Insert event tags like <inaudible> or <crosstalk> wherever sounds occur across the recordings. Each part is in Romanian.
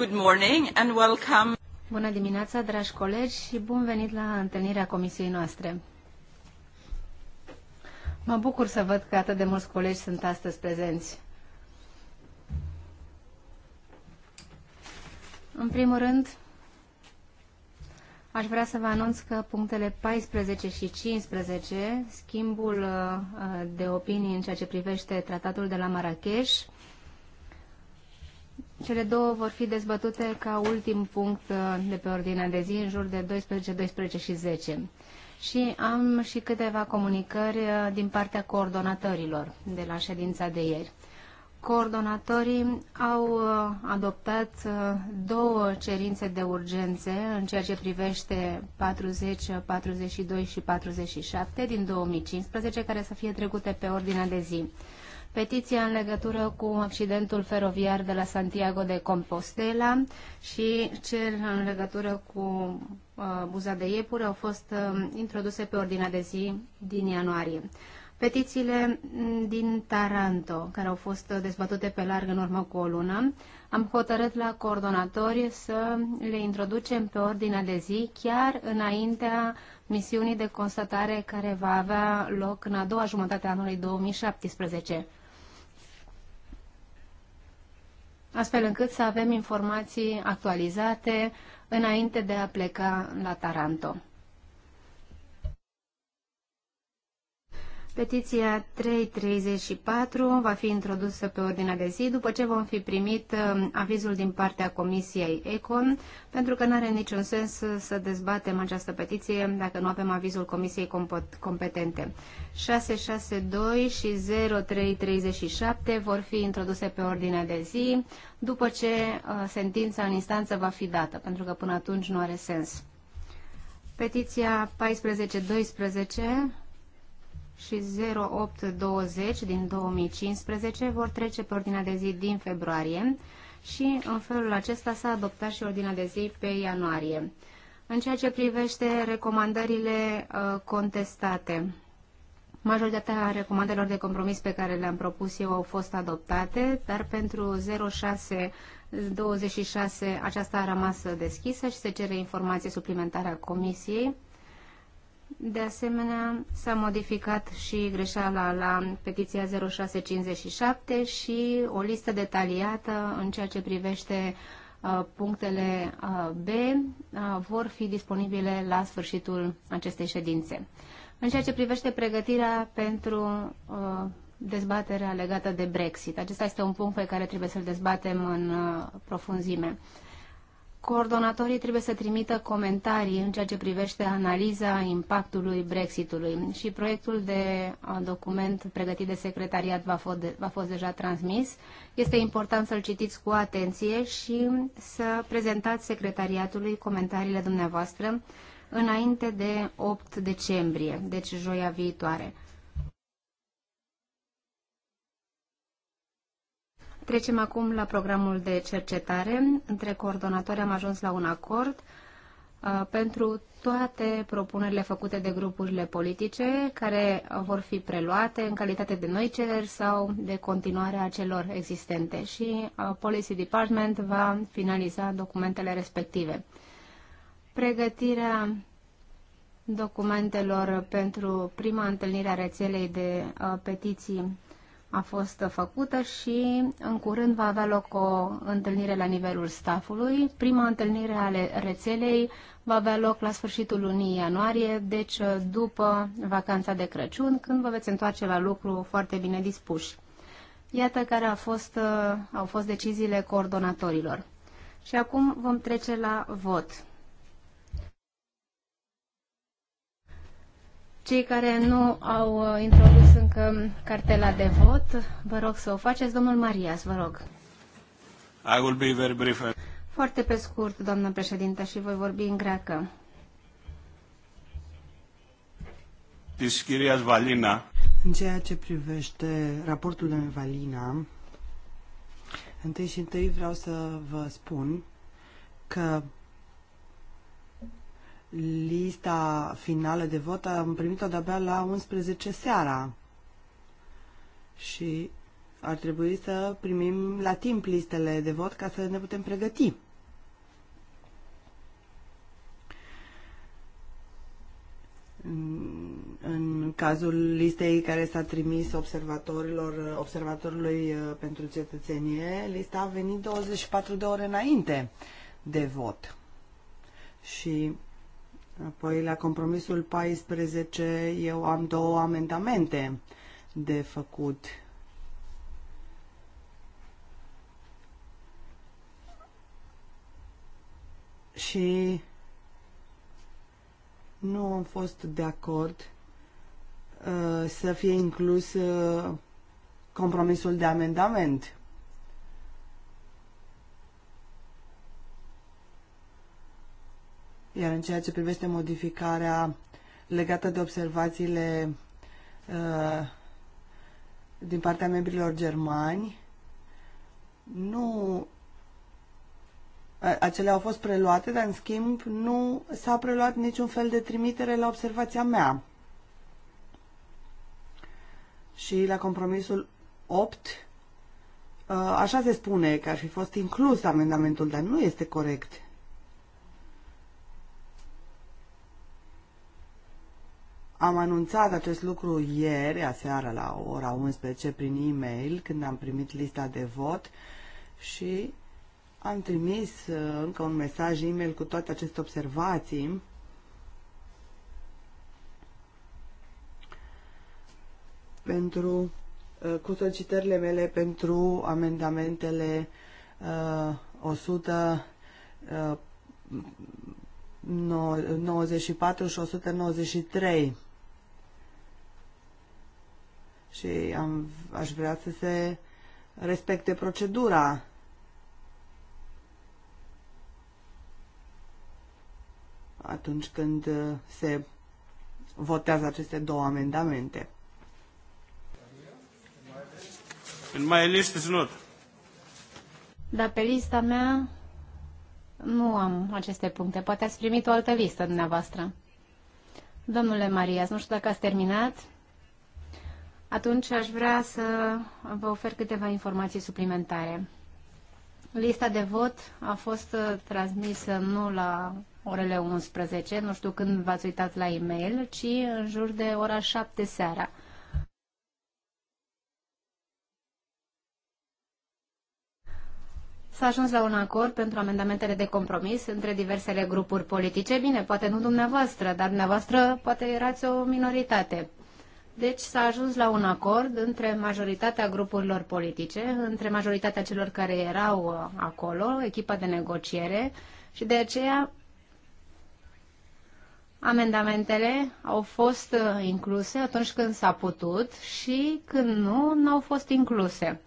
Good morning and welcome. Bună dimineața, dragi colegi, și bun venit la întâlnirea comisiei noastre. Mă bucur să văd că atât de mulți colegi sunt astăzi prezenți. În primul rând, Aș vrea să vă anunț că punctele 14 și 15, schimbul uh, de opinii în ceea ce privește tratatul de la Marrakesh, cele două vor fi dezbătute ca ultim punct uh, de pe ordinea de zi, în jur de 12, 12 și 10. Și am și câteva comunicări uh, din partea coordonatorilor de la ședința de ieri. Coordonatorii au uh, adoptat uh, două cerințe de urgențe în ceea ce privește 40, 42 uh, și 47 din 2015, care să fie trecute pe ordinea de zi. Petiția în legătură cu accidentul feroviar de la Santiago de Compostela și cel în legătură cu buza de iepuri au fost introduse pe ordinea de zi din ianuarie. Petițiile mm, din Taranto, care au fost dezbătute pe larg în urmă cu o lună, am hotărât la coordonatori să le introducem pe ordinea de zi chiar înaintea misiunii de constatare care va avea loc în a doua jumătate a anului 2017. Astfel încât să avem informații actualizate înainte de a pleca la Taranto. Petiția 334 va fi introdusă pe ordinea de zi după ce vom fi primit uh, avizul din partea Comisiei ECON, pentru că nu are niciun sens să dezbatem această petiție dacă nu avem avizul Comisiei competente. 662 și 0337 vor fi introduse pe ordinea de zi după ce uh, sentința în instanță va fi dată, pentru că până atunci nu are sens. Petiția 1412 și 0820 din 2015 vor trece pe ordinea de zi din februarie și în felul acesta s-a adoptat și ordinea de zi pe ianuarie. În ceea ce privește recomandările uh, contestate, majoritatea recomandărilor de compromis pe care le-am propus eu au fost adoptate, dar pentru 0626 aceasta a rămas deschisă și se cere informație suplimentară a Comisiei de asemenea, s-a modificat și greșeala la petiția 0657 și o listă detaliată în ceea ce privește uh, punctele uh, B uh, vor fi disponibile la sfârșitul acestei ședințe. În ceea ce privește pregătirea pentru dezbaterea legată de Brexit, acesta este un punct pe care trebuie să-l dezbatem în profunzime coordonatorii trebuie să trimită comentarii în ceea ce privește analiza impactului Brexitului și proiectul de document pregătit de secretariat va fost, va fost deja transmis. Este important să-l citiți cu atenție și să prezentați secretariatului comentariile dumneavoastră înainte de 8 decembrie, deci joia viitoare. Trecem acum la programul de cercetare. Între coordonatori am ajuns la un acord uh, pentru toate propunerile făcute de grupurile politice care vor fi preluate în calitate de noi cereri sau de continuare a celor existente și uh, Policy Department va finaliza documentele respective. Pregătirea documentelor pentru prima întâlnire a rețelei de uh, petiții a fost făcută și în curând va avea loc o întâlnire la nivelul stafului. Prima întâlnire ale rețelei va avea loc la sfârșitul lunii ianuarie, deci uh, după vacanța de Crăciun, când vă veți întoarce la lucru foarte bine dispuși. Iată care a fost, uh, au fost deciziile coordonatorilor. Și acum vom trece la vot. Cei care nu au uh, introdus încă cartela de vot, vă rog să o faceți. Domnul Marias, vă rog. I will be very brief. Foarte pe scurt, doamnă președintă, și voi vorbi în greacă. În ceea ce privește raportul în Valina, întâi și întâi vreau să vă spun că lista finală de vot am primit-o de-abia la 11 seara și ar trebui să primim la timp listele de vot ca să ne putem pregăti. În, în cazul listei care s-a trimis observatorilor, observatorului uh, pentru cetățenie, lista a venit 24 de ore înainte de vot. Și Apoi, la compromisul 14, eu am două amendamente de făcut. Și nu am fost de acord uh, să fie inclus uh, compromisul de amendament. Iar în ceea ce privește modificarea legată de observațiile uh, din partea membrilor germani, nu acelea au fost preluate, dar în schimb nu s-a preluat niciun fel de trimitere la observația mea. Și la compromisul 8, uh, așa se spune că ar fi fost inclus amendamentul, dar nu este corect. Am anunțat acest lucru ieri, aseară la ora 11, prin e-mail, când am primit lista de vot și am trimis uh, încă un mesaj e-mail cu toate aceste observații. pentru uh, cu solicitările mele pentru amendamentele uh, 194 uh, și 193 și am, aș vrea să se respecte procedura. atunci când uh, se votează aceste două amendamente. In my list is not. Dar pe lista mea nu am aceste puncte. Poate ați primit o altă listă dumneavoastră. Domnule Marias, nu știu dacă ați terminat atunci aș vrea să vă ofer câteva informații suplimentare. Lista de vot a fost uh, transmisă nu la orele 11, nu știu când v-ați uitat la e-mail, ci în jur de ora 7 seara. S-a ajuns la un acord pentru amendamentele de compromis între diversele grupuri politice. Bine, poate nu dumneavoastră, dar dumneavoastră poate erați o minoritate. Deci s-a ajuns la un acord între majoritatea grupurilor politice, între majoritatea celor care erau uh, acolo, echipa de negociere și de aceea amendamentele au fost uh, incluse atunci când s-a putut și când nu, nu au fost incluse.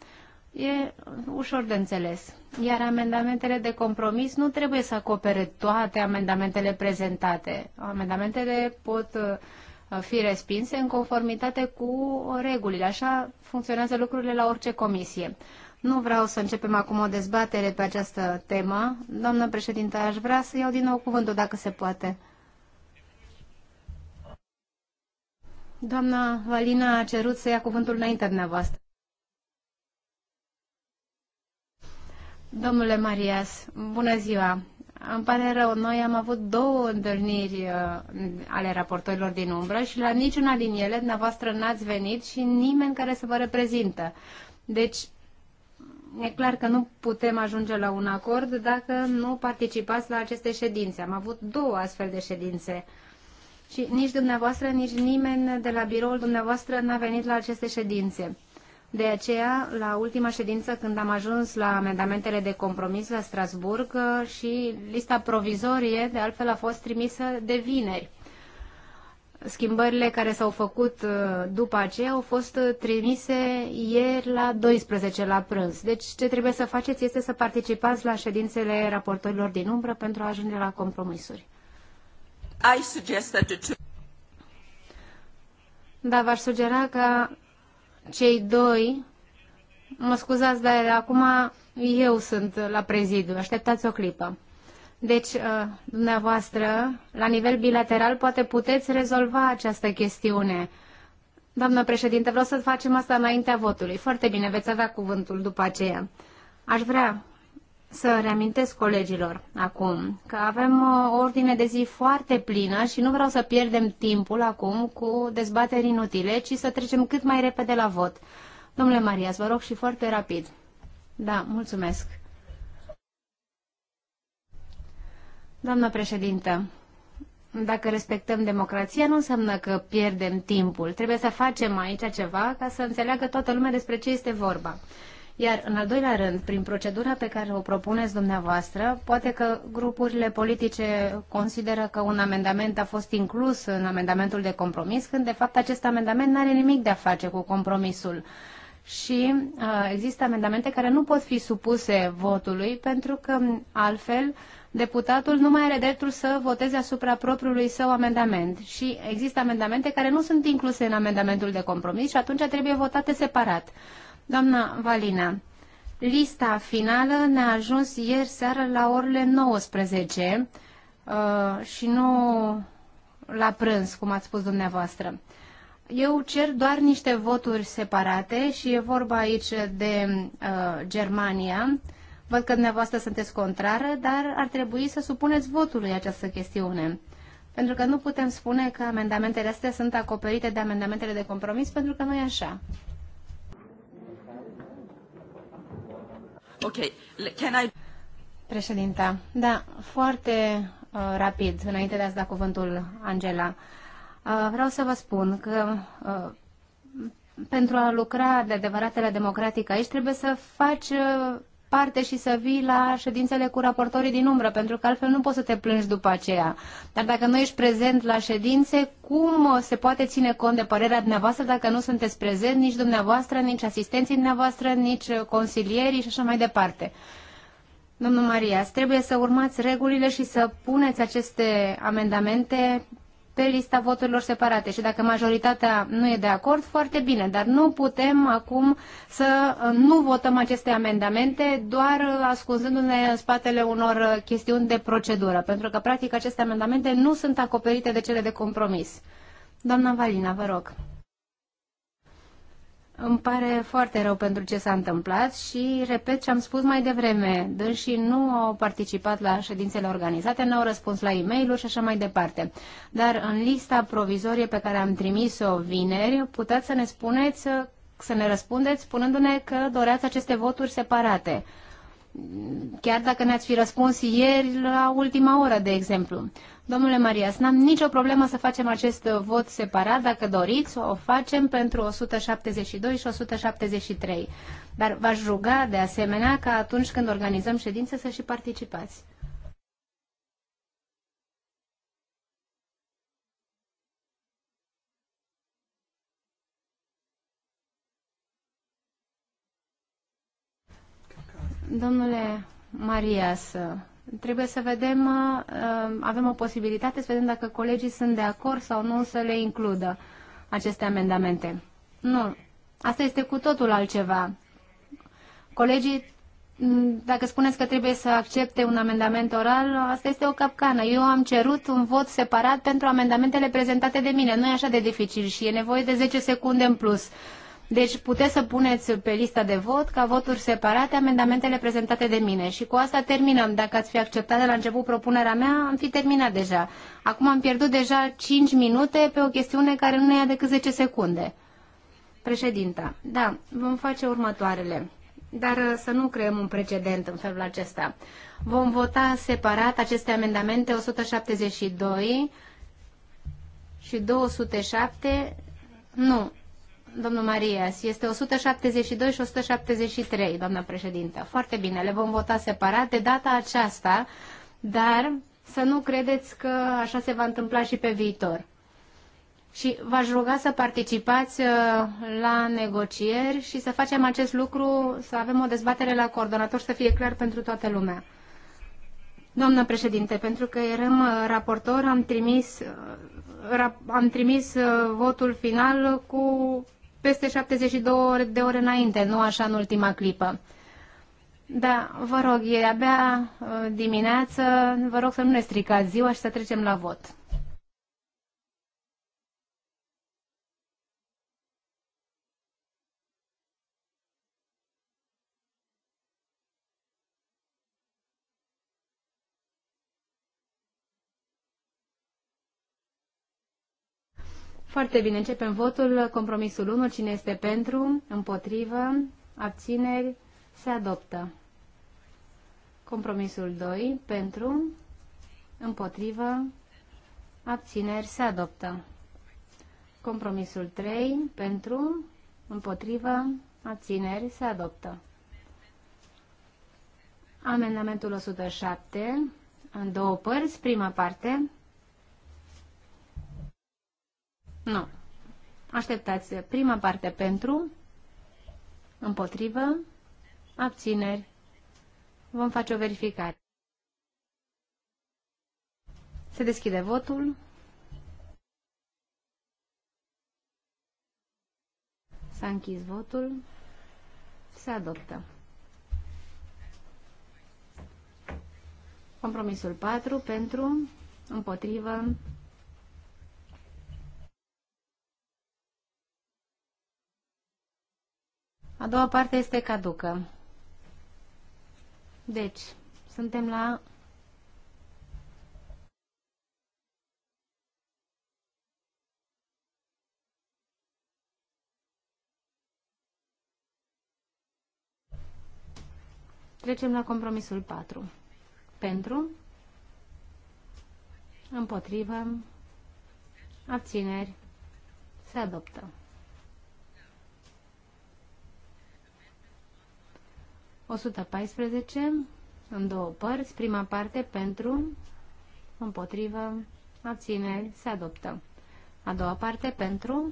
E uh, ușor de înțeles. Iar amendamentele de compromis nu trebuie să acopere toate amendamentele prezentate. Amendamentele pot fi respinse în conformitate cu regulile. Așa funcționează lucrurile la orice comisie. Nu vreau să începem acum o dezbatere pe această temă. Doamnă președinte, aș vrea să iau din nou cuvântul, dacă se poate. Doamna Valina a cerut să ia cuvântul înaintea dumneavoastră. Domnule Marias, bună ziua! Îmi pare rău, noi am avut două întâlniri uh, ale raportorilor din umbră și la niciuna din ele dumneavoastră n-ați venit și nimeni care să vă reprezintă. Deci, e clar că nu putem ajunge la un acord dacă nu participați la aceste ședințe. Am avut două astfel de ședințe. Și nici dumneavoastră, nici nimeni de la biroul dumneavoastră n-a venit la aceste ședințe. De aceea, la ultima ședință, când am ajuns la amendamentele de compromis la Strasburg uh, și lista provizorie, de altfel, a fost trimisă de vineri. Schimbările care s-au făcut uh, după aceea au fost uh, trimise ieri la 12 la prânz. Deci ce trebuie să faceți este să participați la ședințele raportorilor din umbră pentru a ajunge la compromisuri. I suggest that the two... Da, v-aș sugera ca cei doi, mă scuzați, dar acum eu sunt la prezidiu, așteptați o clipă. Deci, uh, dumneavoastră, la nivel bilateral, poate puteți rezolva această chestiune. Doamnă președinte, vreau să facem asta înaintea votului. Foarte bine, veți avea cuvântul după aceea. Aș vrea să reamintesc colegilor acum că avem uh, o ordine de zi foarte plină și nu vreau să pierdem timpul acum cu dezbateri inutile, ci să trecem cât mai repede la vot. Domnule Marias, vă rog și foarte rapid. Da, mulțumesc. Doamnă președintă, dacă respectăm democrația, nu înseamnă că pierdem timpul. Trebuie să facem aici ceva ca să înțeleagă toată lumea despre ce este vorba. Iar, în al doilea rând, prin procedura pe care o propuneți dumneavoastră, poate că grupurile politice consideră că un amendament a fost inclus în amendamentul de compromis, când, de fapt, acest amendament nu are nimic de a face cu compromisul și uh, există amendamente care nu pot fi supuse votului pentru că altfel deputatul nu mai are dreptul să voteze asupra propriului său amendament și există amendamente care nu sunt incluse în amendamentul de compromis și atunci trebuie votate separat. Doamna Valina, lista finală ne-a ajuns ieri seară la orele 19 uh, și nu la prânz, cum ați spus dumneavoastră. Eu cer doar niște voturi separate și e vorba aici de uh, Germania. Văd că dumneavoastră sunteți contrară, dar ar trebui să supuneți votului această chestiune. Pentru că nu putem spune că amendamentele astea sunt acoperite de amendamentele de compromis, pentru că nu e așa. Președinta, da, foarte uh, rapid, înainte de a-ți da cuvântul, Angela. Uh, vreau să vă spun că uh, pentru a lucra de adevăratele democratic aici trebuie să faci uh, parte și să vii la ședințele cu raportorii din umbră, pentru că altfel nu poți să te plângi după aceea. Dar dacă nu ești prezent la ședințe, cum se poate ține cont de părerea dumneavoastră dacă nu sunteți prezent nici dumneavoastră, nici asistenții dumneavoastră, nici consilierii și așa mai departe? Domnul Maria, trebuie să urmați regulile și să puneți aceste amendamente pe lista voturilor separate și dacă majoritatea nu e de acord, foarte bine, dar nu putem acum să uh, nu votăm aceste amendamente doar uh, ascunzându-ne în spatele unor uh, chestiuni de procedură, pentru că practic aceste amendamente nu sunt acoperite de cele de compromis. Doamna Valina, vă rog. Îmi pare foarte rău pentru ce s-a întâmplat și repet ce am spus mai devreme. Dânsii nu au participat la ședințele organizate, nu au răspuns la e mail și așa mai departe. Dar în lista provizorie pe care am trimis-o vineri, puteți să ne spuneți, să ne răspundeți spunându-ne că doreați aceste voturi separate chiar dacă ne-ați fi răspuns ieri la ultima oră, de exemplu. Domnule Marias, n-am nicio problemă să facem acest vot separat, dacă doriți, o facem pentru 172 și 173. Dar v-aș ruga, de asemenea, ca atunci când organizăm ședință să și participați. Domnule Marias, trebuie să vedem, uh, uh, avem o posibilitate să vedem dacă colegii sunt de acord sau nu să le includă aceste amendamente. Nu, asta este cu totul altceva. Colegii, dacă spuneți că trebuie să accepte un amendament oral, asta este o capcană. Eu am cerut un vot separat pentru amendamentele prezentate de mine. Nu e așa de dificil și e nevoie de 10 secunde în plus. Deci puteți să puneți pe lista de vot ca voturi separate amendamentele prezentate de mine. Și cu asta terminăm. Dacă ați fi acceptat de la început propunerea mea, am fi terminat deja. Acum am pierdut deja 5 minute pe o chestiune care nu ne ia decât 10 secunde. Președinta, da, vom face următoarele. Dar să nu creăm un precedent în felul acesta. Vom vota separat aceste amendamente 172 și 207. Nu, domnul Marias, este 172 și 173, doamnă președintă. Foarte bine, le vom vota separat de data aceasta, dar să nu credeți că așa se va întâmpla și pe viitor. Și v-aș ruga să participați uh, la negocieri și să facem acest lucru, să avem o dezbatere la coordonator, să fie clar pentru toată lumea. Doamnă președinte, pentru că eram uh, raportor, am trimis, uh, am trimis votul final cu peste 72 de ore înainte, nu așa în ultima clipă. Da, vă rog, e abia uh, dimineață, vă rog să nu ne stricați ziua și să trecem la vot. Foarte bine, începem votul. Compromisul 1. Cine este pentru? Împotrivă? Abțineri? Se adoptă. Compromisul 2. Pentru? Împotrivă? Abțineri? Se adoptă. Compromisul 3. Pentru? Împotrivă? Abțineri? Se adoptă. Amendamentul 107. În două părți. Prima parte nu. Așteptați prima parte pentru, împotrivă, abțineri. Vom face o verificare. Se deschide votul. S-a închis votul. Se adoptă. Compromisul 4 pentru, împotrivă, A doua parte este caducă. Deci, suntem la... Trecem la compromisul 4. Pentru, împotrivă, abțineri, se adoptă. 114 în două părți. Prima parte pentru, împotrivă, abțineri, se adoptă. A doua parte pentru,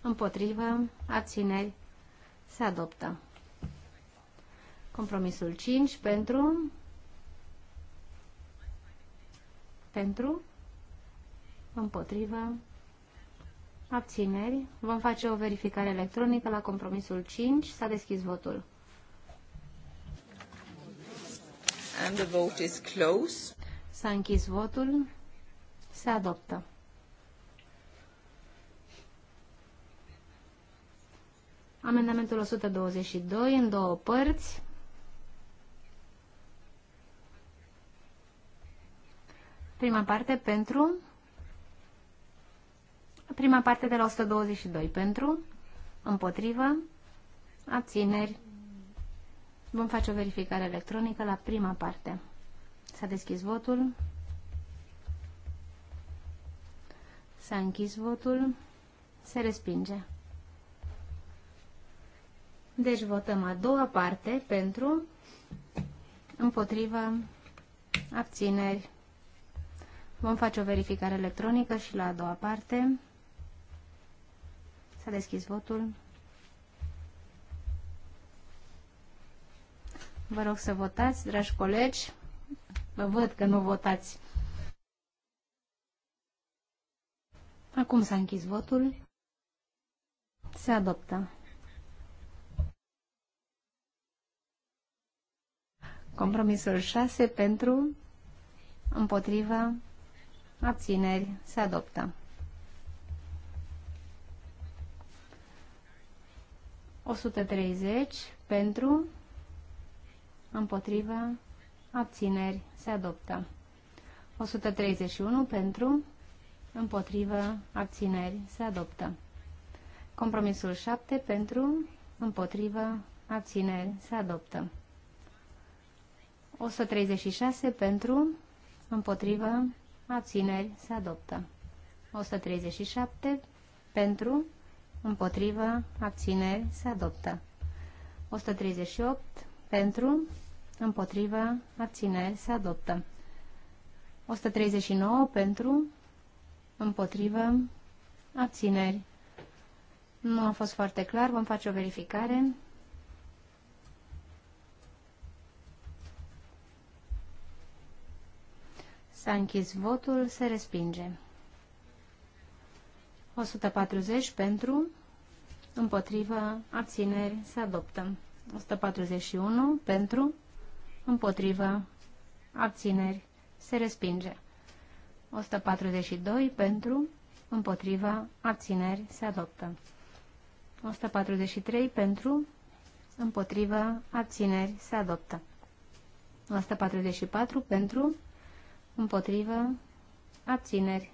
împotrivă, abțineri, se adoptă. Compromisul 5 pentru, pentru, împotrivă, abțineri. Vom face o verificare electronică la compromisul 5. S-a deschis votul. And the vote is closed. S-a închis votul. Se adoptă. Amendamentul 122 în două părți. Prima parte pentru. Prima parte de la 122 pentru. Împotrivă. Abțineri. Vom face o verificare electronică la prima parte. S-a deschis votul. S-a închis votul. Se respinge. Deci votăm a doua parte pentru, împotrivă, abțineri. Vom face o verificare electronică și la a doua parte. S-a deschis votul. Vă rog să votați, dragi colegi. Vă văd că nu votați. Acum s-a închis votul. Se adoptă. Compromisul 6 pentru, împotriva, abțineri, se adoptă. 130 pentru, împotrivă, abțineri, se adoptă. 131 pentru, împotrivă, abțineri, se adoptă. Compromisul 7 pentru, împotrivă, abțineri, se adoptă. 136 pentru, împotrivă, abțineri, se adoptă. 137 pentru, împotrivă, abțineri, se adoptă. 138 pentru, împotrivă, abține, se adoptă. 139 pentru, împotrivă, abțineri. Nu a fost foarte clar, vom face o verificare. S-a închis votul, se respinge. 140 pentru, împotrivă, abțineri, se adoptă. 141 pentru, împotrivă, abțineri, se respinge. 142 pentru, împotriva, abțineri, se adoptă. 143 pentru, împotriva, abțineri, se adoptă. 144 pentru, împotriva, abțineri.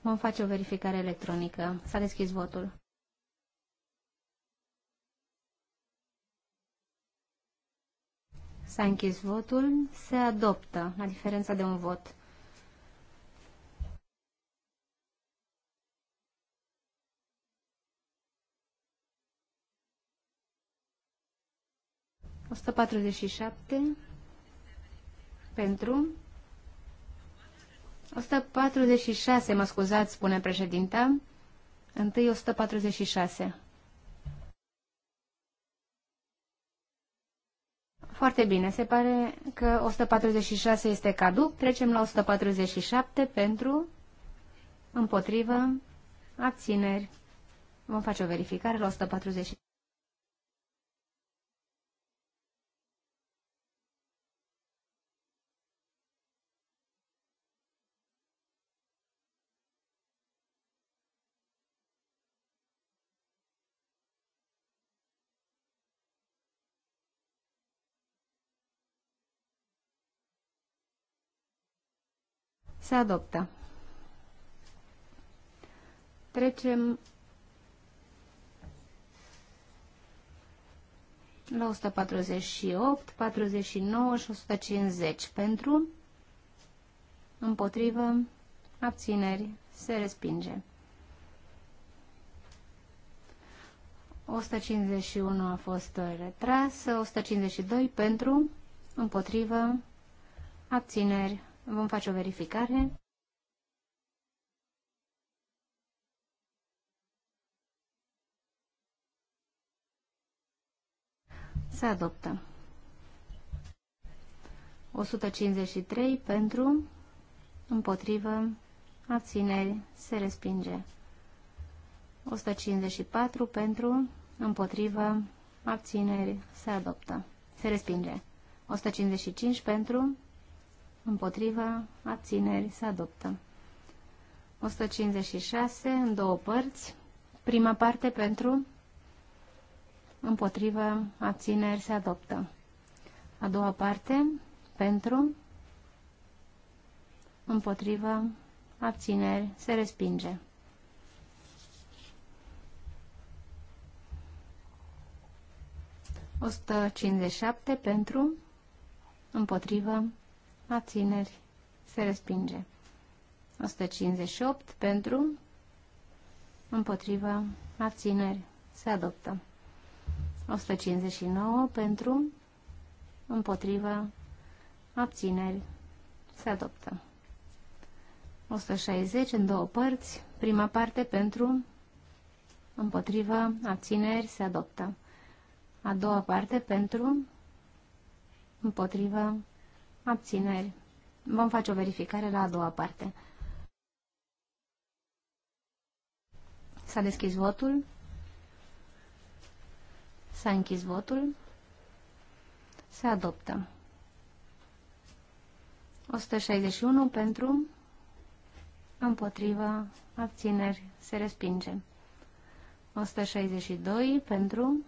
Vom face o verificare electronică. S-a deschis votul. S-a închis votul. Se adoptă, la diferența de un vot. Osta patruzeci și șapte pentru 146, mă scuzați, spune președinta. Întâi 146. Foarte bine, se pare că 146 este caduc. Trecem la 147 pentru, împotrivă, abțineri. Vom face o verificare la 147. Se adoptă. Trecem la 148, 49 și 150 pentru, împotrivă, abțineri, se respinge. 151 a fost retras, 152 pentru, împotrivă, abțineri, Vom face o verificare. Se adoptă. 153 pentru, împotrivă, abțineri, se respinge. 154 pentru, împotrivă, abțineri, se adoptă, se respinge. 155 pentru, împotriva, abțineri, se adoptă. 156 în două părți. Prima parte pentru, împotriva, abțineri, se adoptă. A doua parte pentru, împotriva, abțineri, se respinge. șapte pentru, împotriva abțineri, se respinge. 158 pentru, împotriva, abțineri, se adoptă. 159 pentru, împotriva, abțineri, se adoptă. 160 în două părți, prima parte pentru, împotriva, abțineri, se adoptă. A doua parte pentru, împotriva, Abțineri. Vom face o verificare la a doua parte. S-a deschis votul. S-a închis votul. Se adoptă. 161 pentru, împotriva, abțineri, se respinge. 162 pentru,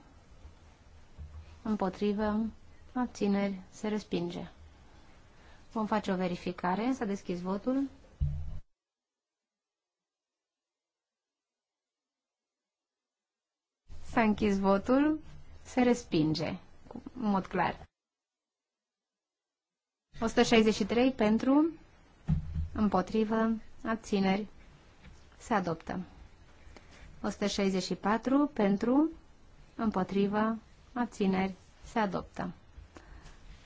împotriva, abțineri, se respinge. Vom face o verificare. S-a deschis votul. S-a închis votul. Se respinge, în mod clar. 163 pentru, împotrivă, abțineri, se adoptă. 164 pentru, împotrivă, abțineri, se adoptă.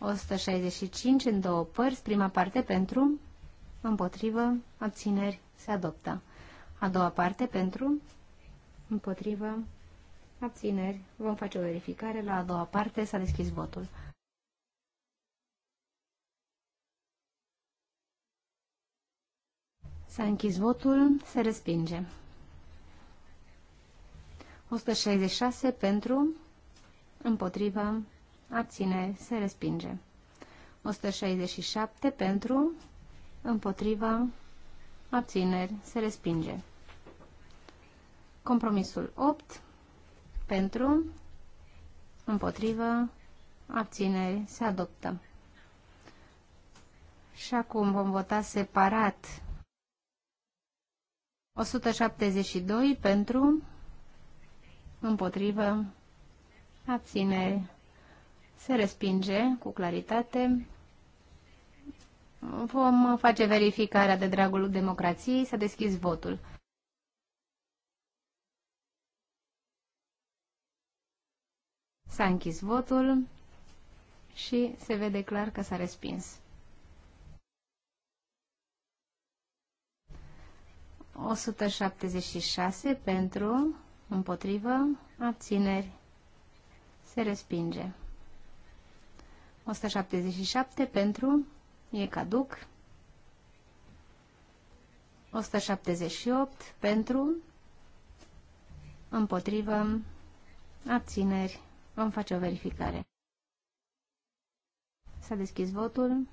165 în două părți, prima parte pentru, împotrivă, abțineri, se adoptă. A doua parte pentru, împotrivă, abțineri, vom face o verificare, la a doua parte s-a deschis votul. S-a închis votul, se respinge. 166 pentru, împotrivă, abțineri, se respinge. 167 pentru, împotriva, abțineri, se respinge. Compromisul 8 pentru, împotrivă, abțineri, se adoptă. Și acum vom vota separat 172 pentru, împotrivă, abțineri, se respinge cu claritate. Vom face verificarea de dragul democrației. S-a deschis votul. S-a închis votul și se vede clar că s-a respins. 176 pentru, împotrivă, abțineri, se respinge. 177 pentru, e caduc. 178 pentru, împotrivă, abțineri, vom face o verificare. S-a deschis votul.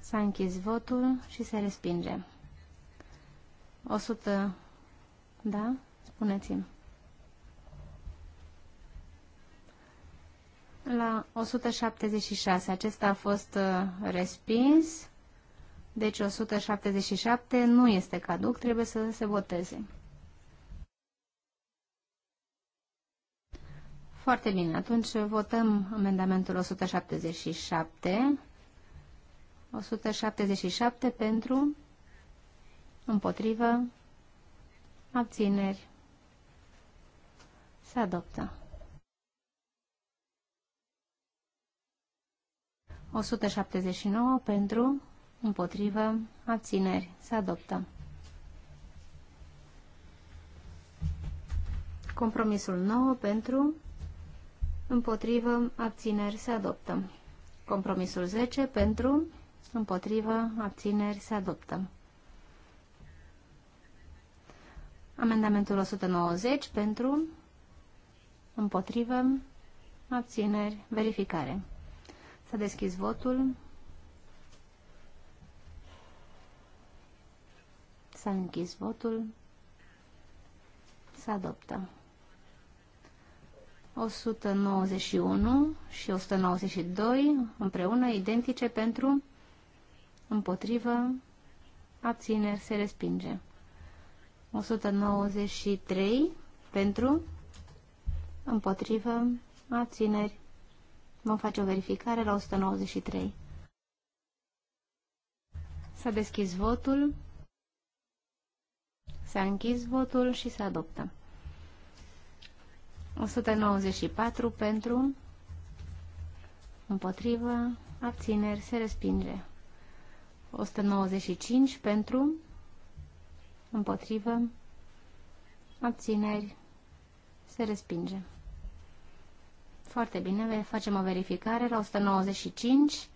S-a închis votul și se respinge. 100, da? Spuneți-mi. La 176, acesta a fost uh, respins, deci 177 nu este caduc, trebuie să se voteze. Foarte bine, atunci votăm amendamentul 177. 177 pentru, împotrivă, abțineri. Se adoptă. 179 pentru, împotrivă, abțineri. Se adoptă. Compromisul 9 pentru, împotrivă, abțineri. Se adoptă. Compromisul 10 pentru, împotrivă, abțineri. Se adoptă. Amendamentul 190 pentru, împotrivă, abțineri, verificare. S-a deschis votul. S-a închis votul. să adoptă. 191 și 192 împreună identice pentru împotrivă abțineri se respinge. 193 pentru împotrivă abțineri Vom face o verificare la 193. S-a deschis votul, s-a închis votul și se adoptă. 194 pentru, împotrivă, abțineri, se respinge. 195 pentru, împotrivă, abțineri, se respinge. Foarte bine, facem o verificare la 195.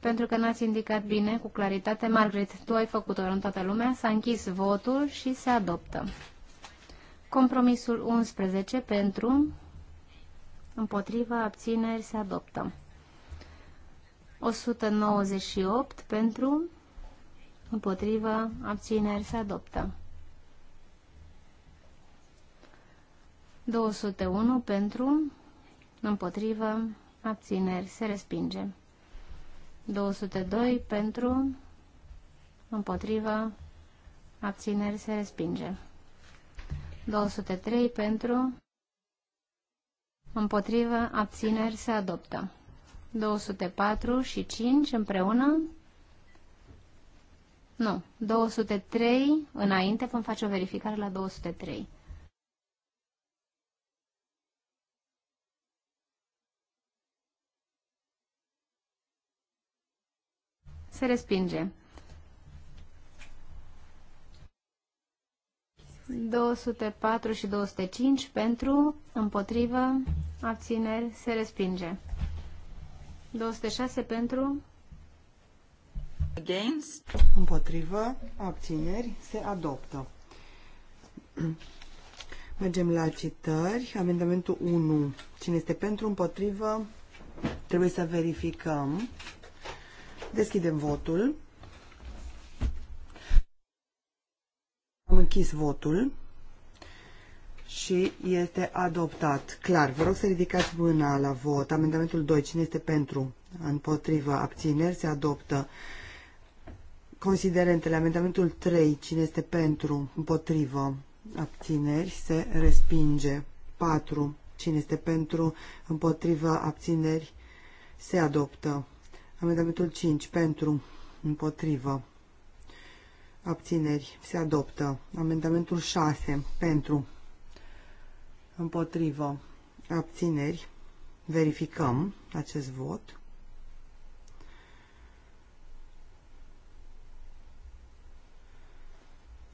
Pentru că n-ați indicat bine, cu claritate, Margaret, tu ai făcut-o în toată lumea, s-a închis votul și se adoptă. Compromisul 11 pentru, împotriva, abțineri, se adoptă. 198 pentru, împotriva, abțineri, se adoptă. 201 pentru, împotrivă, abțineri, se respinge. 202 pentru, împotrivă, abțineri, se respinge. 203 pentru, împotrivă, abțineri, se adoptă. 204 și 5 împreună, nu, 203 înainte vom face o verificare la 203. Se respinge. 204 și 205 pentru, împotrivă, abțineri, se respinge. 206 pentru, against, împotrivă, abțineri, se adoptă. <clears throat> Mergem la citări. Amendamentul 1. Cine este pentru, împotrivă, trebuie să verificăm. Deschidem votul. Am închis votul și este adoptat. Clar, vă rog să ridicați mâna la vot. Amendamentul 2. Cine este pentru? Împotrivă. Abțineri. Se adoptă. Considerentele. Amendamentul 3. Cine este pentru? Împotrivă. Abțineri. Se respinge. 4. Cine este pentru? Împotrivă. Abțineri. Se adoptă. Amendamentul 5 pentru, împotrivă, abțineri, se adoptă. Amendamentul 6 pentru, împotrivă, abțineri, verificăm acest vot.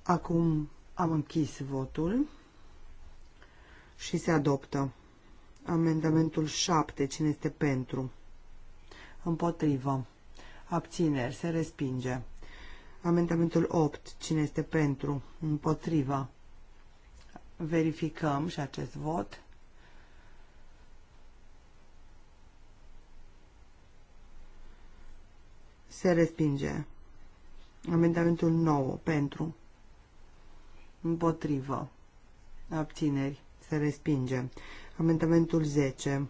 Acum am închis votul și se adoptă. Amendamentul 7. Cine este pentru? împotrivă, abțineri, se respinge. Amendamentul 8, cine este pentru, împotrivă, verificăm și acest vot. Se respinge. Amendamentul 9, pentru, împotrivă, abțineri, se respinge. Amendamentul 10,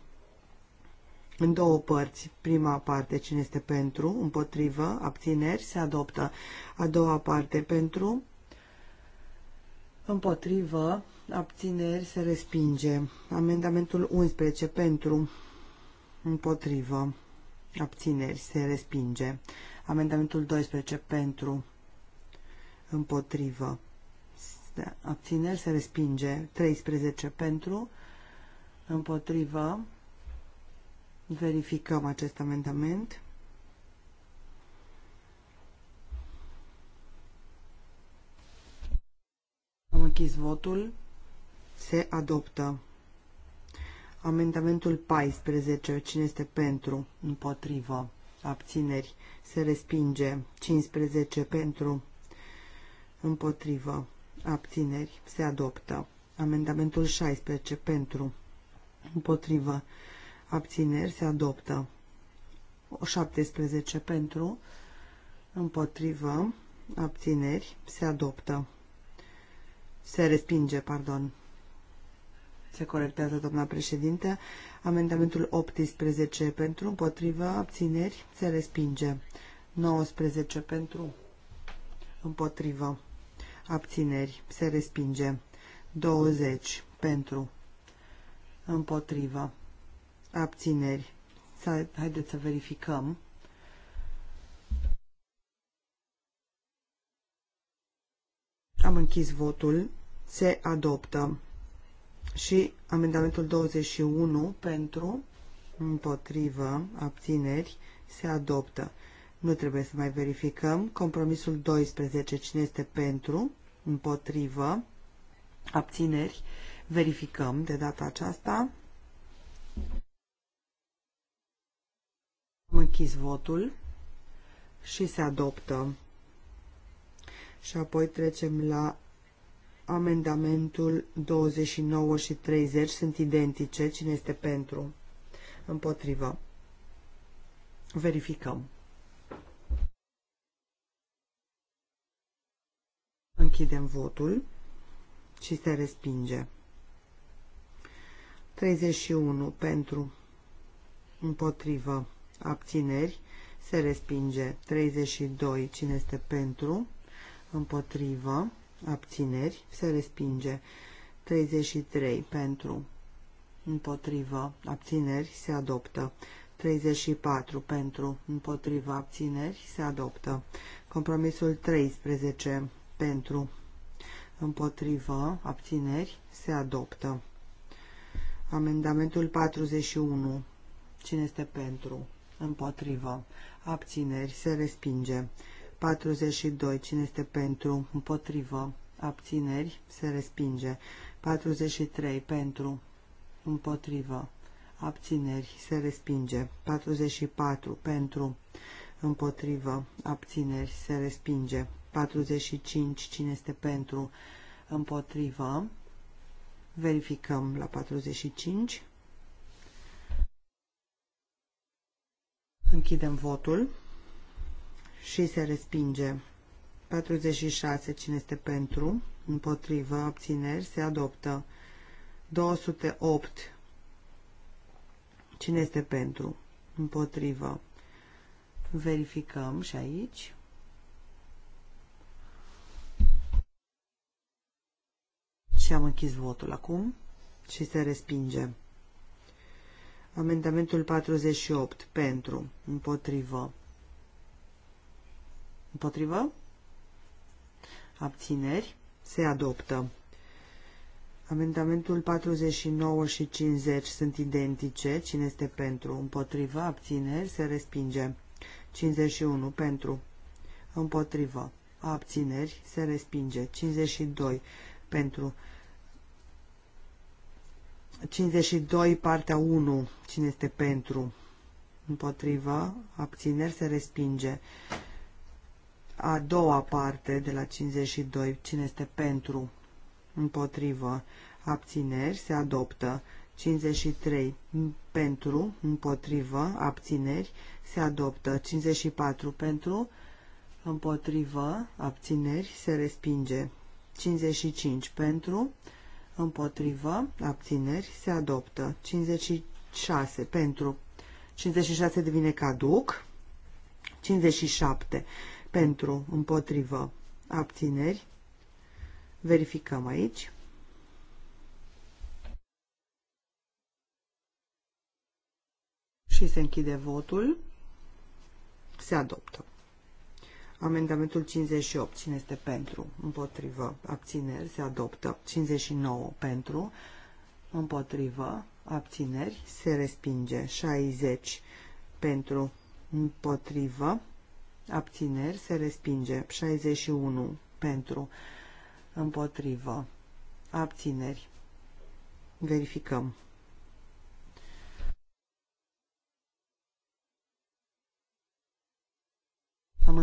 în două părți. Prima parte, cine este pentru, împotrivă, abțineri, se adoptă. A doua parte, pentru, împotrivă, abțineri, se respinge. Amendamentul 11, pentru, împotrivă, abțineri, se respinge. Amendamentul 12, pentru, împotrivă, abțineri, se respinge. 13, pentru, împotrivă, Verificăm acest amendament. Am închis votul. Se adoptă. Amendamentul 14. Cine este pentru? Împotrivă. Abțineri. Se respinge. 15. Pentru. Împotrivă. Abțineri. Se adoptă. Amendamentul 16. Pentru. Împotrivă abțineri se adoptă. 17 pentru, împotrivă, abțineri se adoptă. Se respinge, pardon. Se corectează, doamna președinte. Amendamentul 18 pentru, împotrivă, abțineri se respinge. 19 pentru, împotrivă, abțineri se respinge. 20 pentru, împotrivă, abțineri. Să, haideți să verificăm. Am închis votul. Se adoptă. Și amendamentul 21 pentru, împotrivă, abțineri, se adoptă. Nu trebuie să mai verificăm. Compromisul 12, cine este pentru, împotrivă, abțineri, verificăm de data aceasta. Am închis votul și se adoptă. Și apoi trecem la amendamentul 29 și 30. Sunt identice. Cine este pentru? Împotrivă. Verificăm. Închidem votul și se respinge. 31 pentru împotrivă abțineri, se respinge. 32, cine este pentru, împotrivă, abțineri, se respinge. 33, pentru, împotrivă, abțineri, se adoptă. 34, pentru, împotrivă, abțineri, se adoptă. Compromisul 13, pentru, împotrivă, abțineri, se adoptă. Amendamentul 41, cine este pentru? împotrivă, abțineri, se respinge. 42. Cine este pentru, împotrivă, abțineri, se respinge. 43. Pentru, împotrivă, abțineri, se respinge. 44. Pentru, împotrivă, abțineri, se respinge. 45. Cine este pentru, împotrivă, verificăm la 45. Închidem votul și se respinge. 46. Cine este pentru? Împotrivă. Abțineri. Se adoptă. 208. Cine este pentru? Împotrivă. Verificăm și aici. Și am închis votul acum și se respinge. Amendamentul 48 pentru, împotrivă. Împotrivă? Abțineri. Se adoptă. Amendamentul 49 și 50 sunt identice. Cine este pentru? Împotrivă. Abțineri. Se respinge. 51 pentru. Împotrivă. Abțineri. Se respinge. 52 pentru 52, partea 1. Cine este pentru? Împotrivă. Abțineri se respinge. A doua parte de la 52. Cine este pentru? Împotrivă. Abțineri se adoptă. 53. Pentru. Împotrivă. Abțineri se adoptă. 54. Pentru. Împotrivă. Abțineri se respinge. 55. Pentru împotrivă, abțineri, se adoptă. 56 pentru, 56 devine caduc, 57 pentru, împotrivă, abțineri, verificăm aici. Și se închide votul. Se adoptă. Amendamentul 58. Cine este pentru? Împotrivă. Abțineri. Se adoptă. 59. Pentru. Împotrivă. Abțineri. Se respinge. 60. Pentru. Împotrivă. Abțineri. Se respinge. 61. Pentru. Împotrivă. Abțineri. Verificăm.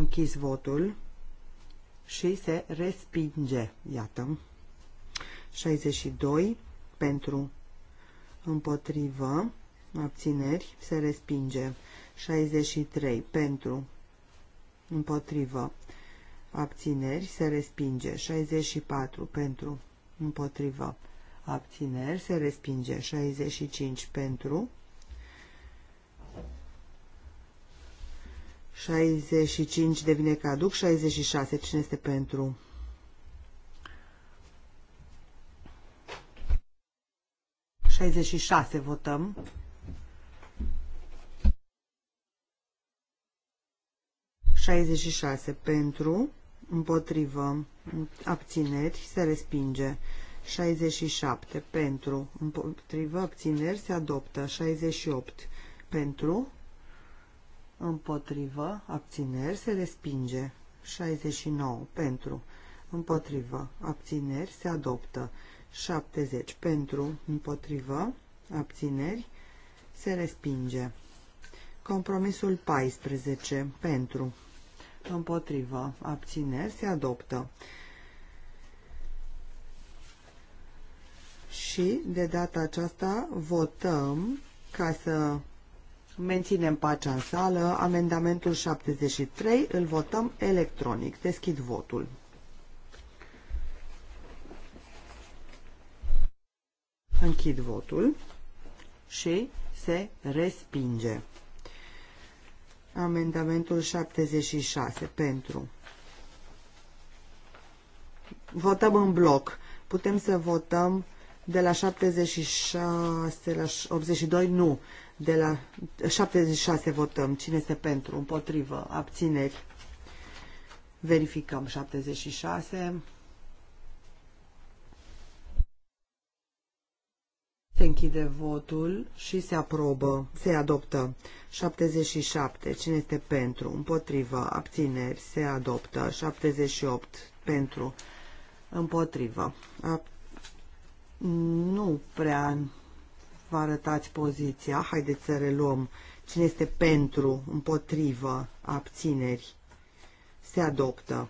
închis votul și se respinge. Iată. 62 pentru împotrivă, abțineri, se respinge. 63 pentru împotrivă, abțineri, se respinge. 64 pentru împotrivă, abțineri, se respinge. 65 pentru 65 devine caduc, 66 cine este pentru? Șaizeci șase votăm. Șaizeci șase pentru, împotrivă, abțineri, se respinge. 67 pentru, împotrivă, abțineri, se adoptă. 68 pentru, împotrivă, abțineri, se respinge. 69 pentru, împotrivă, abțineri, se adoptă. 70 pentru, împotrivă, abțineri, se respinge. Compromisul 14 pentru, împotrivă, abțineri, se adoptă. Și de data aceasta votăm ca să Menținem pacea în sală. Amendamentul 73 îl votăm electronic. Deschid votul. Închid votul și se respinge. Amendamentul 76 pentru. Votăm în bloc. Putem să votăm de la 76 la 82? Nu de la 76 votăm. Cine este pentru? Împotrivă. Abțineri. Verificăm 76. Se închide votul și se aprobă. Se adoptă 77. Cine este pentru? Împotrivă. Abțineri. Se adoptă 78. Pentru. Împotrivă. Ab... Nu prea vă arătați poziția. Haideți să reluăm. Cine este pentru, împotrivă, abțineri, se adoptă.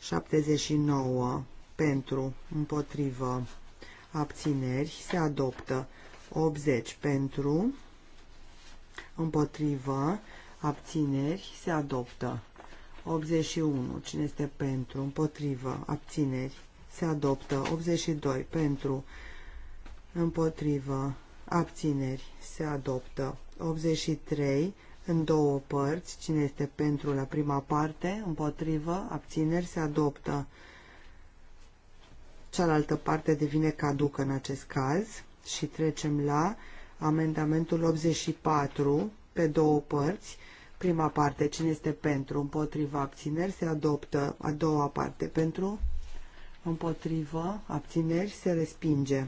79 pentru, împotrivă, abțineri, se adoptă. 80 pentru, împotrivă, abțineri, se adoptă. 81. Cine este pentru, împotrivă, abțineri, se adoptă. 82. Pentru, împotrivă, abțineri, se adoptă. 83 în două părți, cine este pentru la prima parte, împotrivă, abțineri, se adoptă. Cealaltă parte devine caducă în acest caz și trecem la amendamentul 84 pe două părți. Prima parte, cine este pentru, împotrivă, abțineri, se adoptă. A doua parte, pentru, împotrivă, abțineri, se respinge.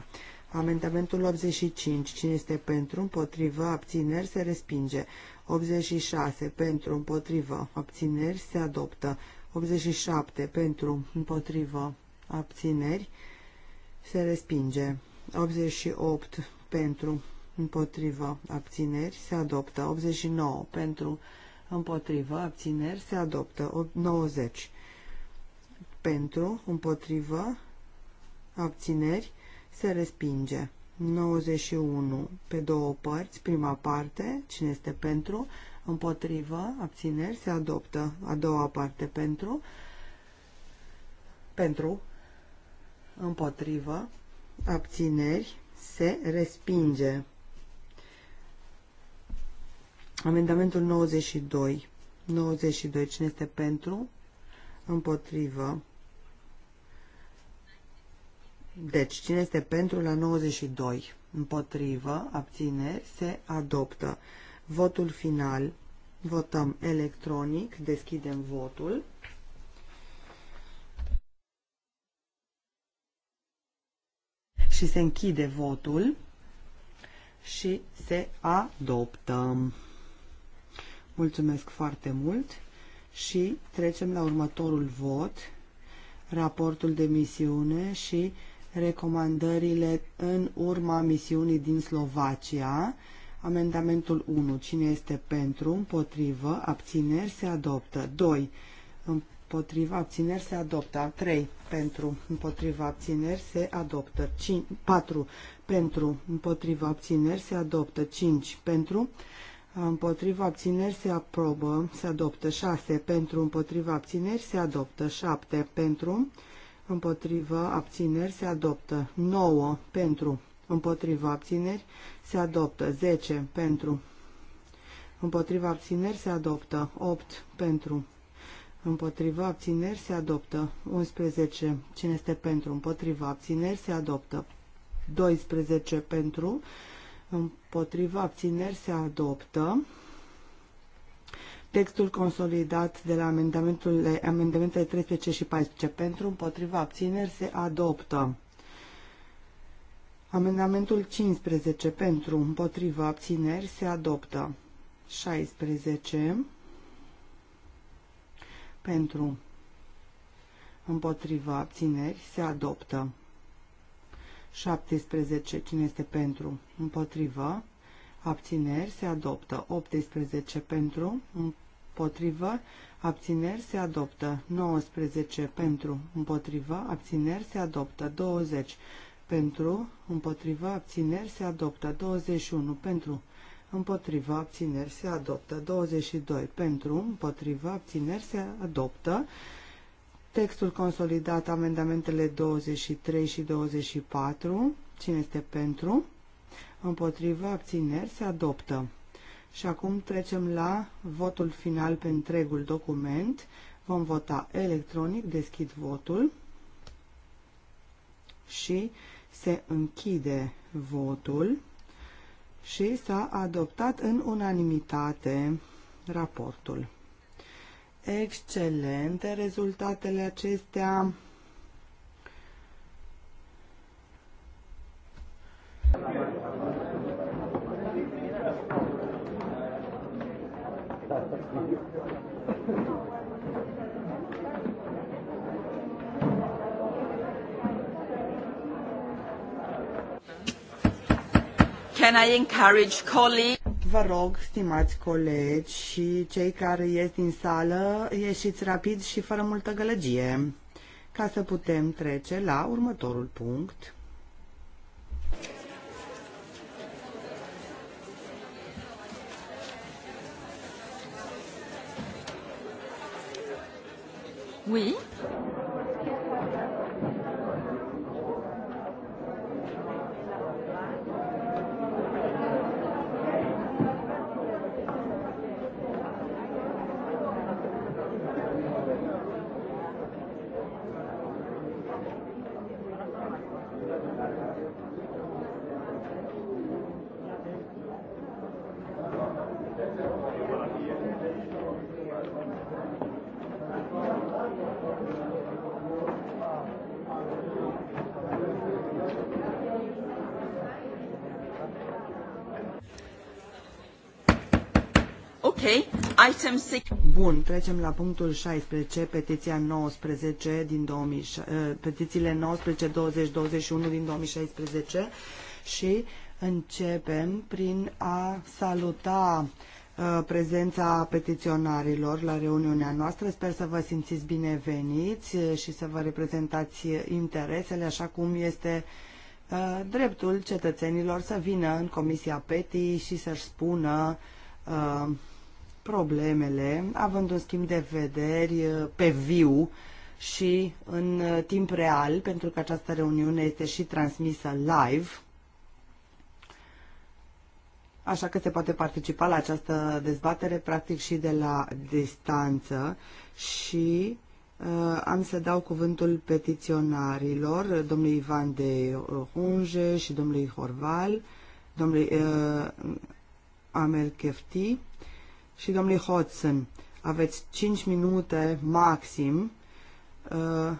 Amendamentul 85. Cine este pentru, împotrivă, abțineri, se respinge. 86. Pentru, împotrivă, abțineri, se adoptă. 87. Pentru, împotrivă, abțineri, se respinge. 88. Pentru, împotrivă, abțineri, se adoptă. 89. Pentru, împotrivă, abțineri, se adoptă. 90. Pentru, împotrivă, abțineri, se respinge. 91 pe două părți, prima parte, cine este pentru, împotrivă, abțineri, se adoptă. A doua parte pentru, pentru, împotrivă, abțineri, se respinge. Amendamentul 92. 92. Cine este pentru? Împotrivă. Deci, cine este pentru la 92? Împotrivă, abține, se adoptă. Votul final, votăm electronic, deschidem votul. Și se închide votul și se adoptă. Mulțumesc foarte mult și trecem la următorul vot, raportul de misiune și recomandările în urma misiunii din Slovacia. Amendamentul 1. Cine este pentru, împotrivă, abțineri, se adoptă. 2. Împotriva abțineri se adoptă. 3. Pentru. Împotriva abțineri se adoptă. 5, 4. Pentru. Împotriva abțineri se adoptă. 5. Pentru. Împotriva abțineri se aprobă. Se adoptă. 6. Pentru. Împotriva abțineri se adoptă. 7. Pentru împotrivă, abțineri, se adoptă. 9 pentru, împotrivă, abțineri, se adoptă. 10 pentru, împotrivă, abțineri, se adoptă. 8 pentru, împotrivă, abțineri, se adoptă. 11, cine este pentru, împotrivă, abțineri, se adoptă. 12 pentru, împotrivă, abțineri, se adoptă textul consolidat de la amendamentele, amendamentele 13 și 14 pentru, împotriva abțineri se adoptă. Amendamentul 15 pentru, împotriva abțineri se adoptă. 16 pentru, împotriva abțineri se adoptă. 17. Cine este pentru? Împotriva abțineri se adoptă. 18 pentru, împotrivă, abțineri se adoptă. 19 pentru, împotrivă, abțineri se adoptă. 20 pentru, împotrivă, abțineri se adoptă. 21 pentru, împotriva abțineri se adoptă 22 pentru împotriva abțineri se adoptă textul consolidat amendamentele 23 și 24 cine este pentru împotrivă, abțineri, se adoptă. Și acum trecem la votul final pe întregul document. Vom vota electronic, deschid votul și se închide votul și s-a adoptat în unanimitate raportul. Excelente rezultatele acestea! Can I encourage colleagues? Vă rog, stimați colegi și cei care ies din sală, ieșiți rapid și fără multă gălăgie, ca să putem trece la următorul punct. Oui. item Bun, trecem la punctul 16, petiția 19 din 2000, eh, petițiile 19, 20, 21 din 2016 și începem prin a saluta eh, prezența petiționarilor la reuniunea noastră. Sper să vă simțiți bineveniți eh, și să vă reprezentați interesele așa cum este dreptul cetățenilor să vină în Comisia PETI și să-și spună problemele, având un schimb de vederi uh, pe viu și în uh, timp real, pentru că această reuniune este și transmisă live, așa că se poate participa la această dezbatere practic și de la distanță și uh, am să dau cuvântul petiționarilor, domnului Ivan de Hunge uh, și domnului Horval, domnului uh, Amel Kefti și domnului Hodson. Aveți 5 minute maxim uh,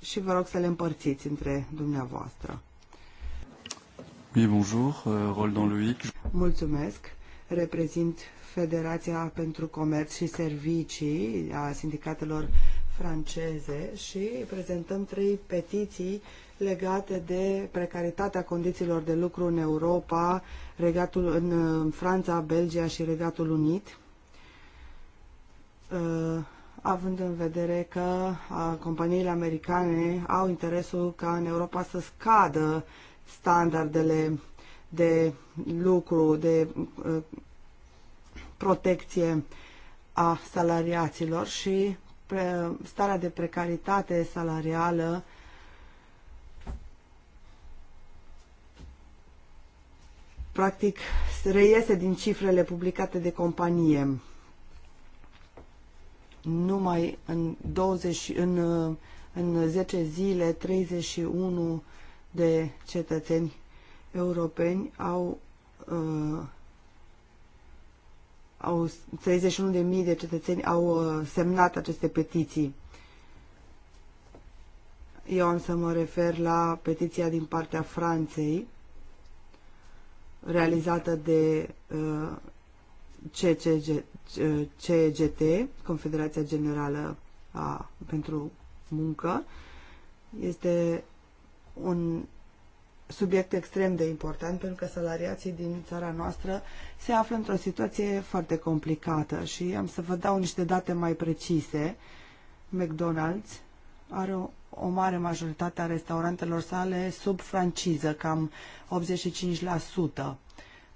și vă rog să le împărțiți între dumneavoastră. Oui, bonjour, euh, Roldan Luic. Mulțumesc. Reprezint Federația pentru Comerț și Servicii a Sindicatelor franceze și prezentăm trei petiții legate de precaritatea condițiilor de lucru în Europa, regatul, în Franța, Belgia și Regatul Unit, uh, având în vedere că companiile americane au interesul ca în Europa să scadă standardele de lucru, de uh, protecție a salariaților și pre, starea de precaritate salarială practic reiese din cifrele publicate de companie. Numai în, 20, în, în 10 zile 31 de cetățeni europeni au uh, au, 31.000 de cetățeni au uh, semnat aceste petiții. Eu am să mă refer la petiția din partea Franței, realizată de uh, CCG, uh, Confederația Generală a, pentru Muncă. Este un subiect extrem de important pentru că salariații din țara noastră se află într-o situație foarte complicată și am să vă dau niște date mai precise. McDonald's are o, o mare majoritate a restaurantelor sale sub franciză, cam 85%.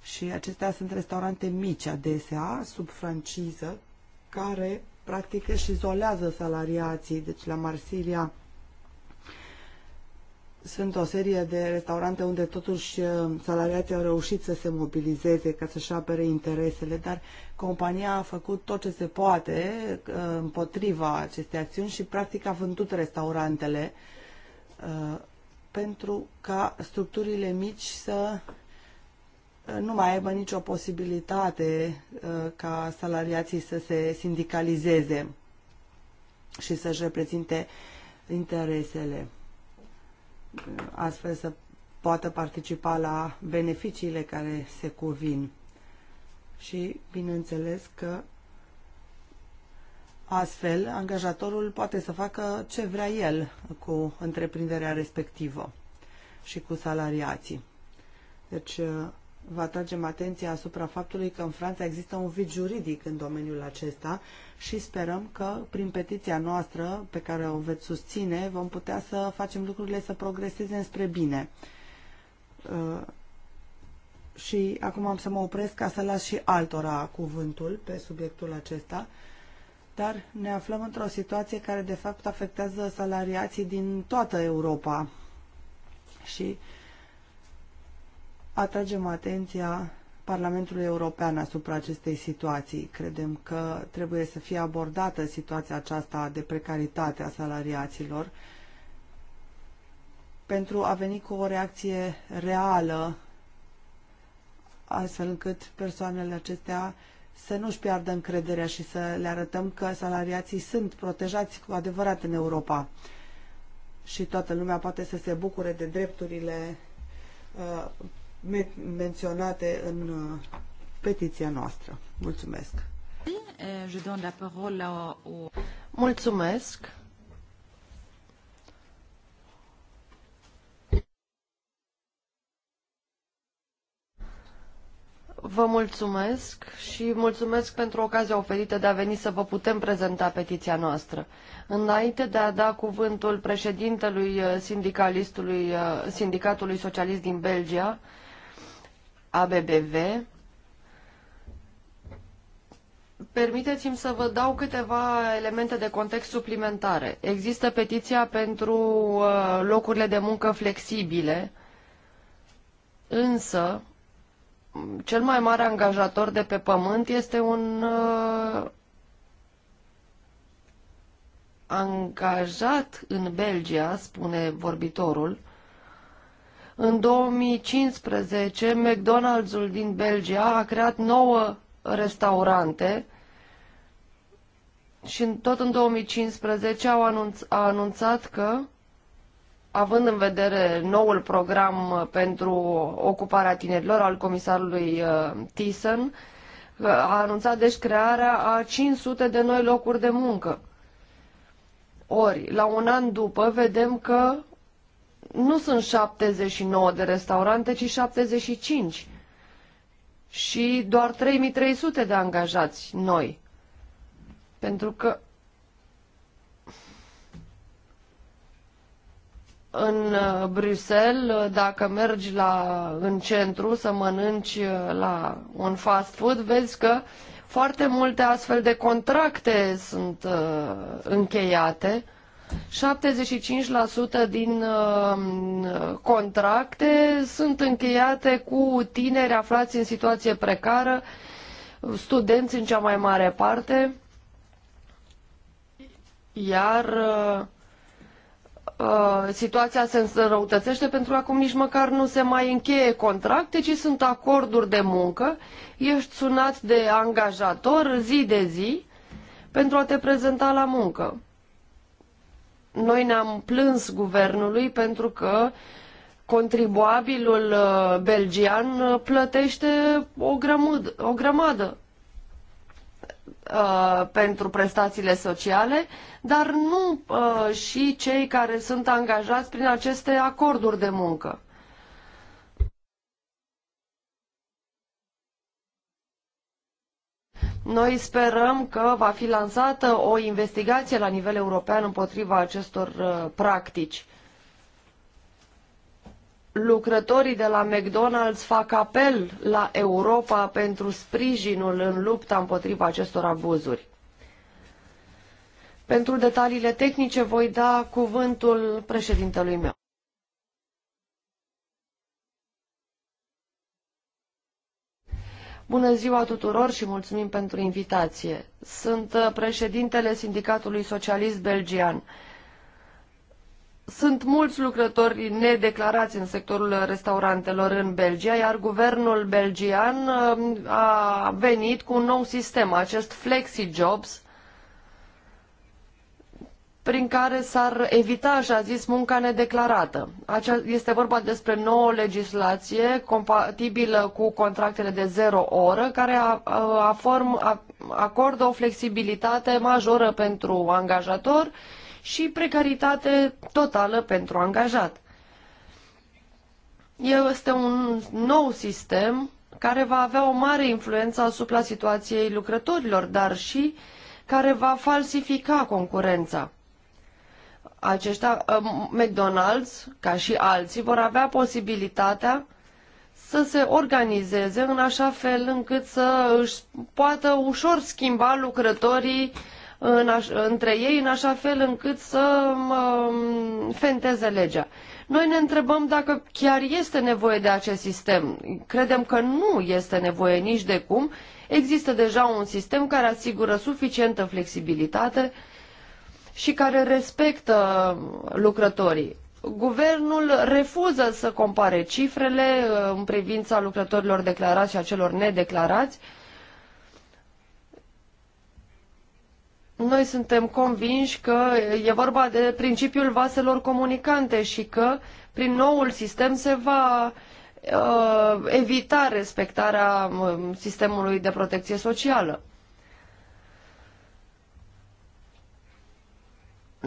Și acestea sunt restaurante mici adesea, sub franciză, care practic își izolează salariații. Deci la Marsilia sunt o serie de restaurante unde totuși uh, salariații au reușit să se mobilizeze ca să-și apere interesele, dar compania a făcut tot ce se poate uh, împotriva acestei acțiuni și practic a vândut restaurantele uh, pentru ca structurile mici să nu mai aibă nicio posibilitate ca salariații să se sindicalizeze și să-și reprezinte interesele astfel să poată participa la beneficiile care se cuvin. Și, bineînțeles, că astfel angajatorul poate să facă ce vrea el cu întreprinderea respectivă și cu salariații. Deci, vă atragem atenția asupra faptului că în Franța există un vid juridic în domeniul acesta și sperăm că prin petiția noastră pe care o veți susține vom putea să facem lucrurile să progreseze înspre bine. Uh, și acum am să mă opresc ca să las și altora cuvântul pe subiectul acesta, dar ne aflăm într-o situație care de fapt afectează salariații din toată Europa și uh, atragem atenția Parlamentului European asupra acestei situații. Credem că trebuie să fie abordată situația aceasta de precaritate a salariaților pentru a veni cu o reacție reală astfel încât persoanele acestea să nu-și piardă încrederea și să le arătăm că salariații sunt protejați cu adevărat în Europa și toată lumea poate să se bucure de drepturile uh, menționate în uh, petiția noastră. Mulțumesc! Eh, la Mulțumesc! Vă mulțumesc și mulțumesc pentru ocazia oferită de a veni să vă putem prezenta petiția noastră. Înainte de a da cuvântul președintelui eh, sindicalistului, eh, Sindicatului Socialist din Belgia, ABBV. Permiteți-mi să vă dau câteva elemente de context suplimentare. Există petiția pentru uh, locurile de muncă flexibile, însă cel mai mare angajator de pe pământ este un uh, angajat în Belgia, spune vorbitorul, în 2015, McDonald's-ul din Belgia a creat nouă restaurante și tot în 2015 au anunț, a anunțat că, având în vedere noul program uh, pentru ocuparea tinerilor al comisarului uh, Thyssen, uh, a anunțat deci crearea a 500 de noi locuri de muncă. Ori, la un an după, vedem că nu sunt 79 de restaurante, ci 75 și doar 3300 de angajați noi. Pentru că în uh, Bruxelles, uh, dacă mergi la, în centru să mănânci uh, la un fast food, vezi că foarte multe astfel de contracte sunt uh, încheiate 75% din uh, contracte sunt încheiate cu tineri aflați în situație precară, studenți în cea mai mare parte, iar uh, uh, situația se înrăutățește pentru că acum nici măcar nu se mai încheie contracte, ci sunt acorduri de muncă, ești sunat de angajator zi de zi pentru a te prezenta la muncă. Noi ne-am plâns guvernului pentru că contribuabilul uh, belgian uh, plătește o grămadă, o grămadă uh, pentru prestațiile sociale, dar nu uh, și cei care sunt angajați prin aceste acorduri de muncă. Noi sperăm că va fi lansată o investigație la nivel european împotriva acestor uh, practici. Lucrătorii de la McDonald's fac apel la Europa pentru sprijinul în lupta împotriva acestor abuzuri. Pentru detaliile tehnice voi da cuvântul președintelui meu. Bună ziua tuturor și mulțumim pentru invitație. Sunt uh, președintele Sindicatului Socialist Belgian. Sunt mulți lucrători nedeclarați în sectorul restaurantelor în Belgia, iar guvernul belgian uh, a venit cu un nou sistem, acest flexi jobs, prin care s-ar evita, așa zis, munca nedeclarată. este vorba despre nouă legislație compatibilă cu contractele de zero oră, care a, a form, a, acordă o flexibilitate majoră pentru angajator și precaritate totală pentru angajat. Este un nou sistem care va avea o mare influență asupra situației lucrătorilor, dar și care va falsifica concurența aceștia, uh, McDonald's, ca și alții, vor avea posibilitatea să se organizeze în așa fel încât să își poată ușor schimba lucrătorii în aș, între ei, în așa fel încât să um, fenteze legea. Noi ne întrebăm dacă chiar este nevoie de acest sistem. Credem că nu este nevoie nici de cum. Există deja un sistem care asigură suficientă flexibilitate uh, și care respectă lucrătorii. Guvernul refuză să compare cifrele uh, în privința lucrătorilor declarați și a celor nedeclarați. Noi suntem convinși că e vorba de principiul vaselor comunicante și că prin noul sistem se va uh, evita respectarea um, sistemului de protecție socială.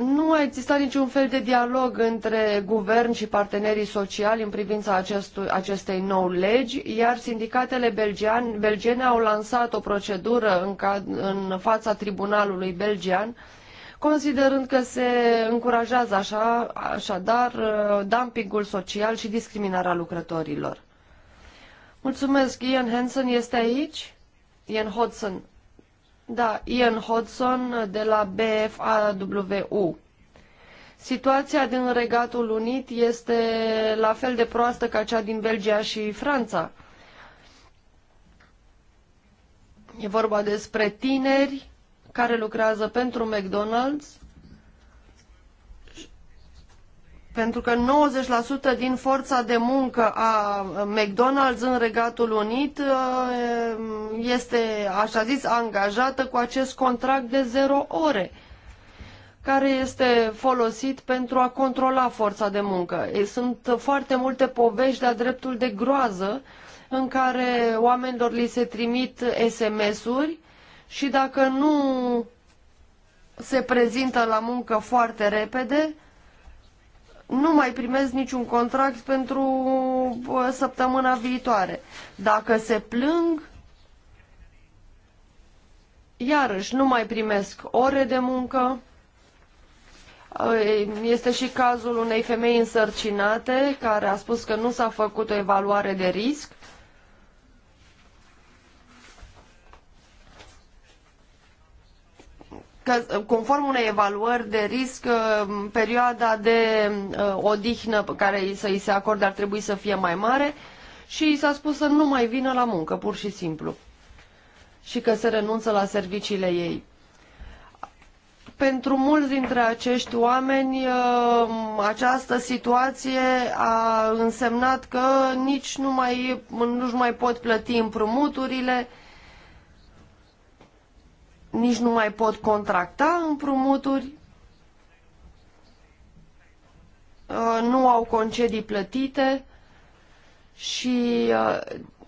nu a existat niciun fel de dialog între guvern și partenerii sociali în privința acestui, acestei nou legi, iar sindicatele belgian, belgene au lansat o procedură în, în fața tribunalului belgian, considerând că se încurajează așa, așadar uh, dumpingul social și discriminarea lucrătorilor. Mulțumesc, Ian Hansen este aici? Ian Hodson da, Ian Hodson de la BFAWU. Situația din Regatul Unit este la fel de proastă ca cea din Belgia și Franța. E vorba despre tineri care lucrează pentru McDonald's pentru că 90% din forța de muncă a McDonald's în Regatul Unit uh, este, așa zis, angajată cu acest contract de zero ore care este folosit pentru a controla forța de muncă. Sunt foarte multe povești de-a dreptul de groază în care oamenilor li se trimit SMS-uri și dacă nu se prezintă la muncă foarte repede, nu mai primesc niciun contract pentru săptămâna viitoare. Dacă se plâng, iarăși nu mai primesc ore de muncă. Ă, este și cazul unei femei însărcinate care a spus că nu s-a făcut o evaluare de risc că conform unei evaluări de risc, uh, perioada de uh, odihnă pe care să îi se acorde ar trebui să fie mai mare și i s-a spus să nu mai vină la muncă, pur și simplu, și că se renunță la serviciile ei. Pentru mulți dintre acești oameni, uh, această situație a însemnat că nici nu mai, nu mai pot plăti împrumuturile, nici nu mai pot contracta împrumuturi, uh, nu au concedii plătite și uh,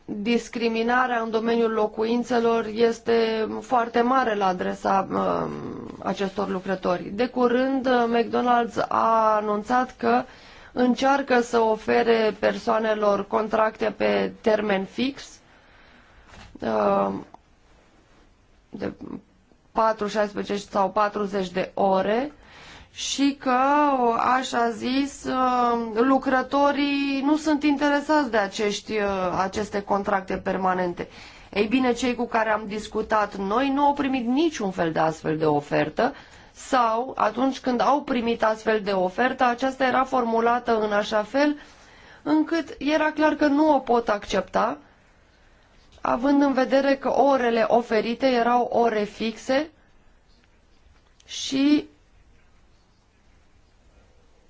discriminarea în domeniul locuințelor este foarte mare la adresa uh, acestor lucrători. De curând, McDonald's a anunțat că încearcă să ofere persoanelor contracte pe termen fix de 4, 16 sau 40 de ore și că, așa zis, um, lucrătorii nu sunt interesați de acești, uh, aceste contracte permanente. Ei bine, cei cu care am discutat noi nu au primit niciun fel de astfel de ofertă sau, atunci când au primit astfel de ofertă, aceasta era formulată în așa fel încât era clar că nu o pot accepta având în vedere că orele oferite erau ore fixe și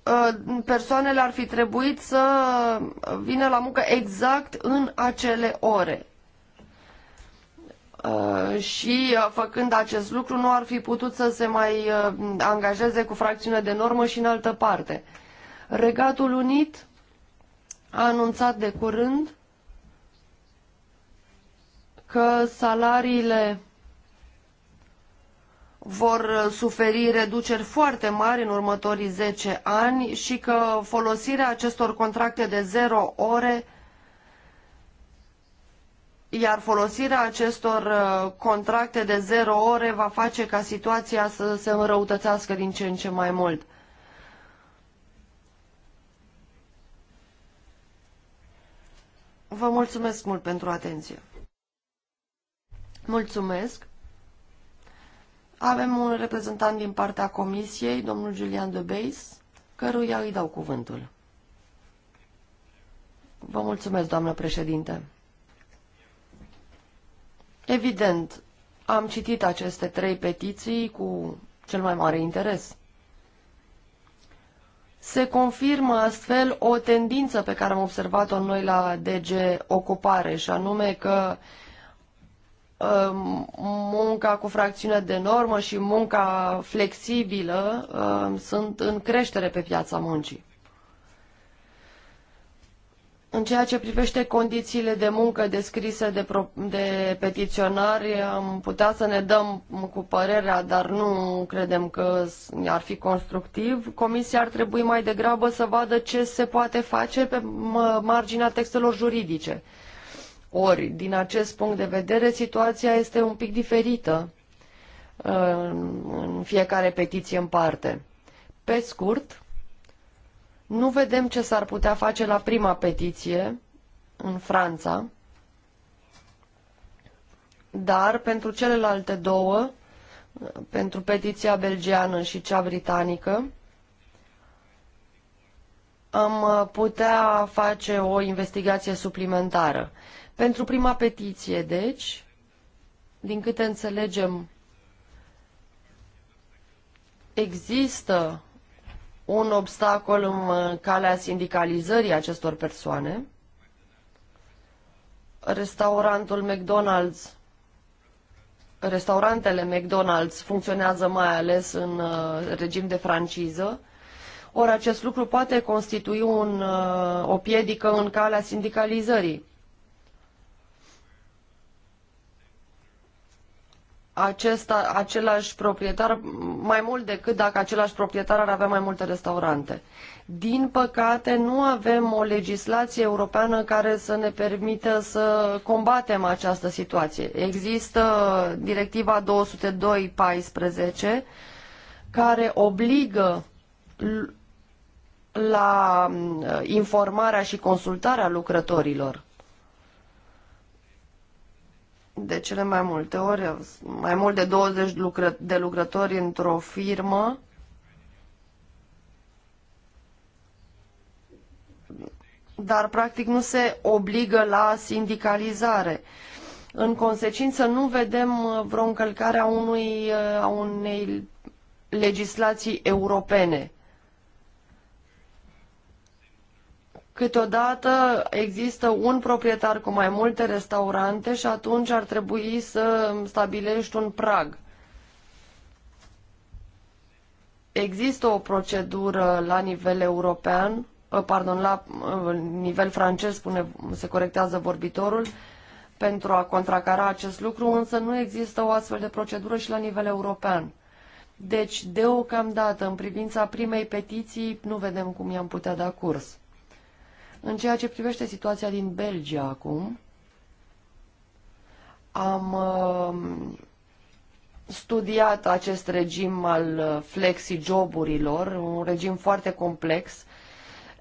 ă, persoanele ar fi trebuit să vină la muncă exact în acele ore. Ă, și ă, făcând acest lucru nu ar fi putut să se mai angajeze cu fracțiune de normă și în altă parte. Regatul Unit a anunțat de curând că salariile vor suferi reduceri foarte mari în următorii zece ani și că folosirea acestor contracte de zero ore iar folosirea acestor uh, contracte de zero ore va face ca situația să se înrăutățească din ce în ce mai mult. Vă mulțumesc mult pentru atenție. Mulțumesc. Avem un reprezentant din partea comisiei, domnul Julian de Beis, căruia îi dau cuvântul. Vă mulțumesc, doamnă președinte. Evident, am citit aceste trei petiții cu cel mai mare interes. Se confirmă astfel o tendință pe care am observat-o noi la DG Ocupare, și anume că uh, Um, munca cu fracțiune de normă și munca flexibilă um, sunt în creștere pe piața muncii. În ceea ce privește condițiile de muncă descrise de, pro- de petiționari, am putea să ne dăm cu părerea, dar nu credem că ar fi constructiv. Comisia ar trebui mai degrabă să vadă ce se poate face pe marginea textelor juridice ori, din acest punct de vedere, situația este un pic diferită uh, în fiecare petiție în parte. Pe scurt, nu vedem ce s-ar putea face la prima petiție în Franța, dar pentru celelalte două, pentru petiția belgiană și cea britanică, am putea face o investigație suplimentară. Pentru prima petiție, deci, din câte înțelegem, există un obstacol în uh, calea sindicalizării acestor persoane. Restaurantul McDonald's, restaurantele McDonald's funcționează mai ales în uh, regim de franciză, ori acest lucru poate constitui un, uh, o piedică în calea sindicalizării. acesta același proprietar mai mult decât dacă același proprietar ar avea mai multe restaurante. Din păcate, nu avem o legislație europeană care să ne permită să combatem această situație. Există directiva 202-14 care obligă la uh, informarea și consultarea lucrătorilor de cele mai multe ori, mai mult de 20 lucră, de lucrători într-o firmă, dar practic nu se obligă la sindicalizare. În consecință nu vedem uh, vreo încălcare a, unui, uh, a unei legislații europene. Câteodată există un proprietar cu mai multe restaurante și atunci ar trebui să stabilești un prag. Există o procedură la nivel european, ă, pardon, la ă, nivel francez, spune, se corectează vorbitorul, pentru a contracara acest lucru, însă nu există o astfel de procedură și la nivel european. Deci, deocamdată, în privința primei petiții, nu vedem cum i-am putea da curs. În ceea ce privește situația din Belgia acum, am um, studiat acest regim al uh, flexi-joburilor, un regim foarte complex.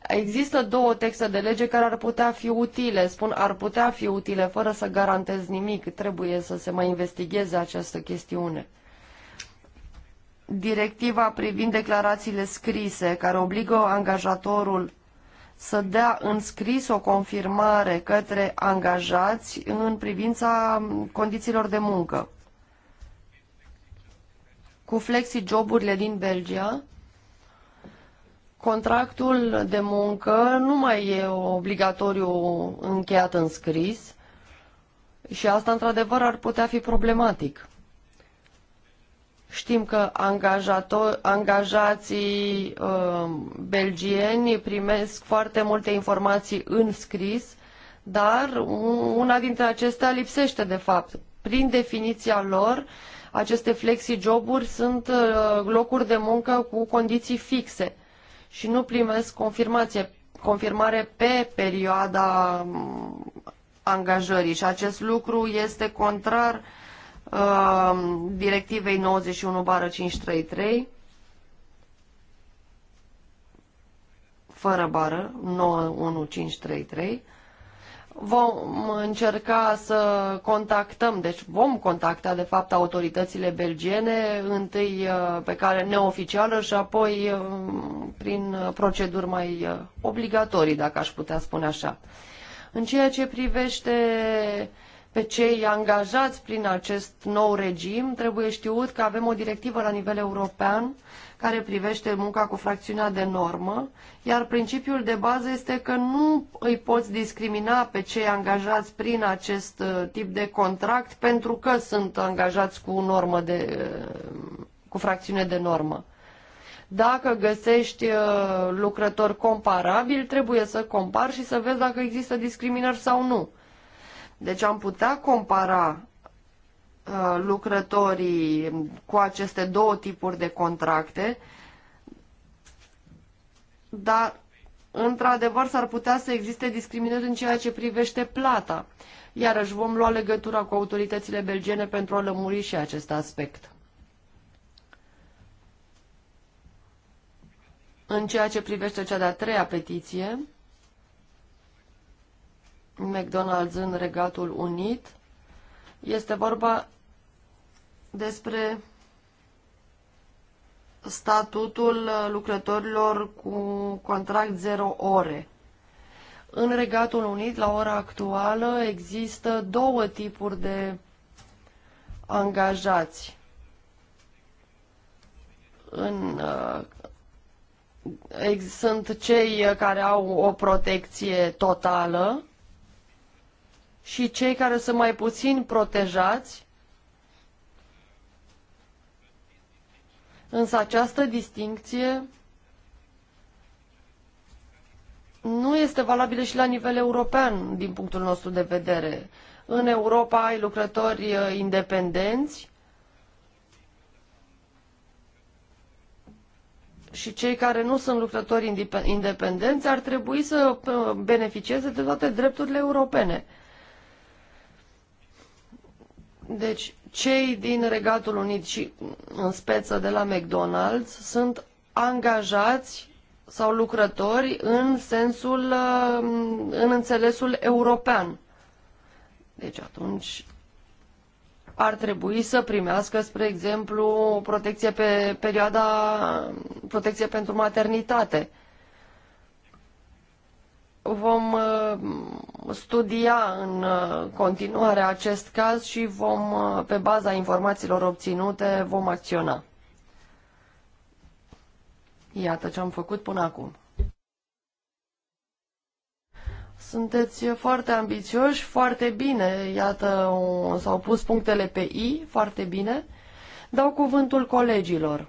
Există două texte de lege care ar putea fi utile, spun ar putea fi utile, fără să garantez nimic, trebuie să se mai investigheze această chestiune. Directiva privind declarațiile scrise, care obligă angajatorul să dea în scris o confirmare către angajați în privința condițiilor de muncă. Cu flexi joburile din Belgia, contractul de muncă nu mai e obligatoriu încheiat în scris și asta într-adevăr ar putea fi problematic. Știm că angajații uh, belgieni primesc foarte multe informații în scris, dar una dintre acestea lipsește de fapt. Prin definiția lor, aceste flexi-joburi sunt uh, locuri de muncă cu condiții fixe și nu primesc confirmație, confirmare pe perioada mm, angajării și acest lucru este contrar Um, directivei 91-533, fără bară, 91533. Vom încerca să contactăm, deci vom contacta de fapt autoritățile belgiene, întâi uh, pe care neoficială și apoi uh, prin proceduri mai uh, obligatorii, dacă aș putea spune așa. În ceea ce privește uh, pe cei angajați prin acest nou regim, trebuie știut că avem o directivă la nivel european care privește munca cu fracțiunea de normă, iar principiul de bază este că nu îi poți discrimina pe cei angajați prin acest uh, tip de contract pentru că sunt angajați cu, normă de, uh, cu fracțiune de normă. Dacă găsești uh, lucrători comparabili, trebuie să compari și să vezi dacă există discriminări sau nu. Deci am putea compara uh, lucrătorii cu aceste două tipuri de contracte, dar într-adevăr s-ar putea să existe discriminări în ceea ce privește plata. Iarăși vom lua legătura cu autoritățile belgiene pentru a lămuri și acest aspect. În ceea ce privește cea de-a treia petiție, McDonald's în Regatul Unit. Este vorba despre statutul lucrătorilor cu contract 0 ore. În Regatul Unit, la ora actuală, există două tipuri de angajați. În, uh, sunt cei care au o protecție totală și cei care sunt mai puțin protejați, însă această distincție nu este valabilă și la nivel european, din punctul nostru de vedere. În Europa ai lucrători uh, independenți și cei care nu sunt lucrători independenți ar trebui să uh, beneficieze de toate drepturile europene. Deci, cei din Regatul Unit și în speță de la McDonald's sunt angajați sau lucrători în sensul, uh, în înțelesul european. Deci atunci ar trebui să primească, spre exemplu, protecție pe perioada, protecție pentru maternitate vom uh, studia în uh, continuare acest caz și vom, uh, pe baza informațiilor obținute, vom acționa. Iată ce am făcut până acum. Sunteți foarte ambițioși, foarte bine, iată, s-au pus punctele pe I, foarte bine. Dau cuvântul colegilor.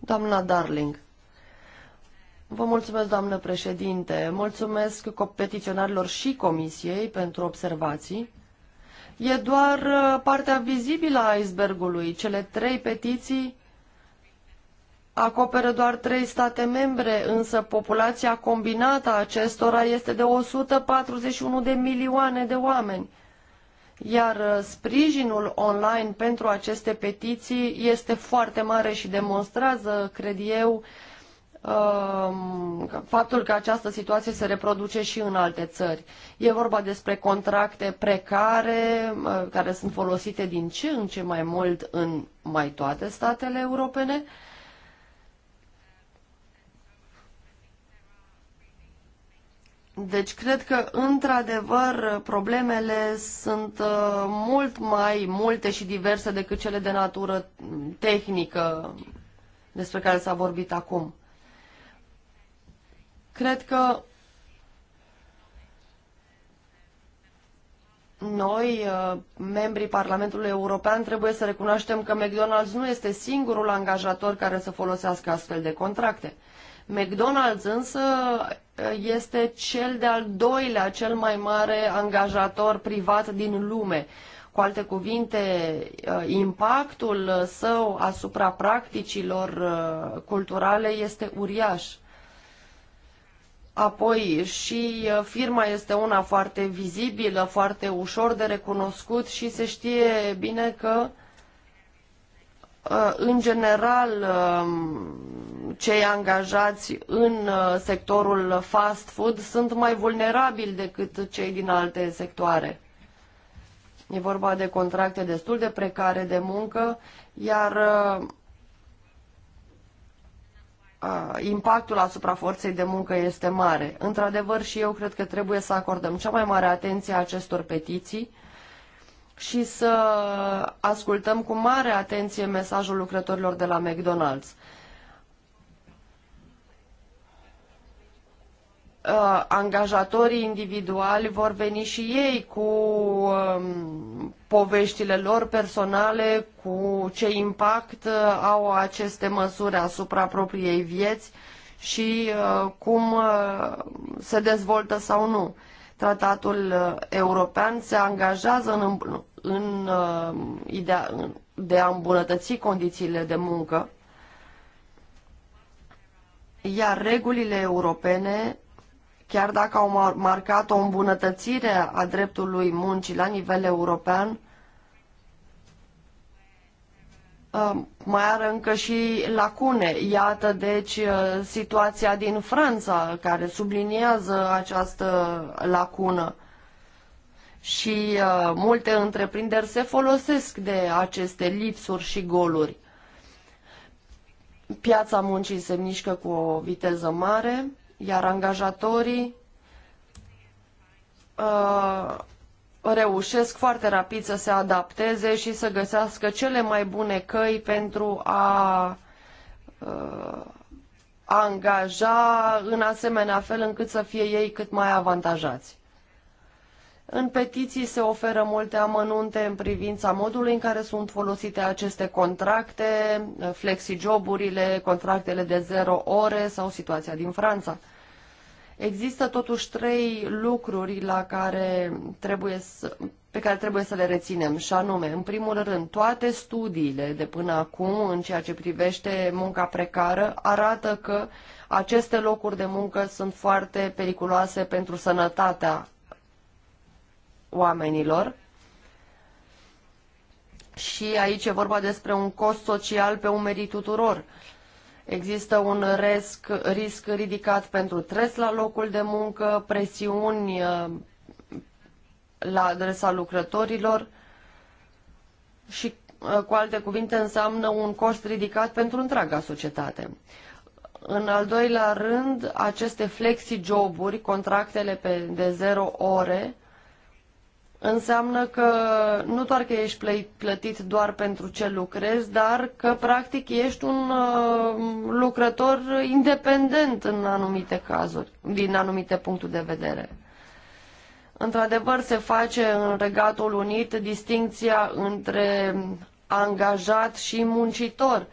Doamna Darling. Vă mulțumesc, doamnă președinte. Mulțumesc petiționarilor și comisiei pentru observații. E doar uh, partea vizibilă a icebergului. Cele trei petiții acoperă doar trei state membre, însă populația combinată a acestora este de 141 de milioane de oameni. Iar uh, sprijinul online pentru aceste petiții este foarte mare și demonstrează, cred eu, Um, faptul că această situație se reproduce și în alte țări. E vorba despre contracte precare uh, care sunt folosite din ce în ce mai mult în mai toate statele europene. Deci cred că, într-adevăr, problemele sunt uh, mult mai multe și diverse decât cele de natură tehnică despre care s-a vorbit acum. Cred că noi, uh, membrii Parlamentului European, trebuie să recunoaștem că McDonald's nu este singurul angajator care să folosească astfel de contracte. McDonald's însă uh, este cel de-al doilea, cel mai mare angajator privat din lume. Cu alte cuvinte, uh, impactul său asupra practicilor culturale este uriaș. Apoi și uh, firma este una foarte vizibilă, foarte ușor de recunoscut și se știe bine că uh, în general um, cei angajați în uh, sectorul fast food sunt mai vulnerabili decât cei din alte sectoare. E vorba de contracte destul de precare de muncă, iar impactul asupra forței de muncă este mare. Într-adevăr și eu cred că trebuie să acordăm cea mai mare atenție acestor petiții și să ascultăm cu mare atenție mesajul lucrătorilor de la McDonald's. uh, angajatorii individuali vor veni și ei cu uh, poveștile lor personale, cu ce impact uh, au aceste măsuri asupra propriei vieți și uh, cum uh, se dezvoltă sau nu. Tratatul uh, european se angajează în, în uh, ideea de a îmbunătăți condițiile de muncă, iar regulile europene chiar dacă au marcat o îmbunătățire a dreptului muncii la nivel european, uh, mai are încă și lacune. Iată, deci, uh, situația din Franța, care subliniază această lacună. Și uh, multe întreprinderi se folosesc de aceste lipsuri și goluri. Piața muncii se mișcă cu o viteză mare iar angajatorii uh, reușesc foarte rapid să se adapteze și să găsească cele mai bune căi pentru a uh, angaja în asemenea fel încât să fie ei cât mai avantajați. În petiții se oferă multe amănunte în privința modului în care sunt folosite aceste contracte, flexijoburile, contractele de zero ore sau situația din Franța. Există totuși trei lucruri la care trebuie să, pe care trebuie să le reținem și anume, în primul rând, toate studiile de până acum în ceea ce privește munca precară arată că aceste locuri de muncă sunt foarte periculoase pentru sănătatea oamenilor. Și aici e vorba despre un cost social pe umerii tuturor. Există un risc, risc ridicat pentru tres la locul de muncă, presiuni uh, la adresa lucrătorilor și, uh, cu alte cuvinte, înseamnă un cost ridicat pentru întreaga societate. În al doilea rând, aceste flexi-joburi, contractele pe, de zero ore, înseamnă că nu doar că ești plătit doar pentru ce lucrezi, dar că practic ești un uh, lucrător independent în anumite cazuri, din anumite puncte de vedere. Într-adevăr, se face în Regatul Unit distinția între angajat și muncitor. Uh,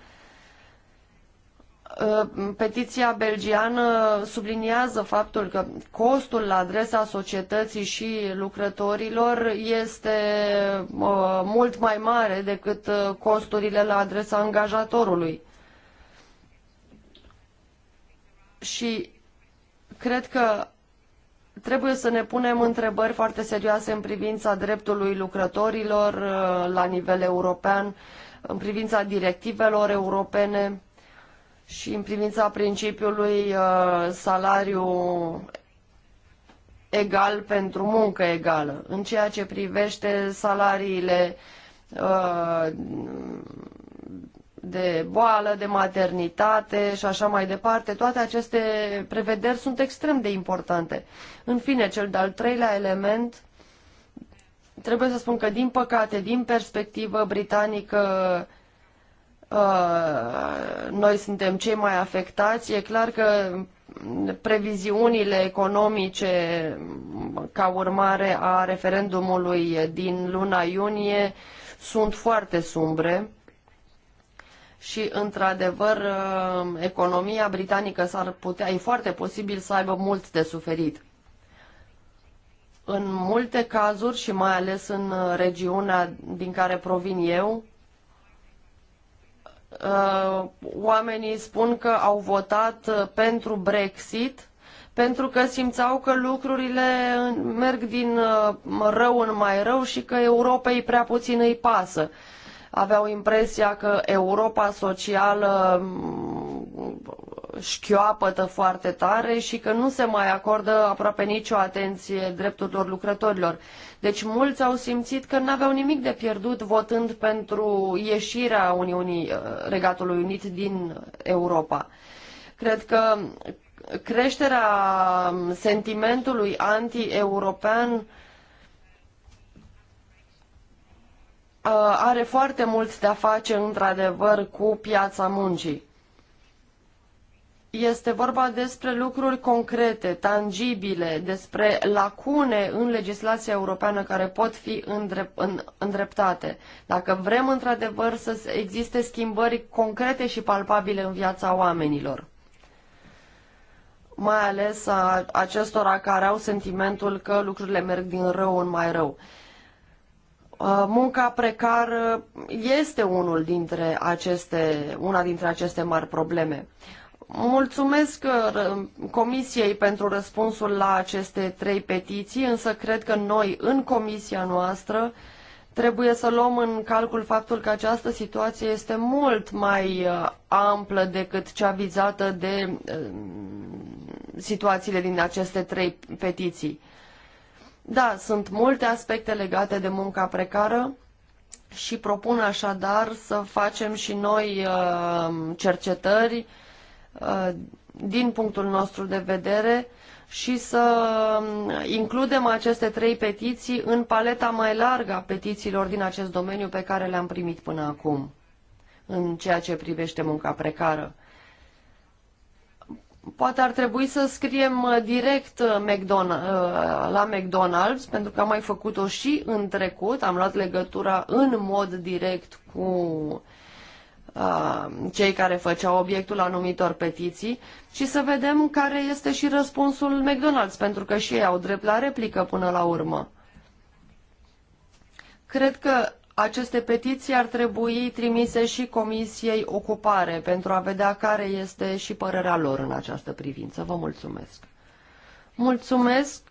Uh, petiția belgiană subliniază faptul că costul la adresa societății și lucrătorilor este uh, mult mai mare decât uh, costurile la adresa angajatorului. Și cred că trebuie să ne punem întrebări foarte serioase în privința dreptului lucrătorilor la nivel european, în privința directivelor europene și în privința principiului uh, salariu egal pentru muncă egală. În ceea ce privește salariile uh, de boală, de maternitate și așa mai departe, toate aceste prevederi sunt extrem de importante. În fine, cel de-al treilea element, trebuie să spun că, din păcate, din perspectivă britanică, Uh, noi suntem cei mai afectați. E clar că previziunile economice ca urmare a referendumului din luna iunie sunt foarte sumbre și, într-adevăr, uh, economia britanică s-ar putea, e foarte posibil să aibă mult de suferit. În multe cazuri și mai ales în regiunea din care provin eu, Uh, oamenii spun că au votat uh, pentru Brexit pentru că simțeau că lucrurile uh, merg din rău în mai rău și că Europei prea puțin îi pasă. Aveau impresia că Europa socială mm, șchioapătă foarte tare și că nu se mai acordă aproape nicio atenție drepturilor lucrătorilor. Deci mulți au simțit că nu aveau nimic de pierdut votând pentru ieșirea Uniunii, uh, Regatului Unit din Europa. Cred că creșterea sentimentului anti-european uh, are foarte mult de a face, într-adevăr, cu piața muncii. Este vorba despre lucruri concrete, tangibile, despre lacune în legislația europeană care pot fi îndreptate. Dacă vrem într-adevăr să existe schimbări concrete și palpabile în viața oamenilor, mai ales a acestora care au sentimentul că lucrurile merg din rău în mai rău. Uh, munca precară este unul dintre aceste, una dintre aceste mari probleme. Mulțumesc uh, Comisiei pentru răspunsul la aceste trei petiții, însă cred că noi, în Comisia noastră, trebuie să luăm în calcul faptul că această situație este mult mai uh, amplă decât cea vizată de uh, situațiile din aceste trei petiții. Da, sunt multe aspecte legate de munca precară și propun așadar să facem și noi cercetări Uh, din punctul nostru de vedere și să um, includem aceste trei petiții în paleta mai largă a petițiilor din acest domeniu pe care le-am primit până acum în ceea ce privește munca precară. Poate ar trebui să scriem uh, direct uh, McDonald's, la McDonald's, pentru că am mai făcut-o și în trecut, am luat legătura în mod direct cu Uh, cei care făceau obiectul anumitor petiții și să vedem care este și răspunsul McDonald's, pentru că și ei au drept la replică până la urmă. Cred că aceste petiții ar trebui trimise și Comisiei Ocupare pentru a vedea care este și părerea lor în această privință. Vă mulțumesc! Mulțumesc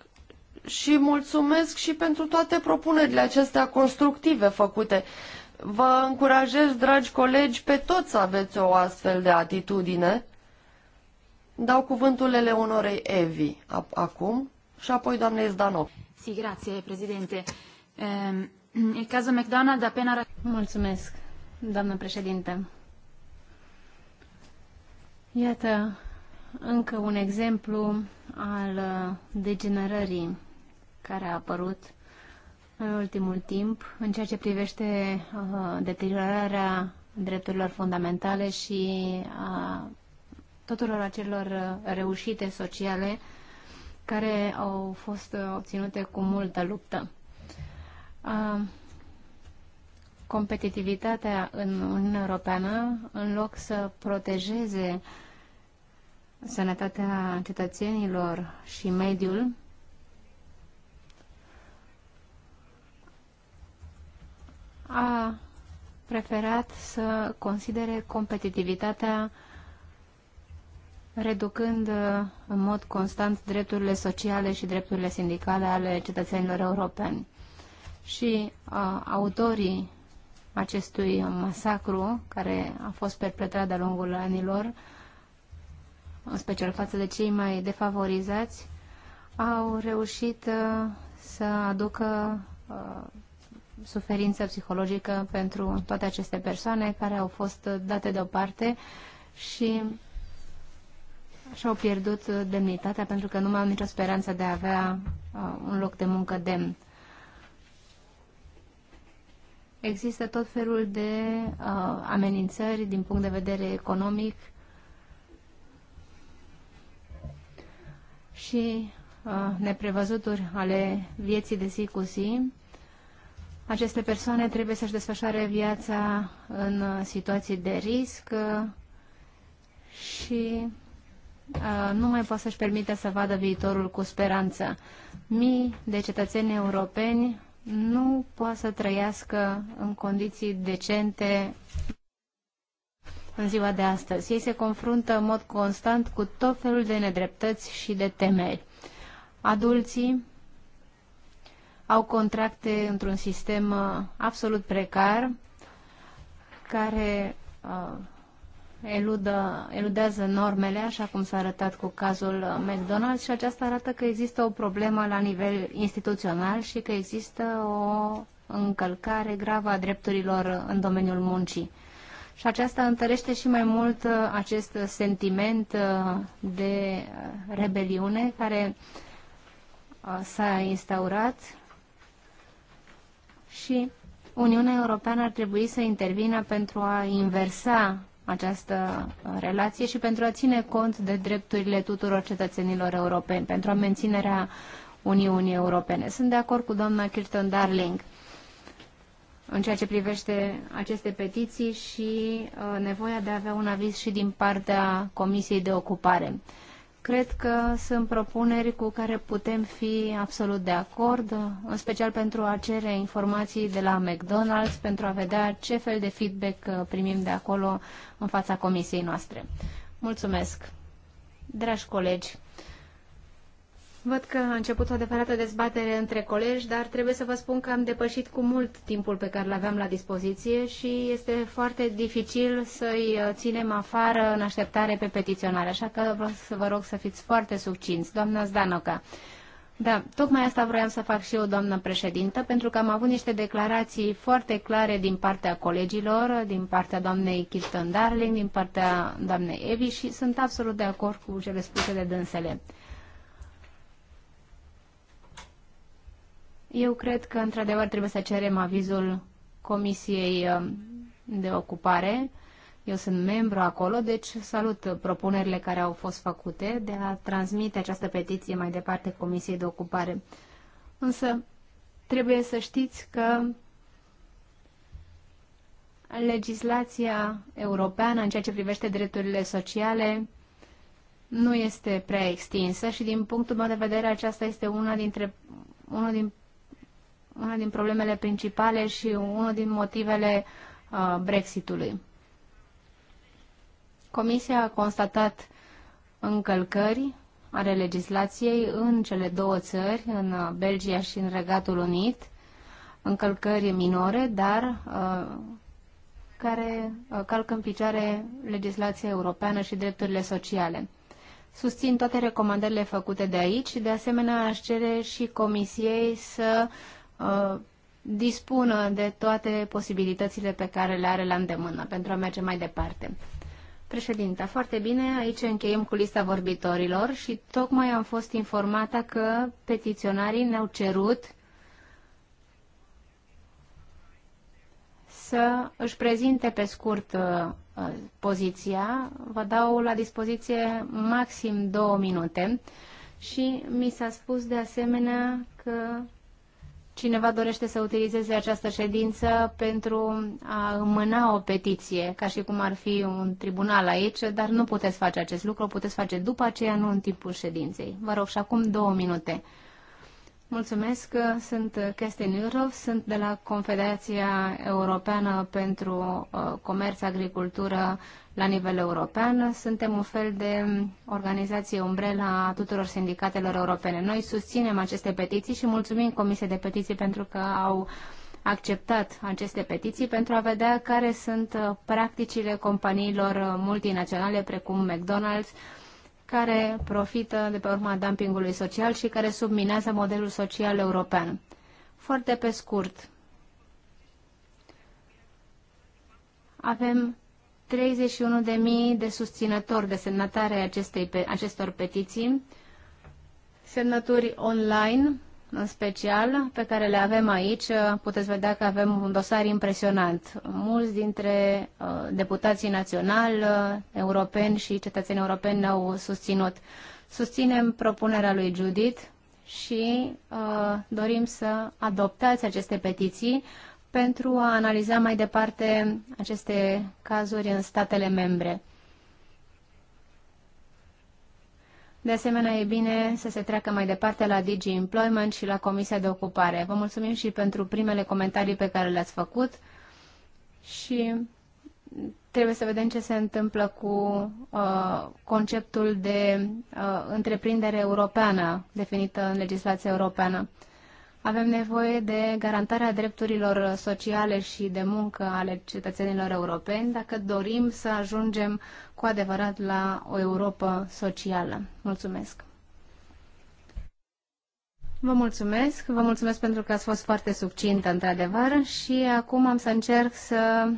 și mulțumesc și pentru toate propunerile acestea constructive făcute. Uh, Vă încurajez, dragi colegi, pe toți să aveți o astfel de atitudine. Dau cuvântul Eleonorei Evi acum și apoi doamnei Zdanov. Si, grație, președinte. Ehm, e cazul McDonald apena... Mulțumesc, doamnă președinte. Iată încă un exemplu al uh, degenerării care a apărut în ultimul timp în ceea ce privește uh, deteriorarea drepturilor fundamentale și a tuturor acelor uh, reușite sociale care au fost uh, obținute cu multă luptă. Uh, competitivitatea în Uniunea Europeană, în loc să protejeze sănătatea cetățenilor și mediul, a preferat să considere competitivitatea reducând uh, în mod constant drepturile sociale și drepturile sindicale ale cetățenilor europeni. Și uh, autorii acestui masacru, care a fost perpetrat de-a lungul anilor, în special față de cei mai defavorizați, au reușit uh, să aducă uh, suferință psihologică pentru toate aceste persoane care au fost date deoparte și și-au pierdut demnitatea pentru că nu mai au nicio speranță de a avea uh, un loc de muncă demn. Există tot felul de uh, amenințări din punct de vedere economic și uh, neprevăzuturi ale vieții de zi cu zi aceste persoane trebuie să-și desfășoare viața în situații de risc uh, și uh, nu mai poate să-și permite să vadă viitorul cu speranță. Mii de cetățeni europeni nu poate să trăiască în condiții decente în ziua de astăzi. Ei se confruntă în mod constant cu tot felul de nedreptăți și de temeri. Adulții au contracte într-un sistem uh, absolut precar, care uh, eludă, eludează normele, așa cum s-a arătat cu cazul uh, McDonald's și aceasta arată că există o problemă la nivel instituțional și că există o încălcare gravă a drepturilor în domeniul muncii. Și aceasta întărește și mai mult acest sentiment de rebeliune care s-a instaurat și Uniunea Europeană ar trebui să intervină pentru a inversa această uh, relație și pentru a ține cont de drepturile tuturor cetățenilor europeni, pentru a menținerea Uniunii Europene. Sunt de acord cu doamna Kirsten Darling în ceea ce privește aceste petiții și uh, nevoia de a avea un aviz și din partea Comisiei de Ocupare. Cred că sunt propuneri cu care putem fi absolut de acord, în special pentru a cere informații de la McDonald's, pentru a vedea ce fel de feedback uh, primim de acolo în fața comisiei noastre. Mulțumesc! Dragi colegi, Văd că a început o adevărată dezbatere între colegi, dar trebuie să vă spun că am depășit cu mult timpul pe care l-aveam la dispoziție și este foarte dificil să-i uh, ținem afară în așteptare pe petiționare, așa că vreau să vă rog să fiți foarte subcinți. Doamna Zdanoca, da, tocmai asta vroiam să fac și eu, doamnă președintă, pentru că am avut niște declarații foarte clare din partea colegilor, din partea doamnei Kirsten Darling, din partea doamnei Evi și sunt absolut de acord cu cele spuse de dânsele. Eu cred că, într-adevăr, trebuie să cerem avizul Comisiei um, de Ocupare. Eu sunt membru acolo, deci salut propunerile care au fost făcute de a transmite această petiție mai departe Comisiei de Ocupare. Însă, trebuie să știți că legislația europeană în ceea ce privește drepturile sociale nu este prea extinsă și din punctul meu de vedere aceasta este una dintre, unul din una din problemele principale și unul din motivele uh, Brexitului. Comisia a constatat încălcări ale legislației în cele două țări, în uh, Belgia și în Regatul Unit, încălcări minore, dar uh, care uh, calcă în picioare legislația europeană și drepturile sociale. Susțin toate recomandările făcute de aici, de asemenea aș cere și Comisiei să uh, Uh, dispună de toate posibilitățile pe care le are la îndemână pentru a merge mai departe. Președinta, foarte bine, aici încheiem cu lista vorbitorilor și tocmai am fost informată că petiționarii ne-au cerut să își prezinte pe scurt uh, uh, poziția. Vă dau la dispoziție maxim două minute și mi s-a spus de asemenea că cineva dorește să utilizeze această ședință pentru a îmâna o petiție, ca și cum ar fi un tribunal aici, dar nu puteți face acest lucru, puteți face după aceea, nu în timpul ședinței. Vă rog, și acum două minute. Mulțumesc, sunt Kestin Iurov, sunt de la Confederația Europeană pentru uh, Comerț, Agricultură, la nivel european. Suntem un fel de organizație umbrela a tuturor sindicatelor europene. Noi susținem aceste petiții și mulțumim Comisiei de Petiții pentru că au acceptat aceste petiții pentru a vedea care sunt uh, practicile companiilor uh, multinaționale precum McDonald's, care profită de pe urma dumpingului social și care subminează modelul social european. Foarte pe scurt, avem 31.000 de susținători de semnătare acestei, acestor petiții, semnături online, în special, pe care le avem aici. Puteți vedea că avem un dosar impresionant. Mulți dintre uh, deputații naționali, uh, europeni și cetățeni europeni ne-au susținut. Susținem propunerea lui Judith și uh, dorim să adoptați aceste petiții pentru a analiza mai departe aceste cazuri în statele membre. De asemenea, e bine să se treacă mai departe la Digi Employment și la Comisia de Ocupare. Vă mulțumim și pentru primele comentarii pe care le-ați făcut și trebuie să vedem ce se întâmplă cu uh, conceptul de uh, întreprindere europeană definită în legislația europeană. Avem nevoie de garantarea drepturilor sociale și de muncă ale cetățenilor europeni dacă dorim să ajungem cu adevărat la o Europa socială. Mulțumesc! Vă mulțumesc, vă mulțumesc pentru că ați fost foarte succintă, într-adevăr, și acum am să încerc să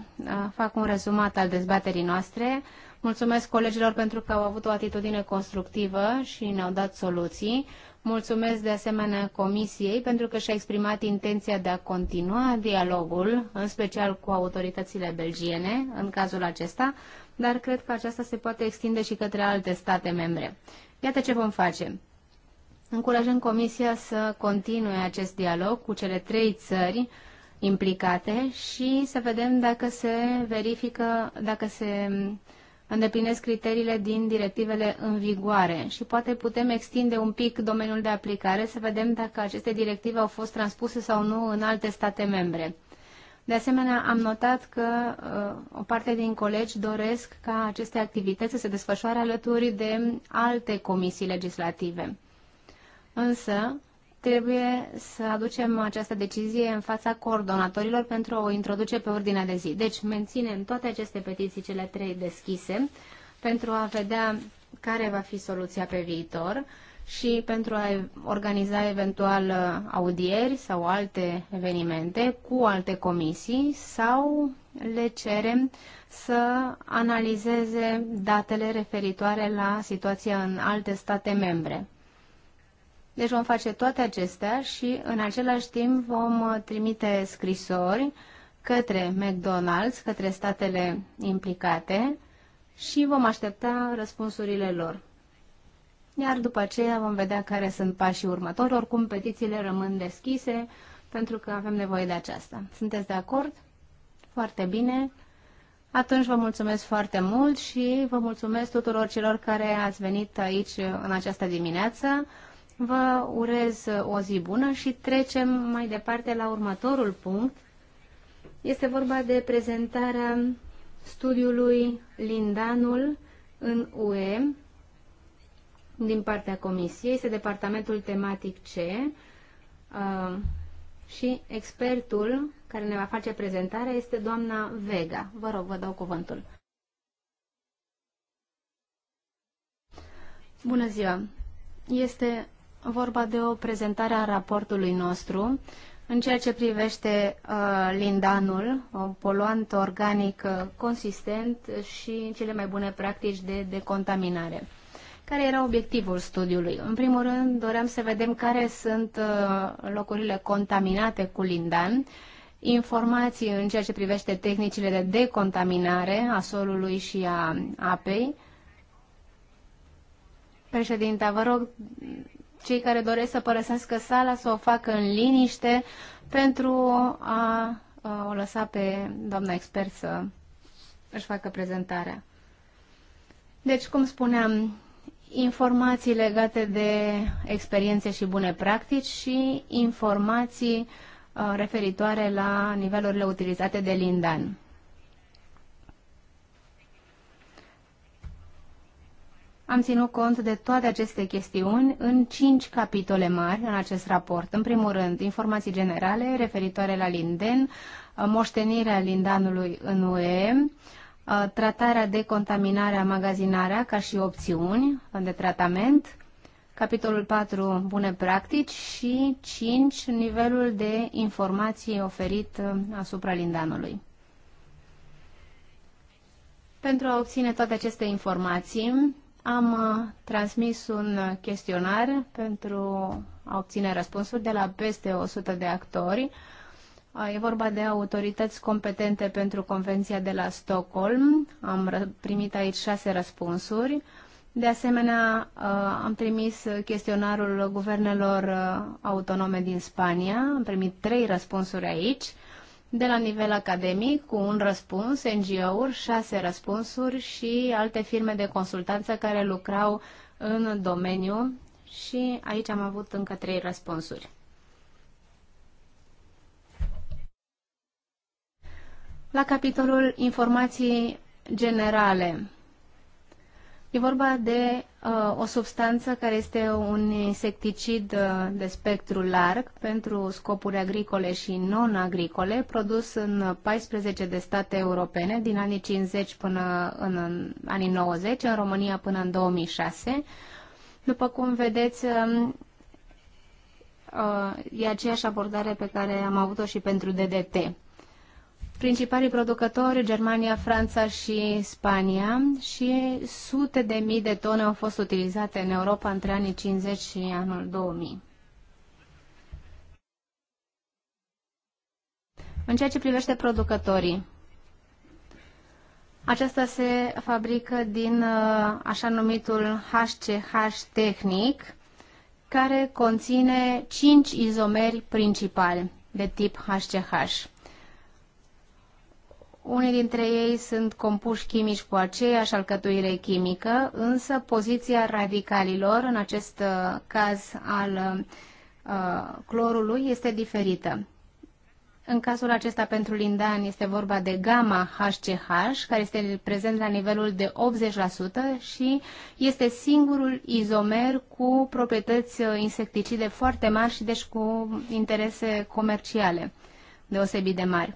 fac un rezumat al dezbaterii noastre. Mulțumesc colegilor pentru că au avut o atitudine constructivă și ne-au dat soluții. Mulțumesc de asemenea Comisiei pentru că și-a exprimat intenția de a continua dialogul, în special cu autoritățile belgiene, în cazul acesta, dar cred că aceasta se poate extinde și către alte state membre. Iată ce vom face. Încurajăm Comisia să continue acest dialog cu cele trei țări implicate și să vedem dacă se verifică, dacă se îndeplinesc criteriile din directivele în vigoare și poate putem extinde un pic domeniul de aplicare să vedem dacă aceste directive au fost transpuse sau nu în alte state membre. De asemenea, am notat că uh, o parte din colegi doresc ca aceste activități să se desfășoare alături de alte comisii legislative. Însă, trebuie să aducem această decizie în fața coordonatorilor pentru a o introduce pe ordinea de zi. Deci menținem toate aceste petiții, cele trei deschise, pentru a vedea care va fi soluția pe viitor și pentru a organiza eventual audieri sau alte evenimente cu alte comisii sau le cerem să analizeze datele referitoare la situația în alte state membre. Deci vom face toate acestea și în același timp vom uh, trimite scrisori către McDonald's, către statele implicate și vom aștepta răspunsurile lor. Iar după aceea vom vedea care sunt pașii următori. Oricum, petițiile rămân deschise pentru că avem nevoie de aceasta. Sunteți de acord? Foarte bine. Atunci vă mulțumesc foarte mult și vă mulțumesc tuturor celor care ați venit aici în această dimineață. Vă urez o zi bună și trecem mai departe la următorul punct. Este vorba de prezentarea studiului Lindanul în UE din partea Comisiei. Este departamentul tematic C uh, și expertul care ne va face prezentarea este doamna Vega. Vă rog, vă dau cuvântul. Bună ziua! Este vorba de o prezentare a raportului nostru în ceea ce privește uh, lindanul, un poluant organic uh, consistent și cele mai bune practici de decontaminare. Care era obiectivul studiului? În primul rând, doream să vedem care sunt uh, locurile contaminate cu lindan, informații în ceea ce privește tehnicile de decontaminare a solului și a apei. Președinta, vă rog cei care doresc să părăsească sala să o facă în liniște pentru a o lăsa pe doamna expert să își facă prezentarea. Deci, cum spuneam, informații legate de experiențe și bune practici și informații referitoare la nivelurile utilizate de Lindan. Am ținut cont de toate aceste chestiuni în cinci capitole mari în acest raport. În primul rând, informații generale referitoare la Linden, moștenirea lindanului în UE, tratarea de contaminare a magazinarea ca și opțiuni de tratament, capitolul 4, bune practici și 5, nivelul de informații oferit asupra lindanului. Pentru a obține toate aceste informații, am uh, transmis un uh, chestionar pentru a obține răspunsuri de la peste 100 de actori. Uh, e vorba de autorități competente pentru Convenția de la Stockholm. Am primit aici șase răspunsuri. De asemenea, am trimis chestionarul guvernelor autonome din Spania. Am primit trei răspunsuri aici de la nivel academic cu un răspuns, NGO-uri, șase răspunsuri și alte firme de consultanță care lucrau în domeniu și aici am avut încă trei răspunsuri. La capitolul informații generale, E vorba de uh, o substanță care este un insecticid uh, de spectru larg pentru scopuri agricole și non-agricole, produs în 14 de state europene din anii 50 până în, în anii 90, în România până în 2006. După cum vedeți, uh, uh, e aceeași abordare pe care am avut-o și pentru DDT principalii producători, Germania, Franța și Spania, și sute de mii de tone au fost utilizate în Europa între anii 50 și anul 2000. În ceea ce privește producătorii, aceasta se fabrică din uh, așa numitul HCH tehnic, care conține 5 izomeri principali de tip HCH. Unii dintre ei sunt compuși chimici cu aceeași alcătuire chimică, însă poziția radicalilor, în acest uh, caz al uh, clorului, este diferită. În cazul acesta pentru lindan este vorba de gamma HCH, care este prezent la nivelul de 80% și este singurul izomer cu proprietăți uh, insecticide foarte mari și deci cu interese comerciale deosebit de mari.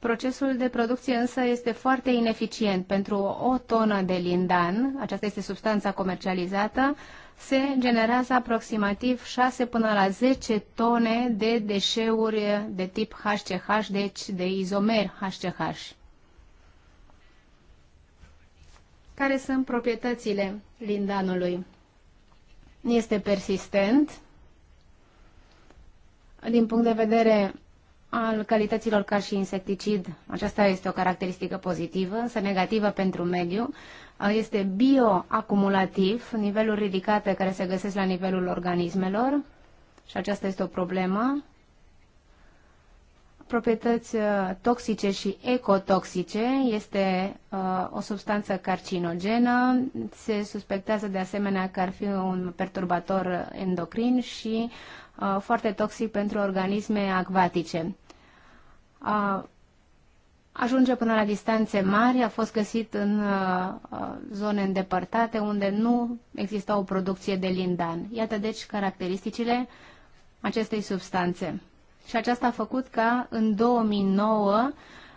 Procesul de producție însă este foarte ineficient. Pentru o tonă de lindan, aceasta este substanța comercializată, se generează aproximativ 6 până la 10 tone de deșeuri de tip HCH, deci de izomer HCH. Care sunt proprietățile lindanului? Este persistent din punct de vedere al calităților ca și insecticid. Aceasta este o caracteristică pozitivă, însă negativă pentru mediu. Este bioacumulativ, niveluri ridicate care se găsesc la nivelul organismelor și aceasta este o problemă. Proprietăți uh, toxice și ecotoxice este uh, o substanță carcinogenă. Se suspectează de asemenea că ar fi un perturbator endocrin și uh, foarte toxic pentru organisme acvatice a, ajunge până la distanțe mari, a fost găsit în a, uh, uh, zone îndepărtate unde nu exista o producție de lindan. Iată deci caracteristicile acestei substanțe. Și aceasta a făcut ca în 2009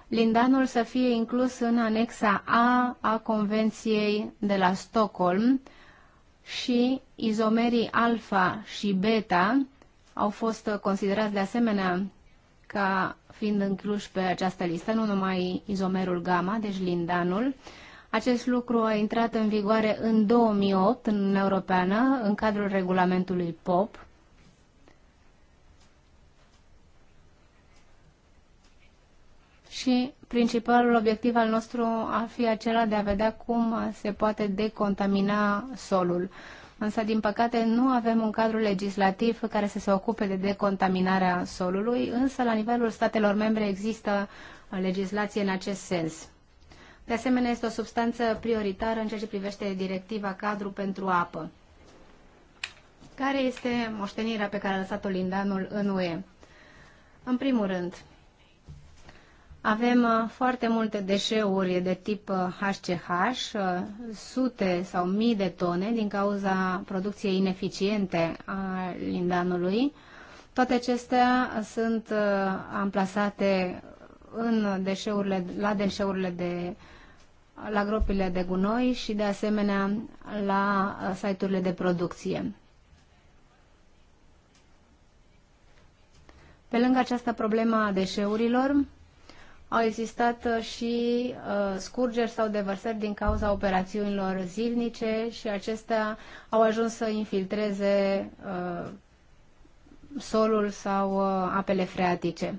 lindanul să fie inclus în anexa A a Convenției de la Stockholm și izomerii alfa și beta au fost considerați de asemenea ca fiind incluși pe această listă, nu numai izomerul gamma, deci lindanul. Acest lucru a intrat în vigoare în 2008 în Uniunea Europeană, în cadrul regulamentului POP. Și principalul obiectiv al nostru ar fi acela de a vedea cum se poate decontamina solul însă din păcate nu avem un cadru legislativ care să se ocupe de decontaminarea solului, însă la nivelul statelor membre există legislație în acest sens. De asemenea, este o substanță prioritară în ceea ce privește directiva cadru pentru apă. Care este moștenirea pe care a lăsat-o lindanul în UE? În primul rând, avem uh, foarte multe deșeuri de tip HCH, uh, uh, sute sau mii de tone din cauza producției ineficiente a lindanului. Toate acestea sunt amplasate în deșeurile, la deșeurile de la gropile de gunoi și de asemenea la site-urile de producție. Pe lângă această problemă a deșeurilor, au existat uh, și uh, scurgeri sau devărsări din cauza operațiunilor zilnice și acestea au ajuns să infiltreze uh, solul sau apele freatice.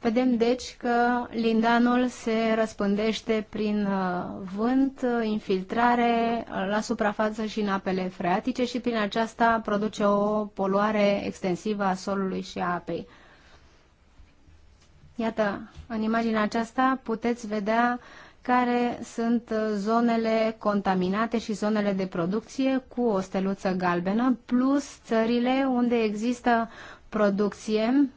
Vedem deci că lindanul se răspândește prin vânt, infiltrare la suprafață și în apele freatice și prin aceasta produce o poluare extensivă a solului și a apei. Iată, în imaginea aceasta puteți vedea care sunt zonele contaminate și zonele de producție cu o steluță galbenă, plus țările unde există producție,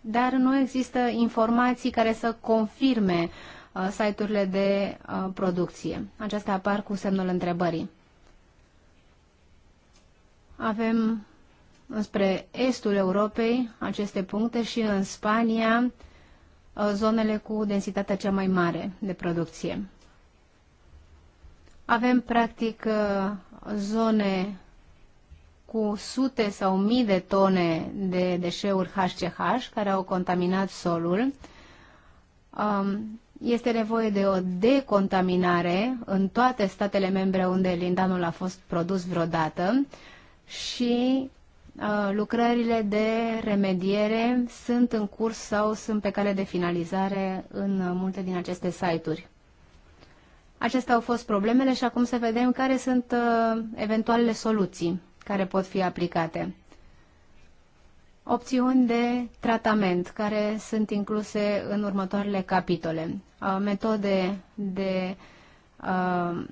dar nu există informații care să confirme uh, site-urile de uh, producție. Acestea apar cu semnul întrebării. Avem înspre estul Europei aceste puncte și în Spania, Uh, zonele cu densitatea cea mai mare de producție. Avem, practic, uh, zone cu sute sau mii de tone de deșeuri HCH care au contaminat solul. Um, este nevoie de o decontaminare în toate statele membre unde lindanul a fost produs vreodată și Uh, lucrările de remediere sunt în curs sau sunt pe cale de finalizare în uh, multe din aceste site-uri. Acestea au fost problemele și acum să vedem care sunt uh, eventualele soluții care pot fi aplicate. Opțiuni de tratament care sunt incluse în următoarele capitole. metode de uh,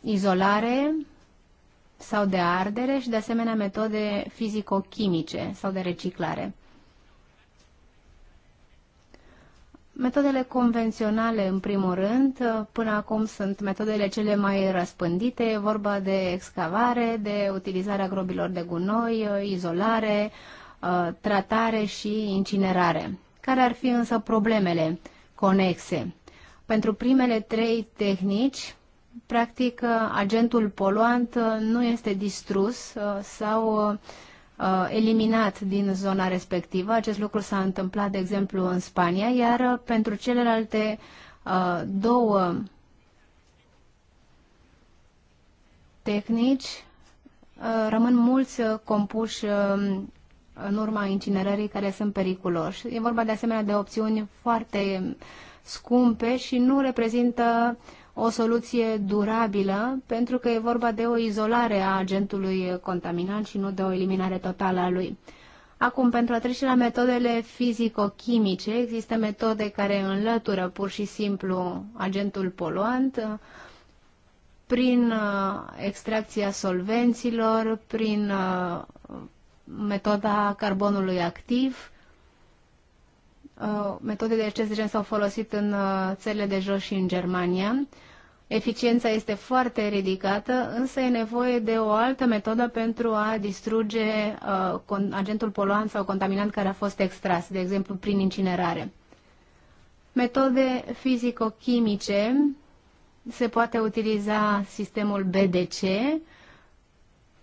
izolare, sau de ardere și de asemenea metode fizico-chimice sau de reciclare. Metodele convenționale, în primul rând, până acum sunt metodele cele mai răspândite, e vorba de excavare, de utilizarea grobilor de gunoi, izolare, uh, tratare și incinerare. Care ar fi însă problemele conexe? Pentru primele trei tehnici, practic, uh, agentul poluant uh, nu este distrus uh, sau eliminat din zona respectivă. Acest lucru s-a întâmplat, de exemplu, în Spania, iar pentru celelalte două tehnici rămân mulți compuși în urma incinerării care sunt periculoși. E vorba de asemenea de opțiuni foarte scumpe și nu reprezintă uh, o soluție durabilă, pentru că e vorba de o izolare a agentului contaminant și nu de o eliminare totală a lui. Acum, pentru a trece la metodele fizico-chimice, există metode care înlătură pur și simplu agentul poluant prin uh, extracția solvenților, prin uh, metoda carbonului activ, Uh, metode de acest gen s-au folosit în uh, țările de jos și în Germania. Eficiența este foarte ridicată, însă e nevoie de o altă metodă pentru a distruge uh, agentul poluant sau contaminant care a fost extras, de exemplu prin incinerare. Metode fizico-chimice se poate utiliza sistemul BDC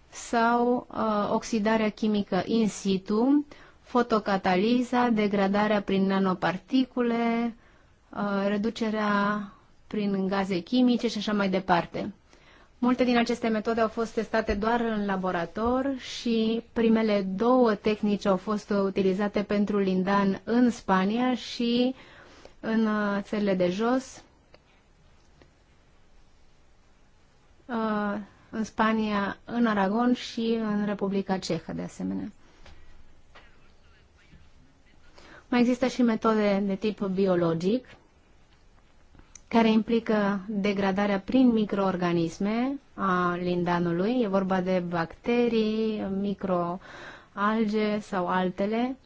sau uh, oxidarea chimică in situ, fotocataliza, degradarea prin nanoparticule, uh, reducerea prin gaze chimice și așa mai departe. Multe din aceste metode au fost testate doar în laborator și primele două tehnici au fost utilizate pentru lindan în Spania și în uh, țările de jos. Uh, în Spania, în Aragon și în Republica Cehă, de asemenea. Mai există și metode de tip biologic, care implică degradarea prin microorganisme a lindanului. E vorba de bacterii, microalge sau altele.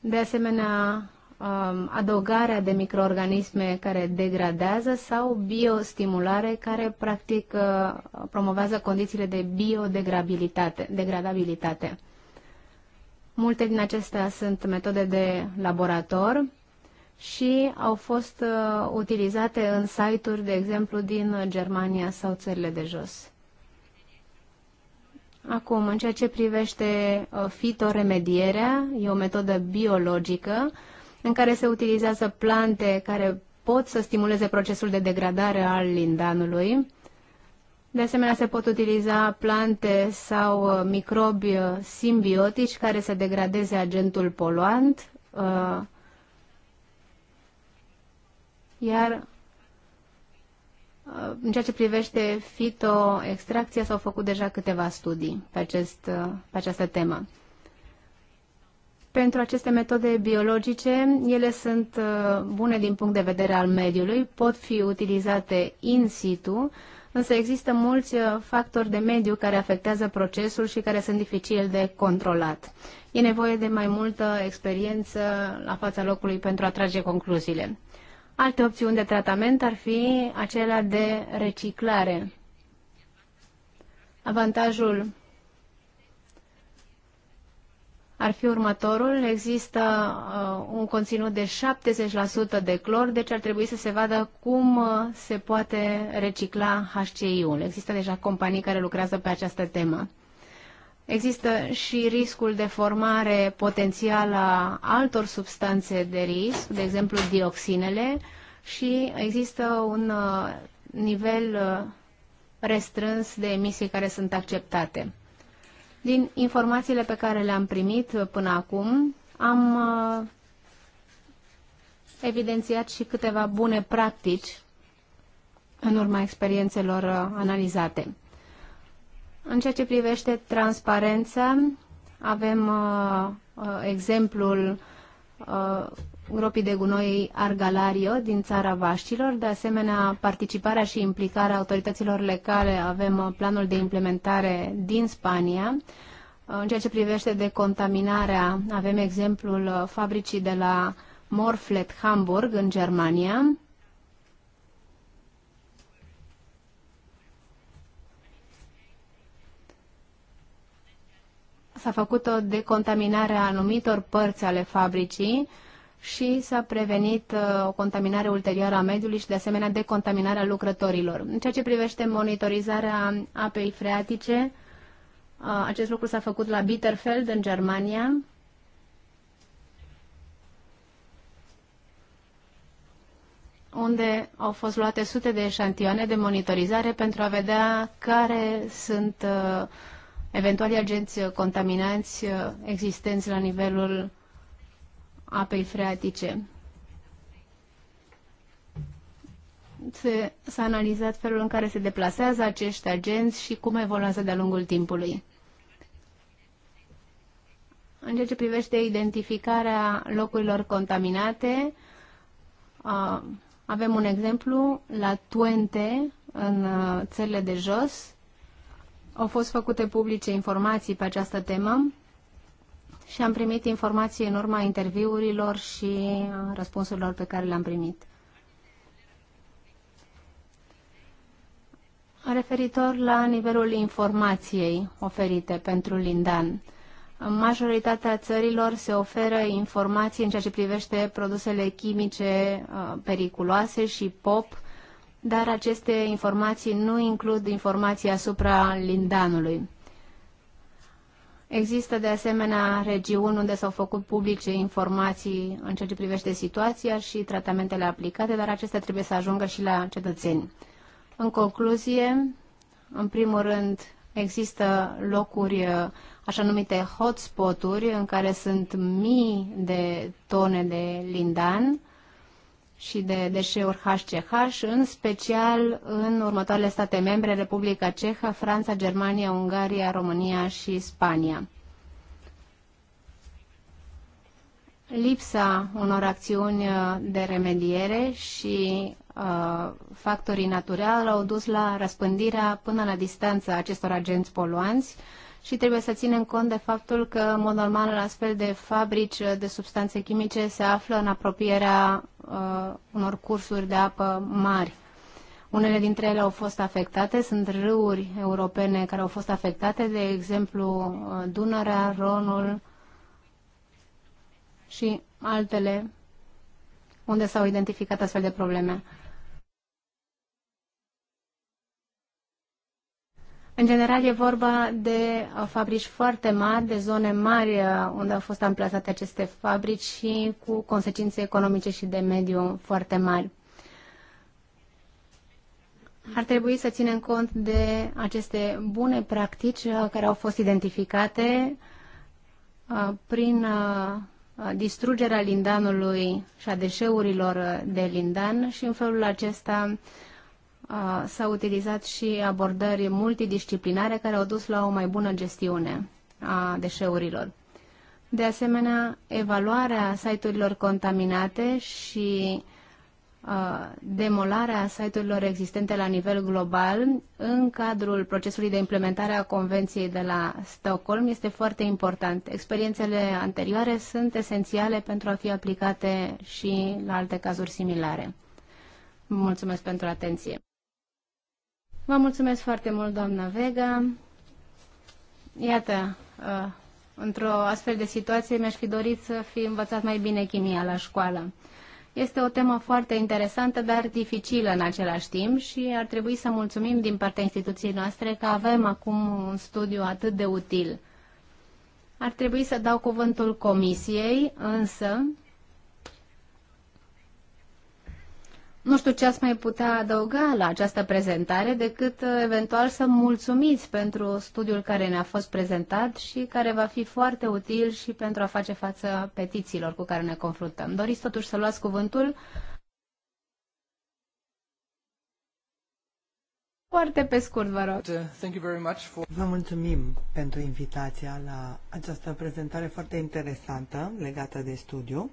De asemenea, um, adăugarea de microorganisme care degradează sau biostimulare care practic uh, promovează condițiile de biodegradabilitate. Multe din acestea sunt metode de laborator și au fost uh, utilizate în site-uri, de exemplu, din Germania sau țările de jos. Acum, în ceea ce privește uh, fitoremedierea, e o metodă biologică în care se utilizează plante care pot să stimuleze procesul de degradare al lindanului, de asemenea, se pot utiliza plante sau uh, microbi uh, simbiotici care să degradeze agentul poluant, uh, iar în ceea ce privește fitoextracția, s-au făcut deja câteva studii pe, acest, pe această temă. Pentru aceste metode biologice, ele sunt bune din punct de vedere al mediului, pot fi utilizate in situ, însă există mulți uh, factori de mediu care afectează procesul și care sunt dificil de controlat. E nevoie de mai multă experiență la fața locului pentru a trage concluziile. Alte opțiuni de tratament ar fi acelea de reciclare. Avantajul ar fi următorul. Există uh, un conținut de 70% de clor, deci ar trebui să se vadă cum uh, se poate recicla HCI-ul. Există deja companii care lucrează pe această temă. Există și riscul de formare potențială a altor substanțe de risc, de exemplu dioxinele, și există un uh, nivel uh, restrâns de emisii care sunt acceptate. Din informațiile pe care le-am primit până acum, am uh, evidențiat și câteva bune practici în urma experiențelor uh, analizate. În ceea ce privește transparența, avem uh, uh exemplul uh, gropii de gunoi Argalario din țara Vaștilor. De asemenea, participarea și implicarea autorităților locale avem uh, planul de implementare din Spania. Uh, în ceea ce privește decontaminarea, avem exemplul uh, fabricii de la Morflet Hamburg în Germania. S-a făcut o decontaminare a anumitor părți ale fabricii și s-a prevenit uh, o contaminare ulterioară a mediului și de asemenea decontaminarea lucrătorilor. În ceea ce privește monitorizarea apei freatice, uh, acest lucru s-a făcut la Bitterfeld în Germania, unde au fost luate sute de eșantioane de monitorizare pentru a vedea care sunt uh, eventuali agenți contaminanți uh, existenți la nivelul apei freatice. S-a analizat felul în care se deplasează acești agenți și cum evoluează de-a lungul timpului. În ceea ce privește identificarea locurilor contaminate, avem un exemplu la Tuente, în țările de jos. Au fost făcute publice informații pe această temă și am primit informații în urma interviurilor și răspunsurilor pe care le-am primit. Referitor la nivelul informației oferite pentru Lindan, majoritatea țărilor se oferă informații în ceea ce privește produsele chimice uh, periculoase și POP, dar aceste informații nu includ informații asupra lindanului. Există de asemenea regiuni unde s-au făcut publice informații în ceea ce privește situația și tratamentele aplicate, dar acestea trebuie să ajungă și la cetățeni. În concluzie, în primul rând, există locuri uh, așa numite hotspot-uri în care sunt mii de tone de lindan, și de deșeuri HCH, în special în următoarele state membre, Republica Cehă, Franța, Germania, Ungaria, România și Spania. Lipsa unor acțiuni de remediere și uh, factorii naturali au dus la răspândirea până la distanță acestor agenți poluanți, și trebuie să ținem cont de faptul că, în mod normal, astfel de fabrici de substanțe chimice se află în apropierea uh, unor cursuri de apă mari. Unele dintre ele au fost afectate, sunt râuri europene care au fost afectate, de exemplu uh, Dunărea, Ronul și altele unde s-au identificat astfel de probleme. În general, e vorba de uh, fabrici foarte mari, de zone mari uh, unde au fost amplasate aceste fabrici și cu consecințe economice și de mediu foarte mari. Ar trebui să ținem cont de aceste bune practici uh, care au fost identificate prin distrugerea lindanului și a deșeurilor de lindan și în felul acesta s-au utilizat și abordări multidisciplinare care au dus la o mai bună gestiune a deșeurilor. De asemenea, evaluarea site-urilor contaminate și demolarea site-urilor existente la nivel global în cadrul procesului de implementare a Convenției de la Stockholm este foarte important. Experiențele anterioare sunt esențiale pentru a fi aplicate și la alte cazuri similare. Mulțumesc pentru atenție. Vă mulțumesc foarte mult, doamna Vega. Iată, uh, într-o astfel de situație mi-aș fi dorit să fi învățat mai bine chimia la școală. Este o temă foarte interesantă, dar dificilă în același timp și ar trebui să mulțumim din partea instituției noastre că avem acum un studiu atât de util. Ar trebui să dau cuvântul comisiei, însă Nu știu ce ați mai putea adăuga la această prezentare decât uh, eventual să mulțumiți pentru studiul care ne-a fost prezentat și care va fi foarte util și pentru a face față petițiilor cu care ne confruntăm. Doriți totuși să luați cuvântul? Foarte pe scurt, vă rog. Uh, vă mulțumim pentru invitația la această prezentare foarte interesantă legată de studiu.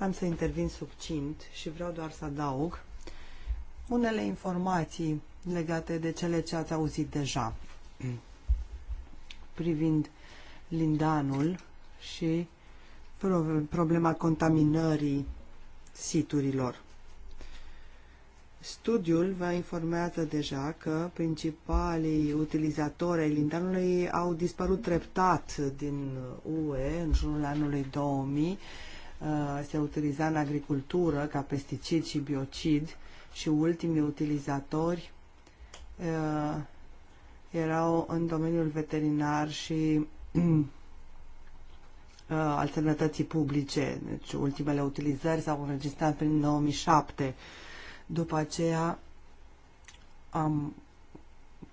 Am să intervin succint și vreau doar să adaug unele informații legate de cele ce ați auzit deja <clears throat> privind lindanul și problema contaminării siturilor. Studiul vă informează deja că principalii utilizatori ai lindanului au dispărut treptat din UE în jurul anului 2000 Uh, se utiliza în agricultură ca pesticid și biocid și ultimii utilizatori uh, erau în domeniul veterinar și uh, al sănătății publice. Deci ultimele utilizări s-au înregistrat prin 2007. După aceea am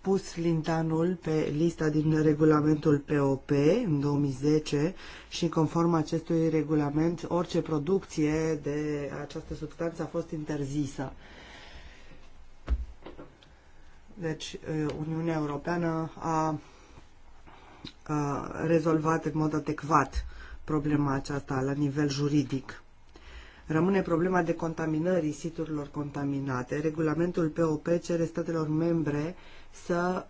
pus lintanul pe lista din regulamentul POP în 2010 și conform acestui regulament orice producție de această substanță a fost interzisă. Deci Uniunea Europeană a, a rezolvat în mod adecvat problema aceasta la nivel juridic. Rămâne problema de contaminării siturilor contaminate. Regulamentul POP cere statelor membre uh, să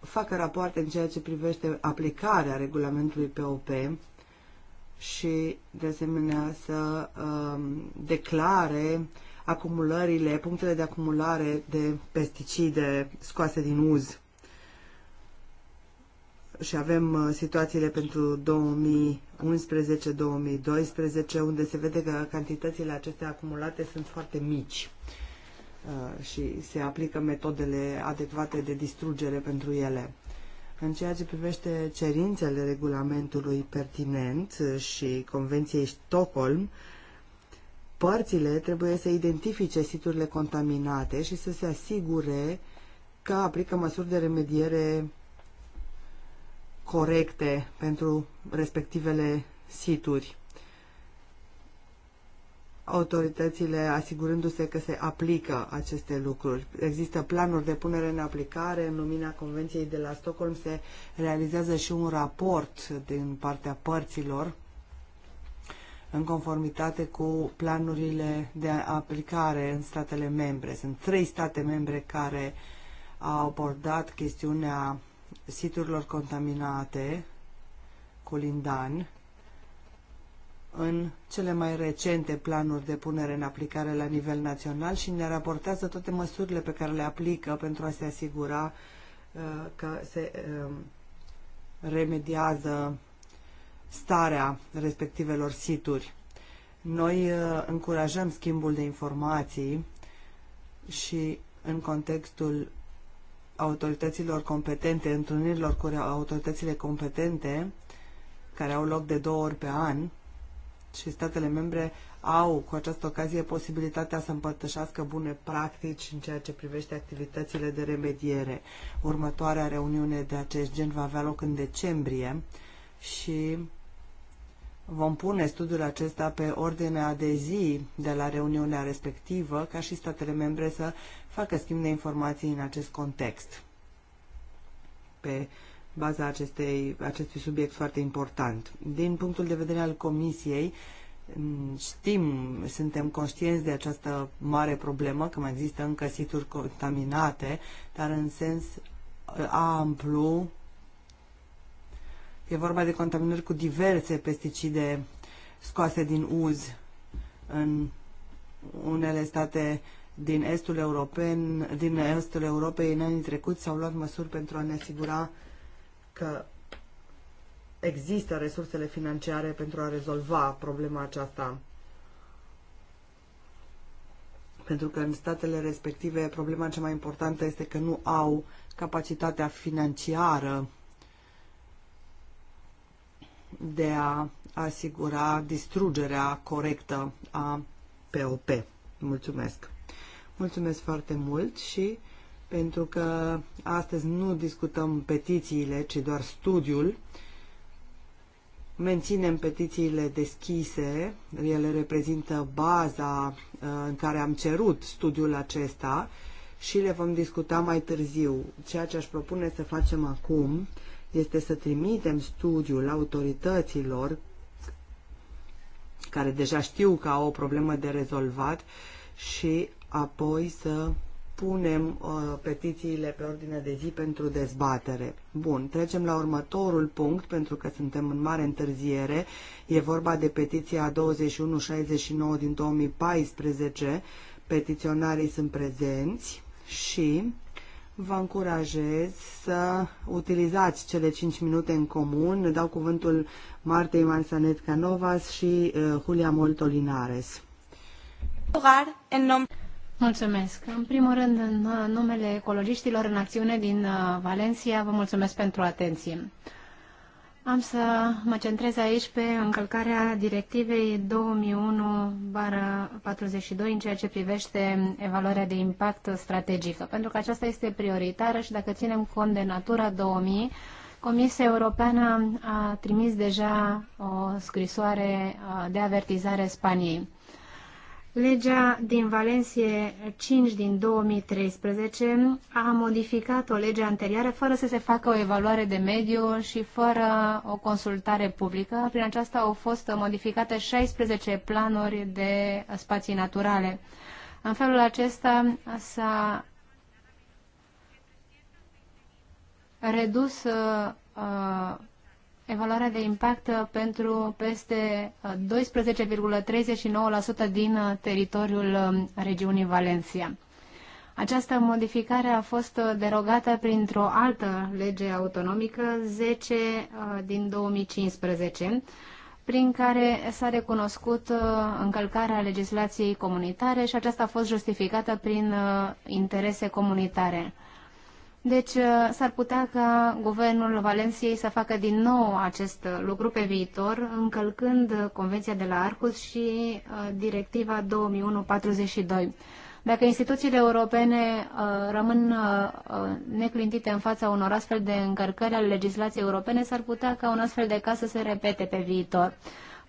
facă rapoarte în ceea ce privește aplicarea regulamentului POP și, de asemenea, să um, declare acumulările, punctele de acumulare de pesticide scoase din uz. Și avem uh, situațiile pentru 2011-2012, unde se vede că cantitățile acestea acumulate sunt foarte mici. Uh, Uh, și se aplică metodele adecvate de distrugere pentru ele. În ceea ce privește cerințele regulamentului pertinent uh, și Convenției Stockholm, părțile trebuie să identifice siturile contaminate și să se asigure că aplică măsuri de remediere corecte pentru respectivele situri autoritățile asigurându-se că se aplică aceste lucruri. Există planuri de punere în aplicare, în lumina Convenției de la Stockholm se realizează și un raport din partea părților în conformitate cu planurile de aplicare în statele membre. Sunt trei state membre care au abordat chestiunea siturilor contaminate Colindan în cele mai recente planuri de punere în aplicare la nivel național și ne raportează toate măsurile pe care le aplică pentru a se asigura uh, că se um, remediază starea respectivelor situri. Noi uh, încurajăm schimbul de informații și în contextul autorităților competente, întâlnirilor cu autoritățile competente, care au loc de două ori pe an, și statele membre au cu această ocazie posibilitatea să împărtășească bune practici în ceea ce privește activitățile de remediere. Următoarea reuniune de acest gen va avea loc în decembrie și vom pune studiul acesta pe ordinea de zi de la reuniunea respectivă ca și statele membre să facă schimb de informații în acest context. Pe baza acestei, acestui subiect foarte important. Din punctul de vedere al Comisiei, mm, știm, suntem conștienți de această mare problemă, că mai există încă situri contaminate, dar în sens uh, amplu e vorba de contaminări cu diverse pesticide scoase din uz în unele state din estul, european, din estul Europei în anii trecuți s-au luat măsuri pentru a ne asigura uh, că există resursele financiare pentru a rezolva problema aceasta. Pentru că în statele respective problema cea mai importantă este că nu au capacitatea financiară de a asigura distrugerea corectă a POP. Mulțumesc! Mulțumesc foarte mult și pentru că astăzi nu discutăm petițiile, ci doar studiul. Menținem petițiile deschise, ele reprezintă baza uh, în care am cerut studiul acesta și le vom discuta mai târziu. Ceea ce aș propune să facem acum este să trimitem studiul autorităților care deja știu că au o problemă de rezolvat și apoi să punem uh, petițiile pe ordine de zi pentru dezbatere. Bun, trecem la următorul punct, pentru că suntem în mare întârziere. E vorba de petiția 2169 din 2014. Petiționarii sunt prezenți și vă încurajez să utilizați cele 5 minute în comun. Dau cuvântul Martei Mansanet Canovas și uh, Julia Moltolinares. Mulțumesc. În primul rând, în uh, numele ecologiștilor în acțiune din uh, Valencia, vă mulțumesc pentru atenție. Am să mă centrez aici pe încălcarea directivei 2001-42 în ceea ce privește evaluarea de impact strategică, pentru că aceasta este prioritară și dacă ținem cont de Natura 2000, Comisia Europeană a trimis deja o scrisoare uh, de avertizare Spaniei. Legea din Valencie 5 din 2013 a modificat o lege anterioară fără să se facă o evaluare de mediu și fără o consultare publică. Prin aceasta au fost modificate 16 planuri de spații naturale. În felul acesta s-a redus uh, evaluarea de impact uh, pentru peste 12,39% uh, din uh, teritoriul um, regiunii Valencia. Această modificare a fost derogată printr-o altă lege autonomică, 10 din 2015, prin care s-a recunoscut încălcarea legislației comunitare și aceasta a fost justificată prin interese comunitare. Deci uh, s-ar putea ca guvernul Valenciei să facă din nou acest uh, lucru pe viitor, încălcând uh, Convenția de la Arcus și Directiva 2001-42. Dacă instituțiile europene rămân neclintite în fața unor astfel de încărcări ale legislației europene, s-ar putea ca un astfel de caz să se repete pe viitor.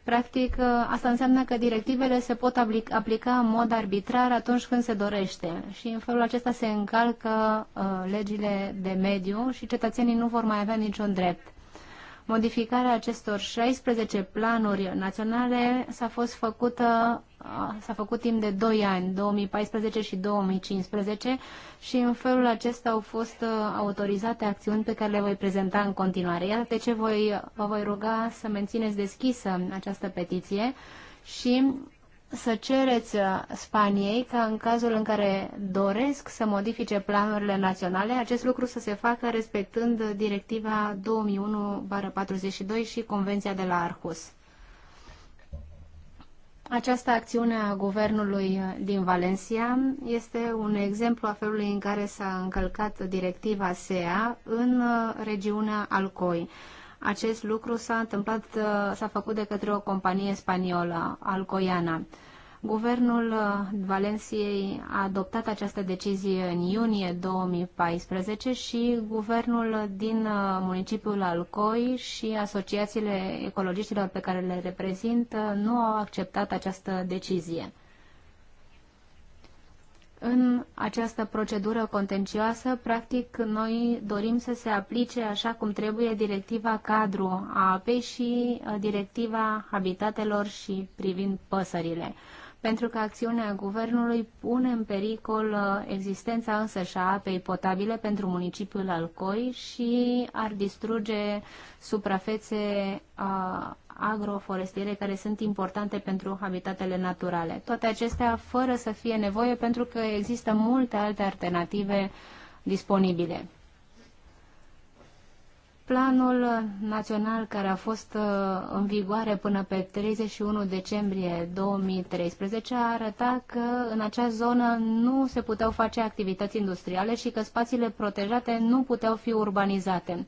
Practic, ă, asta înseamnă că directivele se pot aplica în mod arbitrar atunci când se dorește și în felul acesta se încalcă uh, legile de mediu și cetățenii nu vor mai avea niciun drept. Modificarea acestor 16 planuri naționale s-a fost făcută Ah, s-a făcut timp de 2 ani, 2014 și 2015, și în felul acesta au fost uh, autorizate acțiuni pe care le voi prezenta în continuare. Iată de ce voi, vă voi ruga să mențineți deschisă această petiție și să cereți uh, Spaniei ca în cazul în care doresc să modifice planurile naționale, acest lucru să se facă respectând directiva 2001-42 și Convenția de la Arhus. Această acțiune a guvernului din Valencia este un exemplu a felului în care s-a încălcat directiva SEA în regiunea Alcoi. Acest lucru s-a întâmplat, s-a făcut de către o companie spaniolă, Alcoiana. Guvernul uh, Valenției a adoptat această decizie în iunie 2014 și guvernul din uh, municipiul Alcoi și asociațiile ecologiștilor pe care le reprezint uh, nu au acceptat această decizie. În această procedură contencioasă, practic, noi dorim să se aplice așa cum trebuie directiva cadru a apei și directiva habitatelor și privind păsările pentru că acțiunea guvernului pune în pericol uh, existența însăși a apei potabile pentru municipiul Alcoi și ar distruge suprafețe uh, agroforestiere care sunt importante pentru habitatele naturale. Toate acestea fără să fie nevoie pentru că există multe alte alternative disponibile. Planul național care a fost uh, în vigoare până pe 31 decembrie 2013 a arătat că în acea zonă nu se puteau face activități industriale și că spațiile protejate nu puteau fi urbanizate.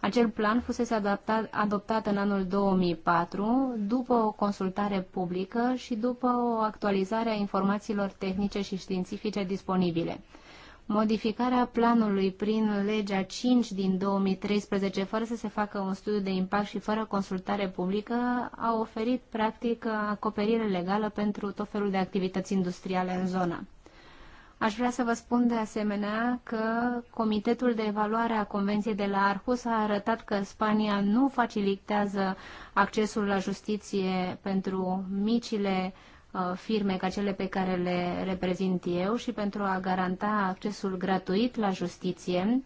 Acel plan fusese adaptat, adoptat în anul 2004 după o consultare publică și după o actualizare a informațiilor tehnice și științifice disponibile modificarea planului prin legea 5 din 2013, fără să se facă un studiu de impact și fără consultare publică, a oferit practic acoperire legală pentru tot felul de activități industriale în zonă. Aș vrea să vă spun de asemenea că Comitetul de Evaluare a Convenției de la Arhus a arătat că Spania nu facilitează accesul la justiție pentru micile uh, Uh, firme ca cele pe care le reprezint eu și pentru a garanta accesul gratuit la justiție.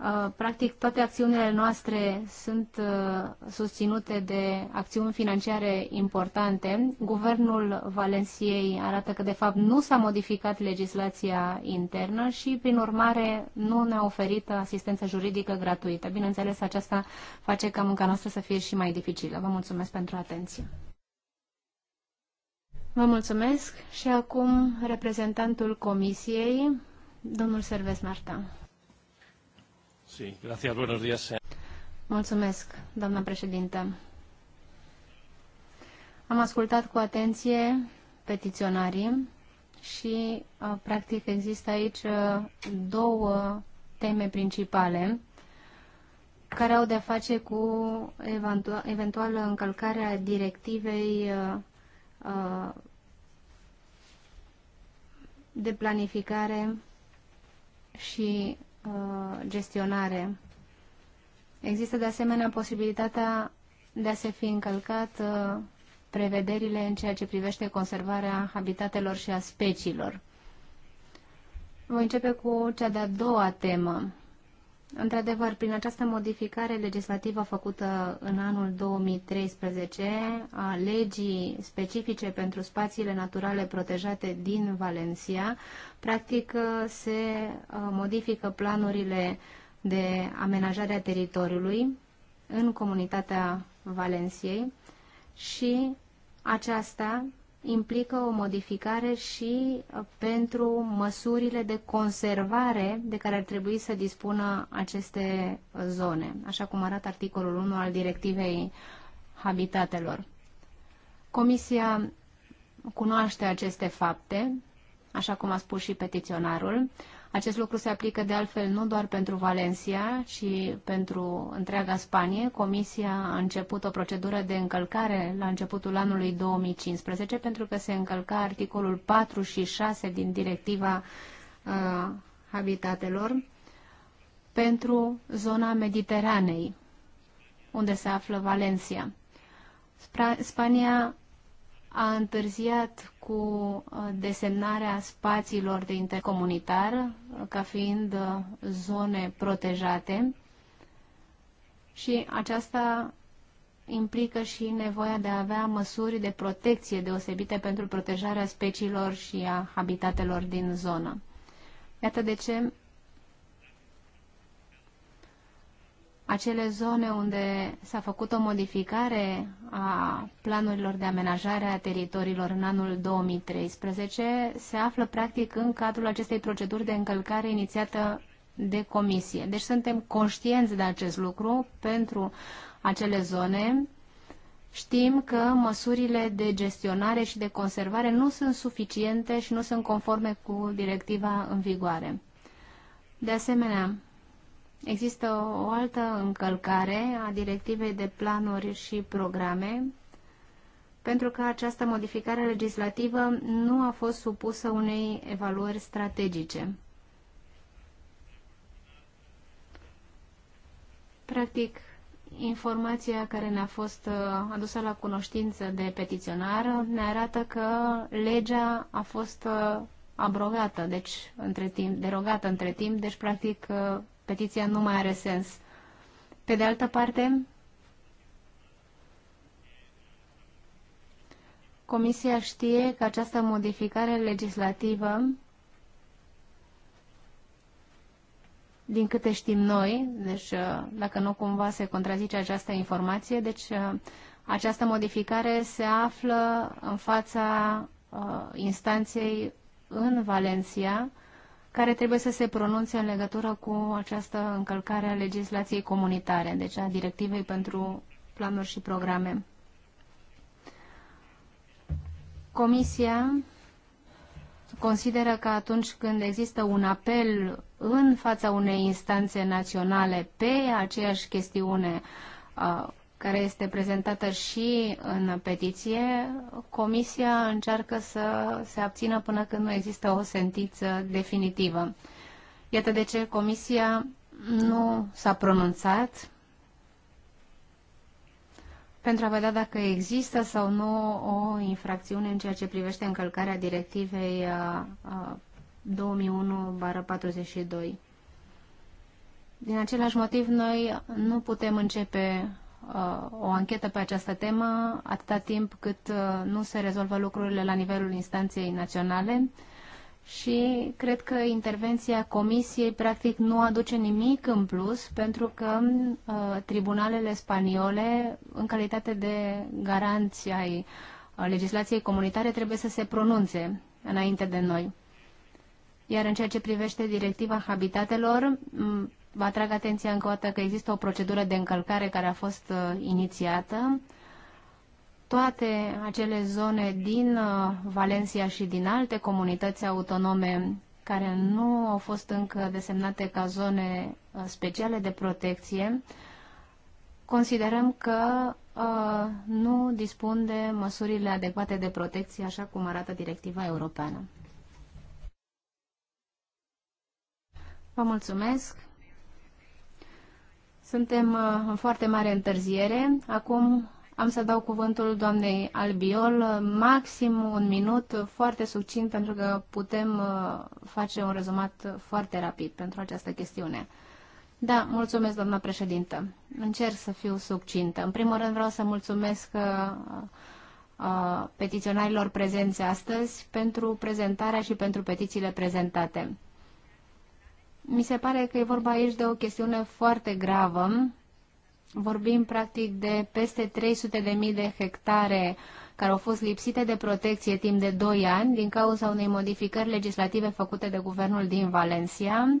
Uh, practic, toate acțiunile noastre sunt uh, susținute de acțiuni financiare importante. Guvernul Valenției arată că, de fapt, nu s-a modificat legislația internă și, prin urmare, nu ne-a oferit asistență juridică gratuită. Bineînțeles, aceasta face ca munca noastră să fie și mai dificilă. Vă mulțumesc pentru atenție. Vă mulțumesc și acum reprezentantul Comisiei, domnul Serves Marta. Sí, gracias, buenos días. Mulțumesc, doamna președintă. Am ascultat cu atenție petiționarii și, uh, practic, există aici uh, două teme principale care au de-a face cu eventuală încălcarea directivei uh, Uh, de planificare și uh, gestionare. Există de asemenea posibilitatea de a se fi încălcat uh, prevederile în ceea ce privește conservarea habitatelor și a speciilor. Voi începe cu cea de-a doua temă, Într-adevăr, prin această modificare legislativă făcută în anul 2013 a legii specifice pentru spațiile naturale protejate din Valencia, practic uh, se uh, modifică planurile de amenajare a teritoriului în comunitatea Valenciei și aceasta implică o modificare și uh, pentru măsurile de conservare de care ar trebui să dispună aceste uh, zone, așa cum arată articolul 1 al directivei habitatelor. Comisia cunoaște aceste fapte, așa cum a spus și petiționarul, acest lucru se aplică de altfel nu doar pentru Valencia, ci pentru întreaga Spanie. Comisia a început o procedură de încălcare la începutul anului 2015 pentru că se încălca articolul 4 și 6 din directiva uh, habitatelor pentru zona Mediteranei, unde se află Valencia. Spania a întârziat cu uh, desemnarea spațiilor de intercomunitar uh, ca fiind uh, zone protejate și aceasta implică și nevoia de a avea măsuri de protecție deosebite pentru protejarea speciilor și a habitatelor din zonă. Iată de ce acele zone unde s-a făcut o modificare a planurilor de amenajare a teritoriilor în anul 2013 se află practic în cadrul acestei proceduri de încălcare inițiată de comisie. Deci suntem conștienți de acest lucru pentru acele zone. Știm că măsurile de gestionare și de conservare nu sunt suficiente și nu sunt conforme cu directiva în vigoare. De asemenea, Există o altă încălcare a directivei de planuri și programe, pentru că această modificare legislativă nu a fost supusă unei evaluări strategice. Practic, informația care ne-a fost uh, adusă la cunoștință de petiționar ne arată că legea a fost uh, abrogată, deci între timp, derogată între timp, deci practic uh, petiția nu mai are sens. Pe de altă parte, Comisia știe că această modificare legislativă, din câte știm noi, deci uh, dacă nu cumva se contrazice această informație, deci uh, această modificare se află în fața uh, instanței în Valencia, care trebuie să se pronunțe în legătură cu această încălcare a legislației comunitare, deci a directivei pentru planuri și programe. Comisia consideră că atunci când există un apel în fața unei instanțe naționale pe aceeași chestiune, care este prezentată și în petiție, Comisia încearcă să se abțină până când nu există o sentință definitivă. Iată de ce Comisia nu s-a pronunțat pentru a vedea dacă există sau nu o infracțiune în ceea ce privește încălcarea directivei 2001-42. Uh, uh, Din același motiv, noi nu putem începe Uh, o anchetă pe această temă atâta timp cât uh, nu se rezolvă lucrurile la nivelul instanței naționale și cred că intervenția comisiei practic nu aduce nimic în plus pentru că uh, tribunalele spaniole, în calitate de garanți ai uh, legislației comunitare, trebuie să se pronunțe înainte de noi. Iar în ceea ce privește directiva habitatelor, Vă atrag atenția încă o dată că există o procedură de încălcare care a fost uh, inițiată. Toate acele zone din uh, Valencia și din alte comunități autonome care nu au fost încă desemnate ca zone uh, speciale de protecție, considerăm că uh, nu dispun de măsurile adecvate de protecție, așa cum arată directiva europeană. Vă mulțumesc. Suntem uh, în foarte mare întârziere. Acum am să dau cuvântul doamnei Albiol, maxim un minut, foarte succint, pentru că putem uh, face un rezumat foarte rapid pentru această chestiune. Da, mulțumesc, doamna președintă. Încerc să fiu succintă. În primul rând vreau să mulțumesc uh, petiționarilor prezenți astăzi pentru prezentarea și pentru petițiile prezentate. Mi se pare că e vorba aici de o chestiune foarte gravă. Vorbim practic de peste 300.000 de hectare care au fost lipsite de protecție timp de 2 ani din cauza unei modificări legislative făcute de guvernul din Valencia.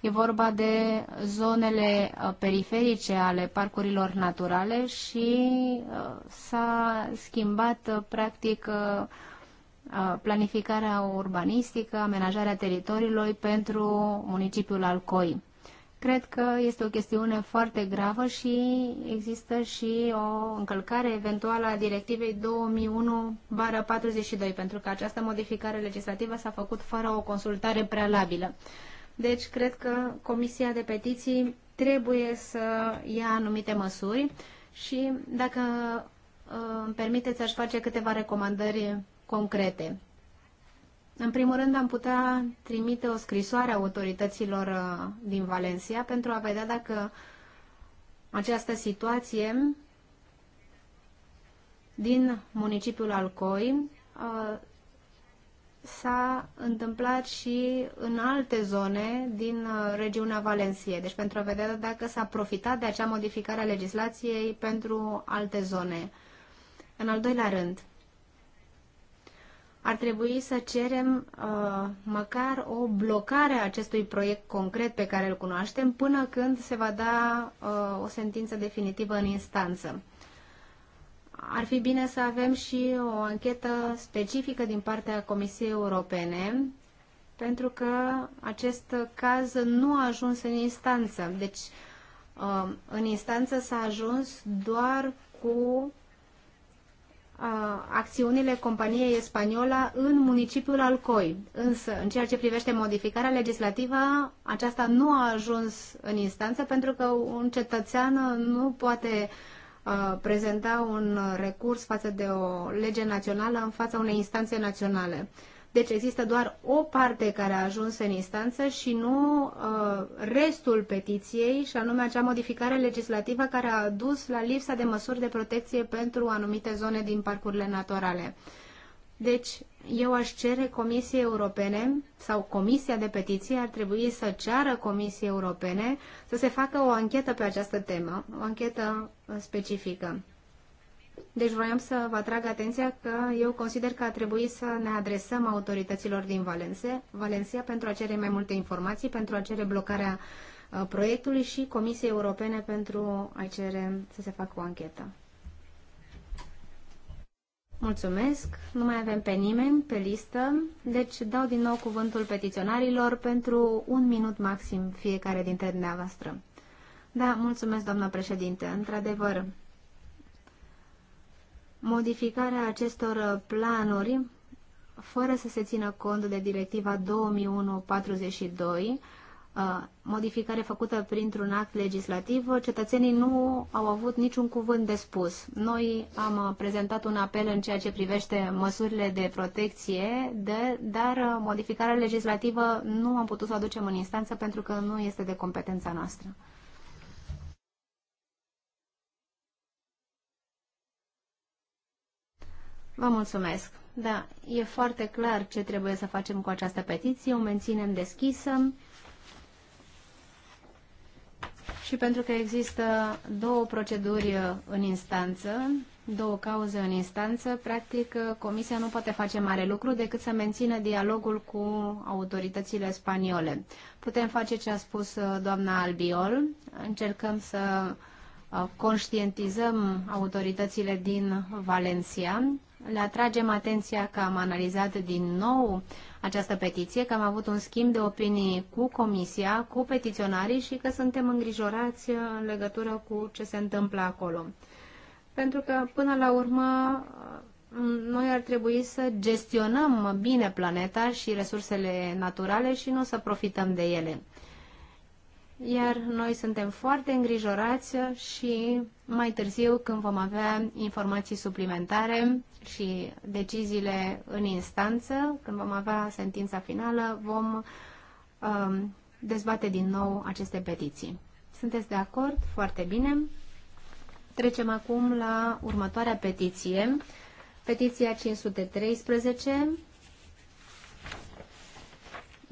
E vorba de zonele uh, periferice ale parcurilor naturale și uh, s-a schimbat uh, practic planificarea urbanistică, amenajarea teritoriilor pentru municipiul Alcoi. Cred că este o chestiune foarte gravă și există și o încălcare eventuală a directivei 2001-42, pentru că această modificare legislativă s-a făcut fără o consultare prealabilă. Deci, cred că Comisia de Petiții trebuie să ia anumite măsuri și, dacă uh, îmi permiteți, aș face câteva recomandări concrete. În primul rând am putea trimite o scrisoare a autorităților uh, din Valencia pentru a vedea dacă această situație din municipiul Alcoi uh, s-a întâmplat și în alte zone din uh, regiunea Valenției, deci pentru a vedea dacă s-a profitat de acea modificare a legislației pentru alte zone. În al doilea rând, ar trebui să cerem uh, măcar o blocare a acestui proiect concret pe care îl cunoaștem până când se va da uh, o sentință definitivă în instanță. Ar fi bine să avem și o anchetă specifică din partea Comisiei Europene, pentru că acest caz nu a ajuns în instanță. Deci, uh, în instanță s-a ajuns doar cu acțiunile companiei Spaniola în municipiul Alcoi. Însă, în ceea ce privește modificarea legislativă, aceasta nu a ajuns în instanță pentru că un cetățean nu poate prezenta un recurs față de o lege națională în fața unei instanțe naționale. Uh, deci există doar o parte care a ajuns în instanță și nu uh, restul petiției, și anume acea modificare legislativă care a dus la lipsa de măsuri de protecție pentru anumite zone din parcurile naturale. Deci, eu aș cere Comisiei Europene sau Comisia de Petiții ar trebui să ceară Comisiei Europene să se facă o anchetă pe această temă, o anchetă uh, specifică. Deci voiam să vă atrag atenția că eu consider că a trebuit să ne adresăm autorităților din Valense, Valencia pentru a cere mai multe informații, pentru a cere blocarea uh, proiectului și Comisiei Europene pentru a cere să se facă o anchetă. Mulțumesc, nu mai avem pe nimeni pe listă, deci dau din nou cuvântul petiționarilor pentru un minut maxim fiecare dintre dumneavoastră. Da, mulțumesc, doamnă președinte. Într-adevăr, modificarea acestor uh, planuri fără să se țină cont de directiva 2001/42, uh, modificare făcută printr-un act legislativ, cetățenii nu au avut niciun cuvânt de spus. Noi am uh, prezentat un apel în ceea ce privește măsurile de protecție, de, dar modificarea legislativă nu am putut să o aducem în instanță pentru că nu este de competența noastră. Vă mulțumesc. Da, e foarte clar ce trebuie să facem cu această petiție. O menținem deschisă. Și pentru că există două proceduri în instanță, două cauze în instanță, practic Comisia nu poate face mare lucru decât să mențină dialogul cu autoritățile spaniole. Putem face ce a spus uh, doamna Albiol, încercăm să uh, conștientizăm autoritățile din Valencia le atragem atenția că am analizat din nou această petiție, că am avut un schimb de opinii cu comisia, cu petiționarii și că suntem îngrijorați în legătură cu ce se întâmplă acolo. Pentru că, până la urmă, noi ar trebui să gestionăm bine planeta și resursele naturale și nu să profităm de ele iar noi suntem foarte îngrijorați și mai târziu când vom avea informații suplimentare și deciziile în instanță, când vom avea sentința finală, vom um, dezbate din nou aceste petiții. Sunteți de acord? Foarte bine. Trecem acum la următoarea petiție. Petiția 513.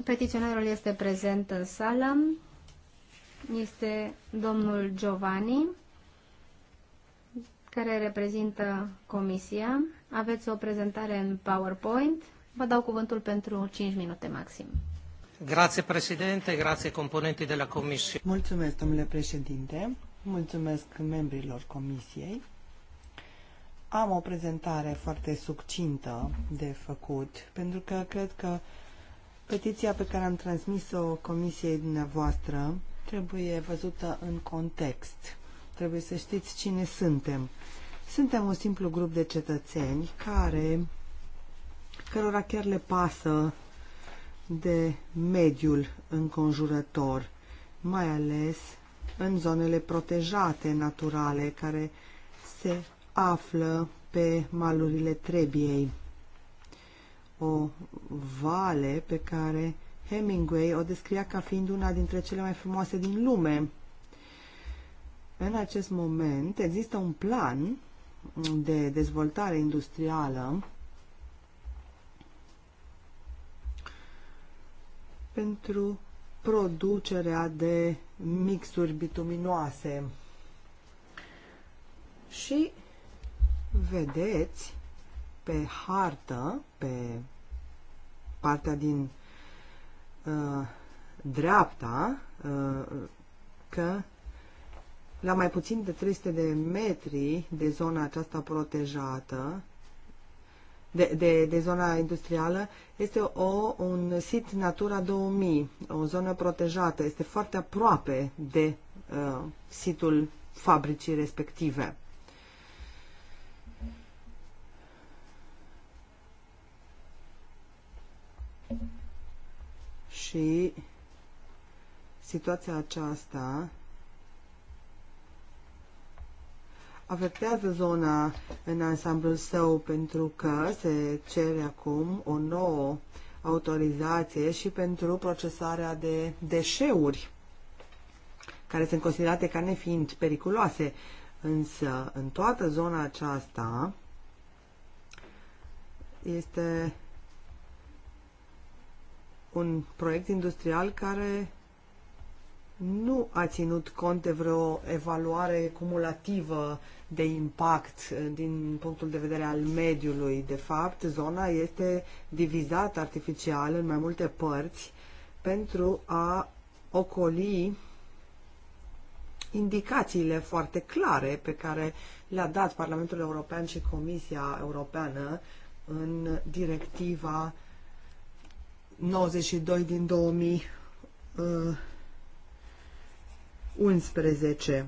Petiționarul este prezent în sală este domnul Giovanni, care reprezintă comisia. Aveți o prezentare în PowerPoint. Vă dau cuvântul pentru 5 minute maxim. Grazie, președinte, grazie componentii de la comisie. Mulțumesc, domnule președinte, mulțumesc membrilor comisiei. Am o prezentare foarte succintă de făcut, pentru că cred că petiția pe care am transmis-o comisiei dumneavoastră trebuie văzută în context. Trebuie să știți cine suntem. Suntem un simplu grup de cetățeni care, cărora chiar le pasă de mediul înconjurător, mai ales în zonele protejate naturale care se află pe malurile Trebiei. O vale pe care Hemingway o descria ca fiind una dintre cele mai frumoase din lume. În acest moment există un plan de dezvoltare industrială pentru producerea de mixuri bituminoase. Și vedeți pe hartă, pe partea din Uh, dreapta uh, că la mai puțin de 300 de metri de zona aceasta protejată, de, de, de zona industrială, este o, un sit Natura 2000, o zonă protejată. Este foarte aproape de uh, situl fabricii respective. Thank you și situația aceasta afectează zona în ansamblul său pentru că se cere acum o nouă autorizație și pentru procesarea de deșeuri care sunt considerate ca nefiind periculoase. Însă, în toată zona aceasta este un proiect industrial care nu a ținut cont de vreo evaluare cumulativă de impact uh, din punctul de vedere al mediului. De fapt, zona este divizată artificial în mai multe părți pentru a ocoli indicațiile foarte clare pe care le-a dat Parlamentul European și Comisia Europeană în directiva 92 din 2011 uh,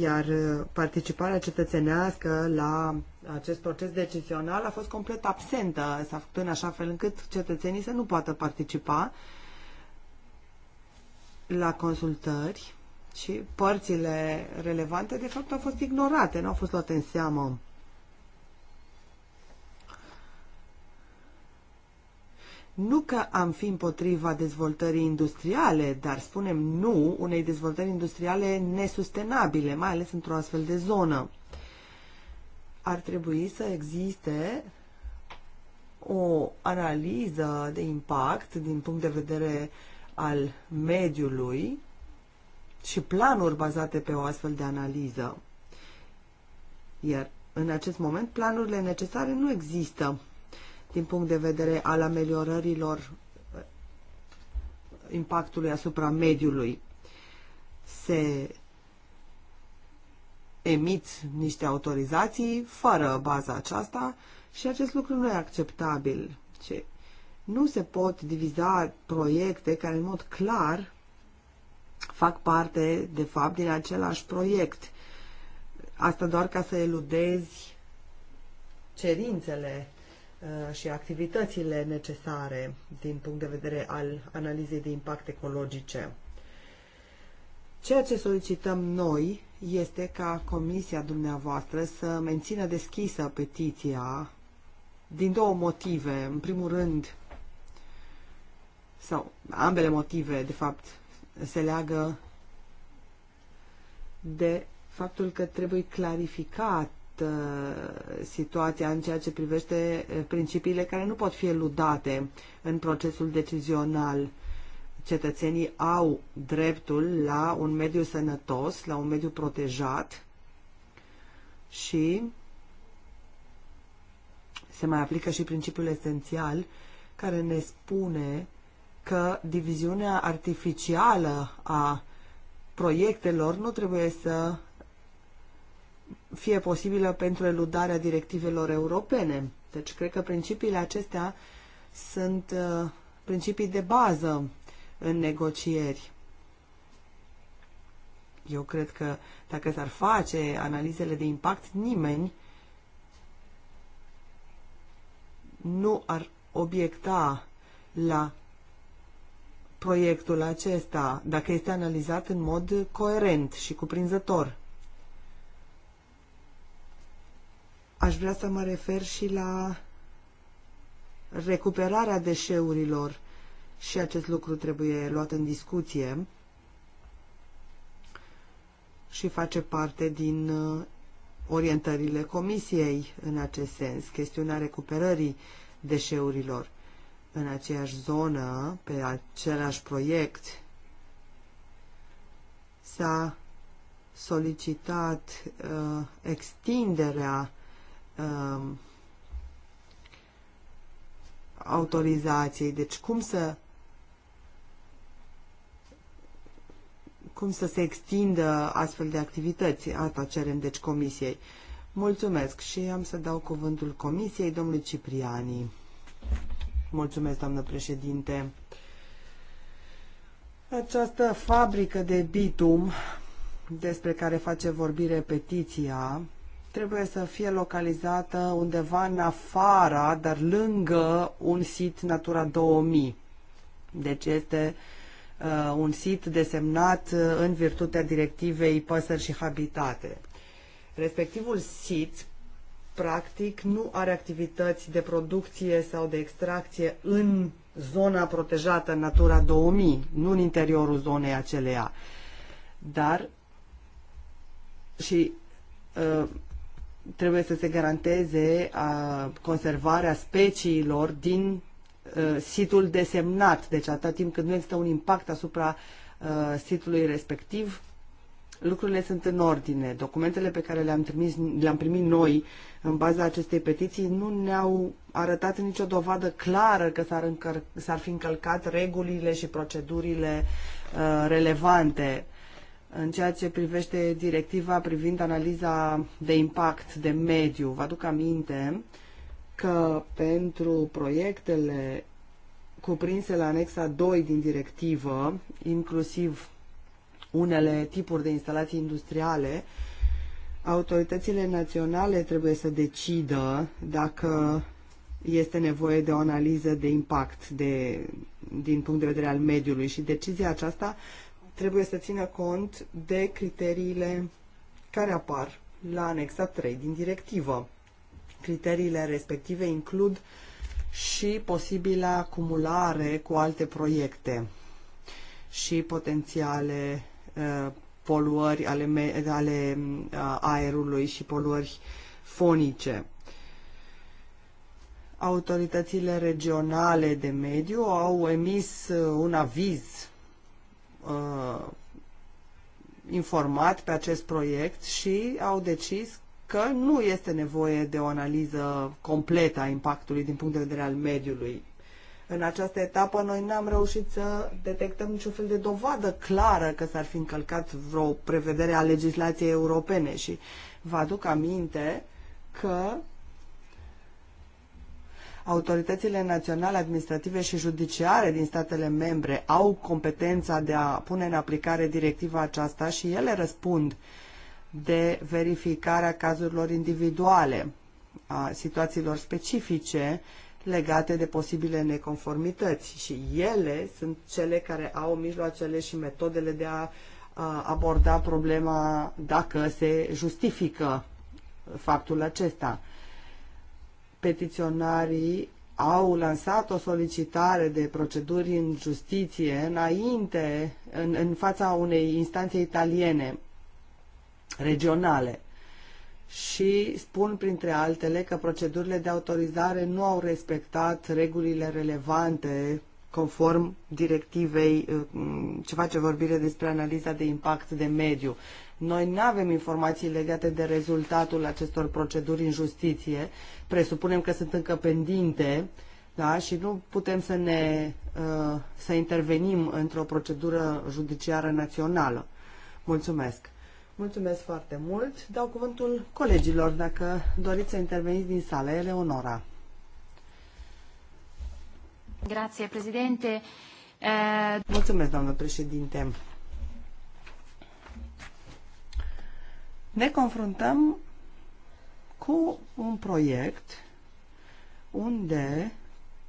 iar uh, participarea cetățenească la acest proces decizional a fost complet absentă. S-a făcut în așa fel încât cetățenii să nu poată participa la consultări și părțile relevante, de fapt, au fost ignorate, nu au fost luate în seamă. Nu că am fi împotriva dezvoltării industriale, dar spunem nu unei dezvoltări industriale nesustenabile, mai ales într-o astfel de zonă. Ar trebui să existe o analiză de impact din punct de vedere al mediului și planuri bazate pe o astfel de analiză. Iar în acest moment planurile necesare nu există din punct de vedere al ameliorărilor eh, impactului asupra mediului. Se emit niște autorizații fără baza aceasta și acest lucru nu e acceptabil. Ce? Nu se pot diviza proiecte care în mod clar fac parte, de fapt, din același proiect. Asta doar ca să eludezi cerințele Uh, și activitățile necesare din punct de vedere al analizei de impact ecologice. Ceea ce solicităm noi este ca comisia dumneavoastră să mențină deschisă petiția din două motive. În primul rând, sau ambele motive, de fapt, se leagă de faptul că trebuie clarificat Uh, situația în ceea ce privește uh, principiile care nu pot fi eludate în procesul decizional. Cetățenii au dreptul la un mediu sănătos, la un mediu protejat și se mai aplică și principiul esențial care ne spune că diviziunea artificială a proiectelor nu trebuie să fie posibilă pentru eludarea directivelor europene. Deci cred că principiile acestea sunt uh, principii de bază în negocieri. Eu cred că dacă s-ar face analizele de impact, nimeni nu ar obiecta la proiectul acesta, dacă este analizat în mod coerent și cuprinzător. Aș vrea să mă refer și la recuperarea deșeurilor și acest lucru trebuie luat în discuție și face parte din uh, orientările comisiei în acest sens, chestiunea recuperării deșeurilor în aceeași zonă, pe același proiect, s-a solicitat uh, extinderea uh, autorizației. Deci cum să cum să se extindă astfel de activități, asta cerem deci comisiei. Mulțumesc și am să dau cuvântul comisiei domnului Cipriani. Mulțumesc, doamnă președinte. Această fabrică de bitum despre care face vorbire petiția trebuie să fie localizată undeva în afara, dar lângă un sit Natura 2000. Deci este uh, un sit desemnat uh, în virtutea directivei păsări și habitate. Respectivul sit practic nu are activități de producție sau de extracție în zona protejată Natura 2000, nu în interiorul zonei aceleia. Dar și uh, trebuie să se garanteze a, conservarea speciilor din a, ă, situl desemnat. Deci atâta timp cât nu există un impact asupra a, ă, sitului respectiv, lucrurile sunt în ordine. Documentele pe care le-am, trimis, le-am primit noi în baza acestei petiții nu ne-au arătat nicio dovadă clară că s-ar, încăr- s-ar fi încălcat regulile și procedurile uh, relevante uh, în ceea ce privește directiva privind analiza de impact de mediu. Vă aduc aminte că pentru proiectele cuprinse la anexa 2 din directivă, inclusiv unele tipuri de instalații industriale, autoritățile naționale trebuie să decidă dacă este nevoie de o analiză de impact de, din punct de vedere al mediului și decizia aceasta trebuie să țină cont de criteriile care apar la anexa 3 din directivă. Criteriile respective includ și posibila acumulare cu alte proiecte și potențiale uh, poluări ale, ale uh, aerului și poluări fonice. Autoritățile regionale de mediu au emis uh, un aviz uh, informat pe acest proiect și au decis că nu este nevoie de o analiză completă a impactului din punct de vedere al mediului. În această etapă noi n-am reușit să detectăm niciun fel de dovadă clară că s-ar fi încălcat vreo prevedere a legislației europene și vă aduc aminte că autoritățile naționale, administrative și judiciare din statele membre au competența de a pune în aplicare directiva aceasta și ele răspund de verificarea cazurilor individuale, a situațiilor specifice legate de posibile neconformități și ele sunt cele care au mijloacele și metodele de a aborda problema dacă se justifică faptul acesta petiționarii au lansat o solicitare de proceduri în justiție înainte, în, în fața unei instanțe italiene, regionale. Și spun, printre altele, că procedurile de autorizare nu au respectat regulile relevante conform directivei uh, ce face vorbire despre analiza de impact de mediu. Noi nu avem informații legate de rezultatul acestor proceduri în justiție. Presupunem că sunt încă pendinte da? și nu putem să, ne, uh, să intervenim într-o procedură judiciară națională. Mulțumesc! Mulțumesc foarte mult. Dau cuvântul colegilor dacă doriți să interveniți din sală. Eleonora. Grazie, președinte. Mulțumesc, doamnă președinte. ne confruntăm cu un proiect unde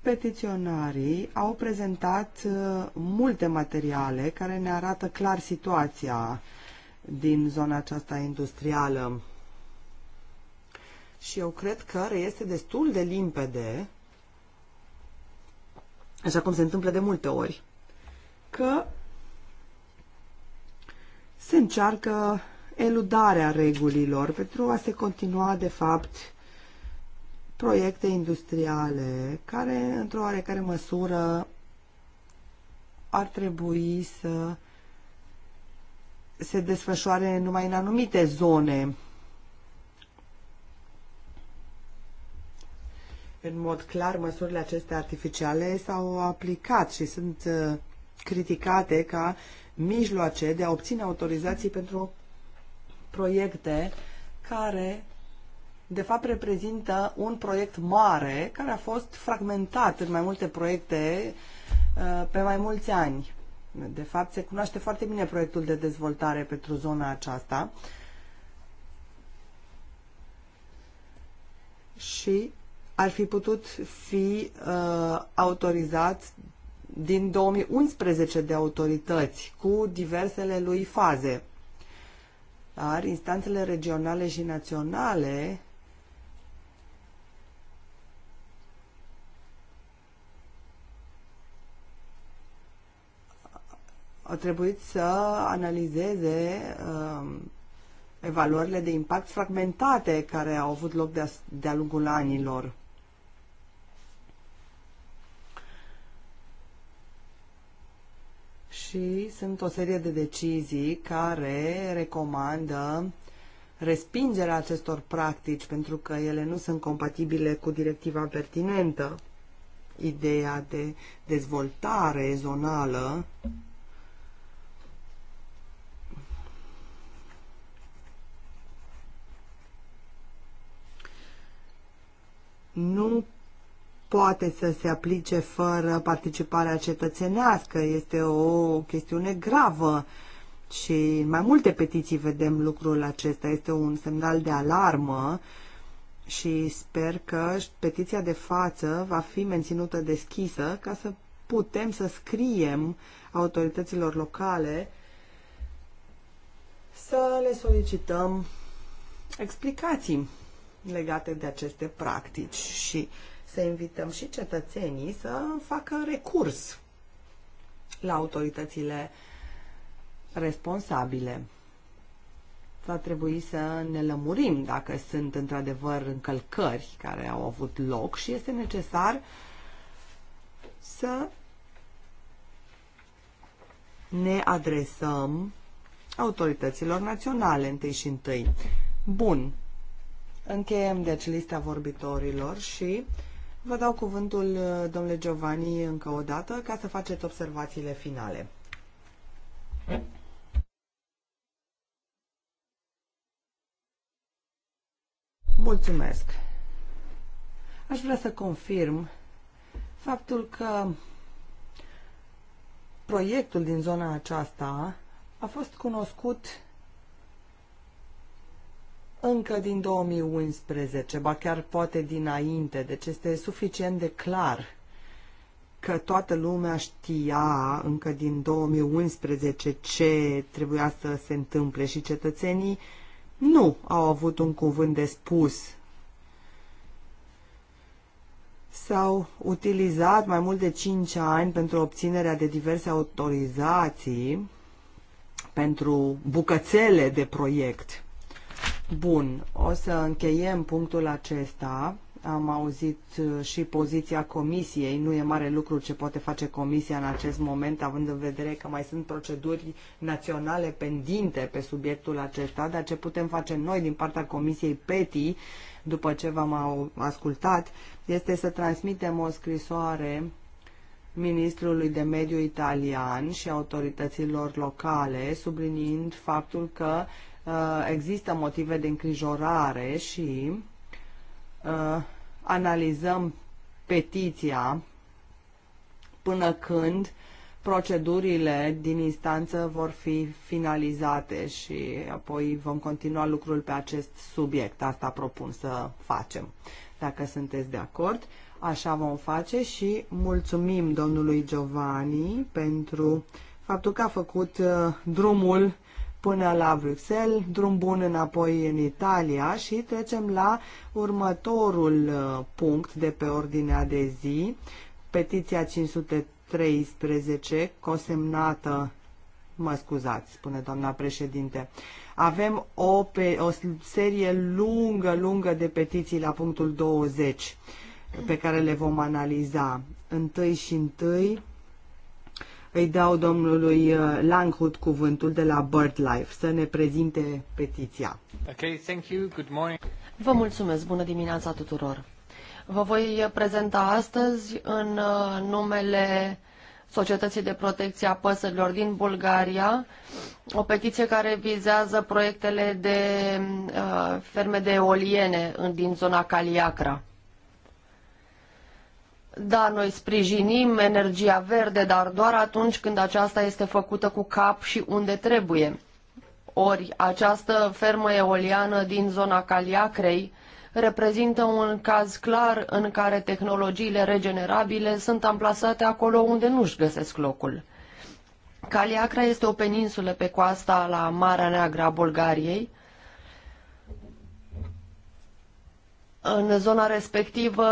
petiționarii au prezentat uh, multe materiale care ne arată clar situația din zona aceasta industrială. Și eu cred că este destul de limpede, așa cum se întâmplă de multe ori, că se încearcă eludarea regulilor, pentru a se continua, de fapt, proiecte industriale care, într-o oarecare măsură, ar trebui să se desfășoare numai în anumite zone. În mod clar, măsurile acestea artificiale s-au aplicat și sunt uh, criticate ca mijloace de a obține autorizații pentru proiecte care de fapt reprezintă un proiect mare care a fost fragmentat în mai multe proiecte uh, pe mai mulți ani. De fapt, se cunoaște foarte bine proiectul de dezvoltare pentru zona aceasta. Și ar fi putut fi uh, autorizat din 2011 de autorități cu diversele lui faze dar instanțele regionale și naționale au trebuit să analizeze um, evaluările de impact fragmentate care au avut loc de-a, de lungul anilor. și sunt o serie de decizii care recomandă respingerea acestor practici pentru că ele nu sunt compatibile cu directiva pertinentă. Ideea de dezvoltare zonală nu poate să se aplice fără participarea cetățenească. Este o chestiune gravă și în mai multe petiții vedem lucrul acesta. Este un semnal de alarmă și sper că petiția de față va fi menținută deschisă ca să putem să scriem autorităților locale să le solicităm explicații legate de aceste practici și să invităm și cetățenii să facă recurs la autoritățile responsabile. Va trebui să ne lămurim dacă sunt într-adevăr încălcări care au avut loc și este necesar să ne adresăm autorităților naționale întâi și întâi. Bun. Încheiem deci lista vorbitorilor și Vă dau cuvântul, uh, domnule Giovanni, încă o dată, ca să faceți observațiile finale. Mulțumesc. Aș vrea să confirm faptul că proiectul din zona aceasta a fost cunoscut încă din 2011, ba chiar poate dinainte, deci este suficient de clar că toată lumea știa încă din 2011 ce trebuia să se întâmple și cetățenii nu au avut un cuvânt de spus. S-au utilizat mai mult de 5 ani pentru obținerea de diverse autorizații pentru bucățele de proiect Bun, o să încheiem punctul acesta. Am auzit uh, și poziția comisiei. Nu e mare lucru ce poate face comisia în acest moment, având în vedere că mai sunt proceduri naționale pendinte pe subiectul acesta, dar ce putem face noi din partea comisiei PETI, după ce v-am ascultat, este să transmitem o scrisoare ministrului de mediu italian și autorităților locale, subliniind faptul că Uh, există motive de îngrijorare și uh, analizăm petiția până când procedurile din instanță vor fi finalizate și apoi vom continua lucrul pe acest subiect. Asta propun să facem, dacă sunteți de acord. Așa vom face și mulțumim domnului Giovanni pentru faptul că a făcut uh, drumul până la Bruxelles, drum bun înapoi în Italia și trecem la următorul uh, punct de pe ordinea de zi, petiția 513, consemnată, mă scuzați, spune doamna președinte, avem o, pe, o serie lungă, lungă de petiții la punctul 20 pe care le vom analiza. Întâi și întâi îi dau domnului uh, Langhut cuvântul de la BirdLife să ne prezinte petiția. Okay, thank you. Good morning. Vă mulțumesc. Bună dimineața tuturor. Vă voi prezenta astăzi în uh, numele Societății de Protecție a Păsărilor din Bulgaria, o petiție care vizează proiectele de uh, ferme de eoliene din zona Caliacra. Da, noi sprijinim energia verde, dar doar atunci când aceasta este făcută cu cap și unde trebuie. Ori această fermă eoliană din zona Caliacrei reprezintă un caz clar în care tehnologiile regenerabile sunt amplasate acolo unde nu-și găsesc locul. Caliacra este o peninsulă pe coasta la Marea Neagră a Bulgariei. În zona respectivă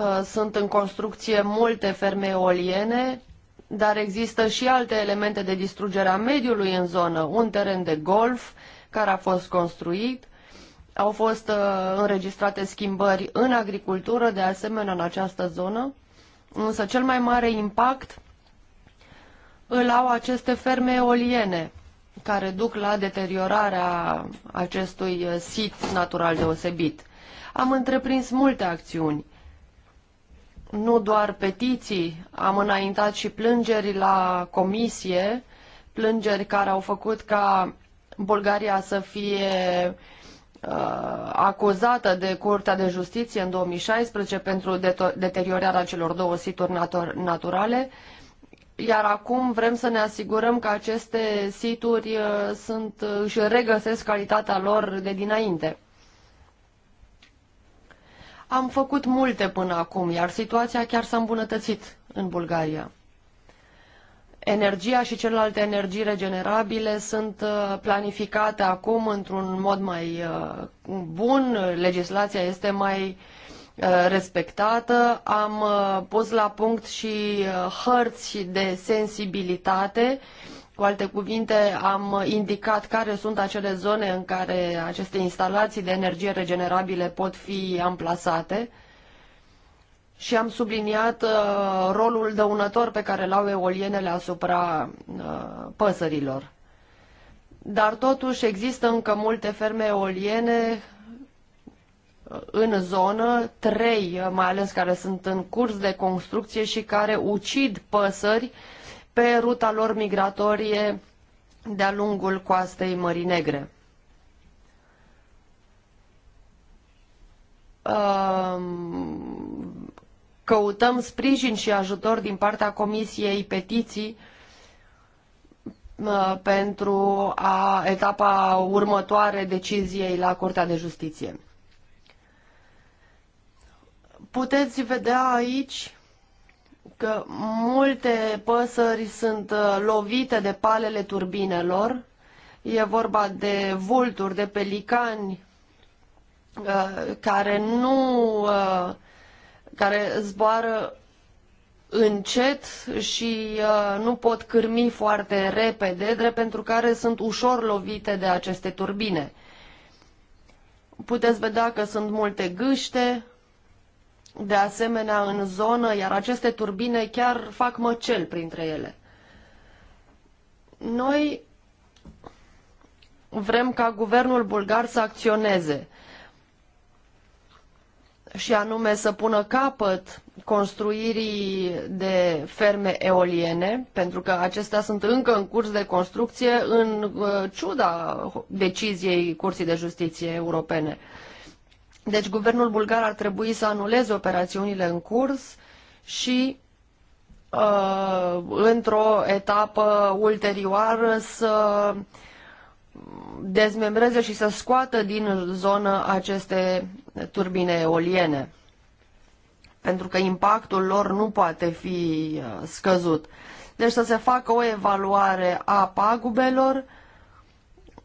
Uh, sunt în construcție multe ferme eoliene, dar există și alte elemente de distrugere a mediului în zonă, un teren de golf care a fost construit, au fost uh, înregistrate schimbări în agricultură, de asemenea în această zonă, însă cel mai mare impact îl au aceste ferme eoliene, care duc la deteriorarea acestui uh, sit natural deosebit. Am întreprins multe acțiuni nu doar petiții, am înaintat și plângeri la comisie, plângeri care au făcut ca Bulgaria să fie uh, acuzată de Curtea de Justiție în 2016 pentru deteriorarea celor două situri naturale, iar acum vrem să ne asigurăm că aceste situri uh, sunt, uh, își regăsesc calitatea lor de dinainte. Am făcut multe până acum, iar situația chiar s-a îmbunătățit în Bulgaria. Energia și celelalte energii regenerabile sunt uh, planificate acum într-un mod mai uh, bun, legislația este mai uh, respectată, am pus la punct și hărți de sensibilitate cu alte cuvinte, am indicat care sunt acele zone în care aceste instalații de energie regenerabile pot fi amplasate și am subliniat uh, rolul dăunător pe care l-au eolienele asupra uh, păsărilor. Dar totuși există încă multe ferme eoliene uh, în zonă, trei mai ales care sunt în curs de construcție și care ucid păsări uh, pe ruta lor migratorie de-a lungul coastei Mării Negre. Căutăm sprijin și ajutor din partea Comisiei Petiții pentru a etapa următoare deciziei la Curtea de Justiție. Puteți vedea aici că multe păsări sunt uh, lovite de palele turbinelor. E vorba de vulturi, de pelicani uh, care nu uh, care zboară încet și nu pot cârmi foarte repede, drept pentru care sunt ușor lovite de aceste turbine. Puteți vedea că sunt multe gâște, de asemenea în zonă, iar aceste turbine chiar fac măcel printre ele. Noi vrem ca guvernul bulgar să acționeze și anume să pună capăt construirii de ferme eoliene, pentru că acestea sunt încă în curs de construcție, în uh, ciuda deciziei Curții de Justiție Europene. Uh, deci guvernul bulgar ar trebui să anuleze operațiunile în curs și uh, într-o etapă ulterioară să dezmembreze și să scoată din zonă aceste turbine eoliene, pentru că impactul lor nu poate fi uh, scăzut. Deci să se facă o evaluare a pagubelor,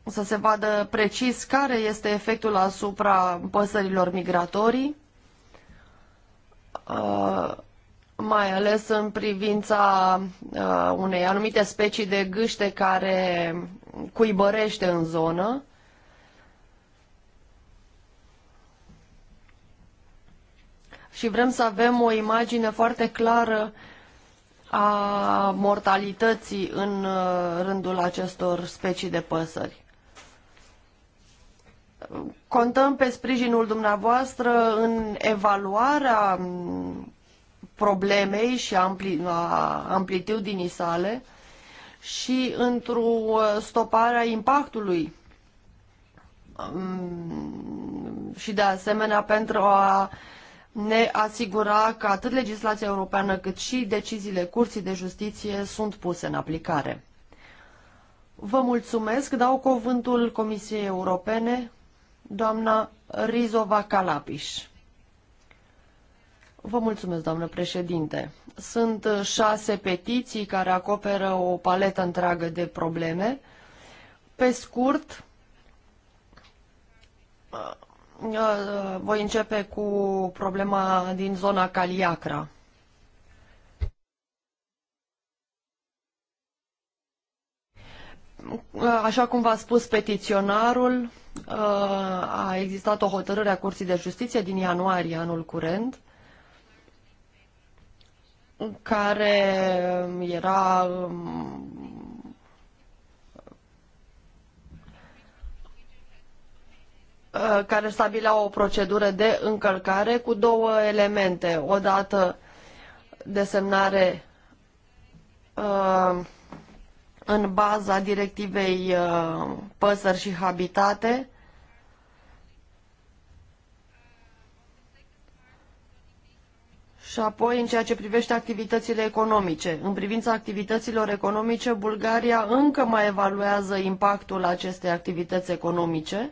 să se vadă precis care este efectul asupra păsărilor migratorii, uh, mai ales în privința uh, unei anumite specii de gâște care cuibărește în zonă. Și vrem să avem o imagine foarte clară a mortalității în uh, rândul acestor specii de păsări contăm pe sprijinul dumneavoastră în evaluarea mm, problemei și ampli, a amplitudinii sale și într-o stopare a impactului mm, și de asemenea pentru a ne asigura că atât legislația europeană cât și deciziile Curții de Justiție sunt puse în aplicare. Vă mulțumesc, dau cuvântul Comisiei Europene, doamna Rizova Calapiș. Vă mulțumesc, doamnă președinte. Sunt uh, șase petiții care acoperă o paletă întreagă de probleme. Pe scurt, uh, uh, voi începe cu problema din zona Caliacra. Așa cum v-a spus petiționarul, Uh, a existat o hotărâre a Curții de Justiție din ianuarie anul curent, care era um, uh, care stabilea o procedură de încălcare cu două elemente. O dată desemnare uh, în baza directivei uh, păsări și habitate. Și apoi, în ceea ce privește activitățile economice. În privința activităților economice, Bulgaria încă mai evaluează impactul acestei activități economice,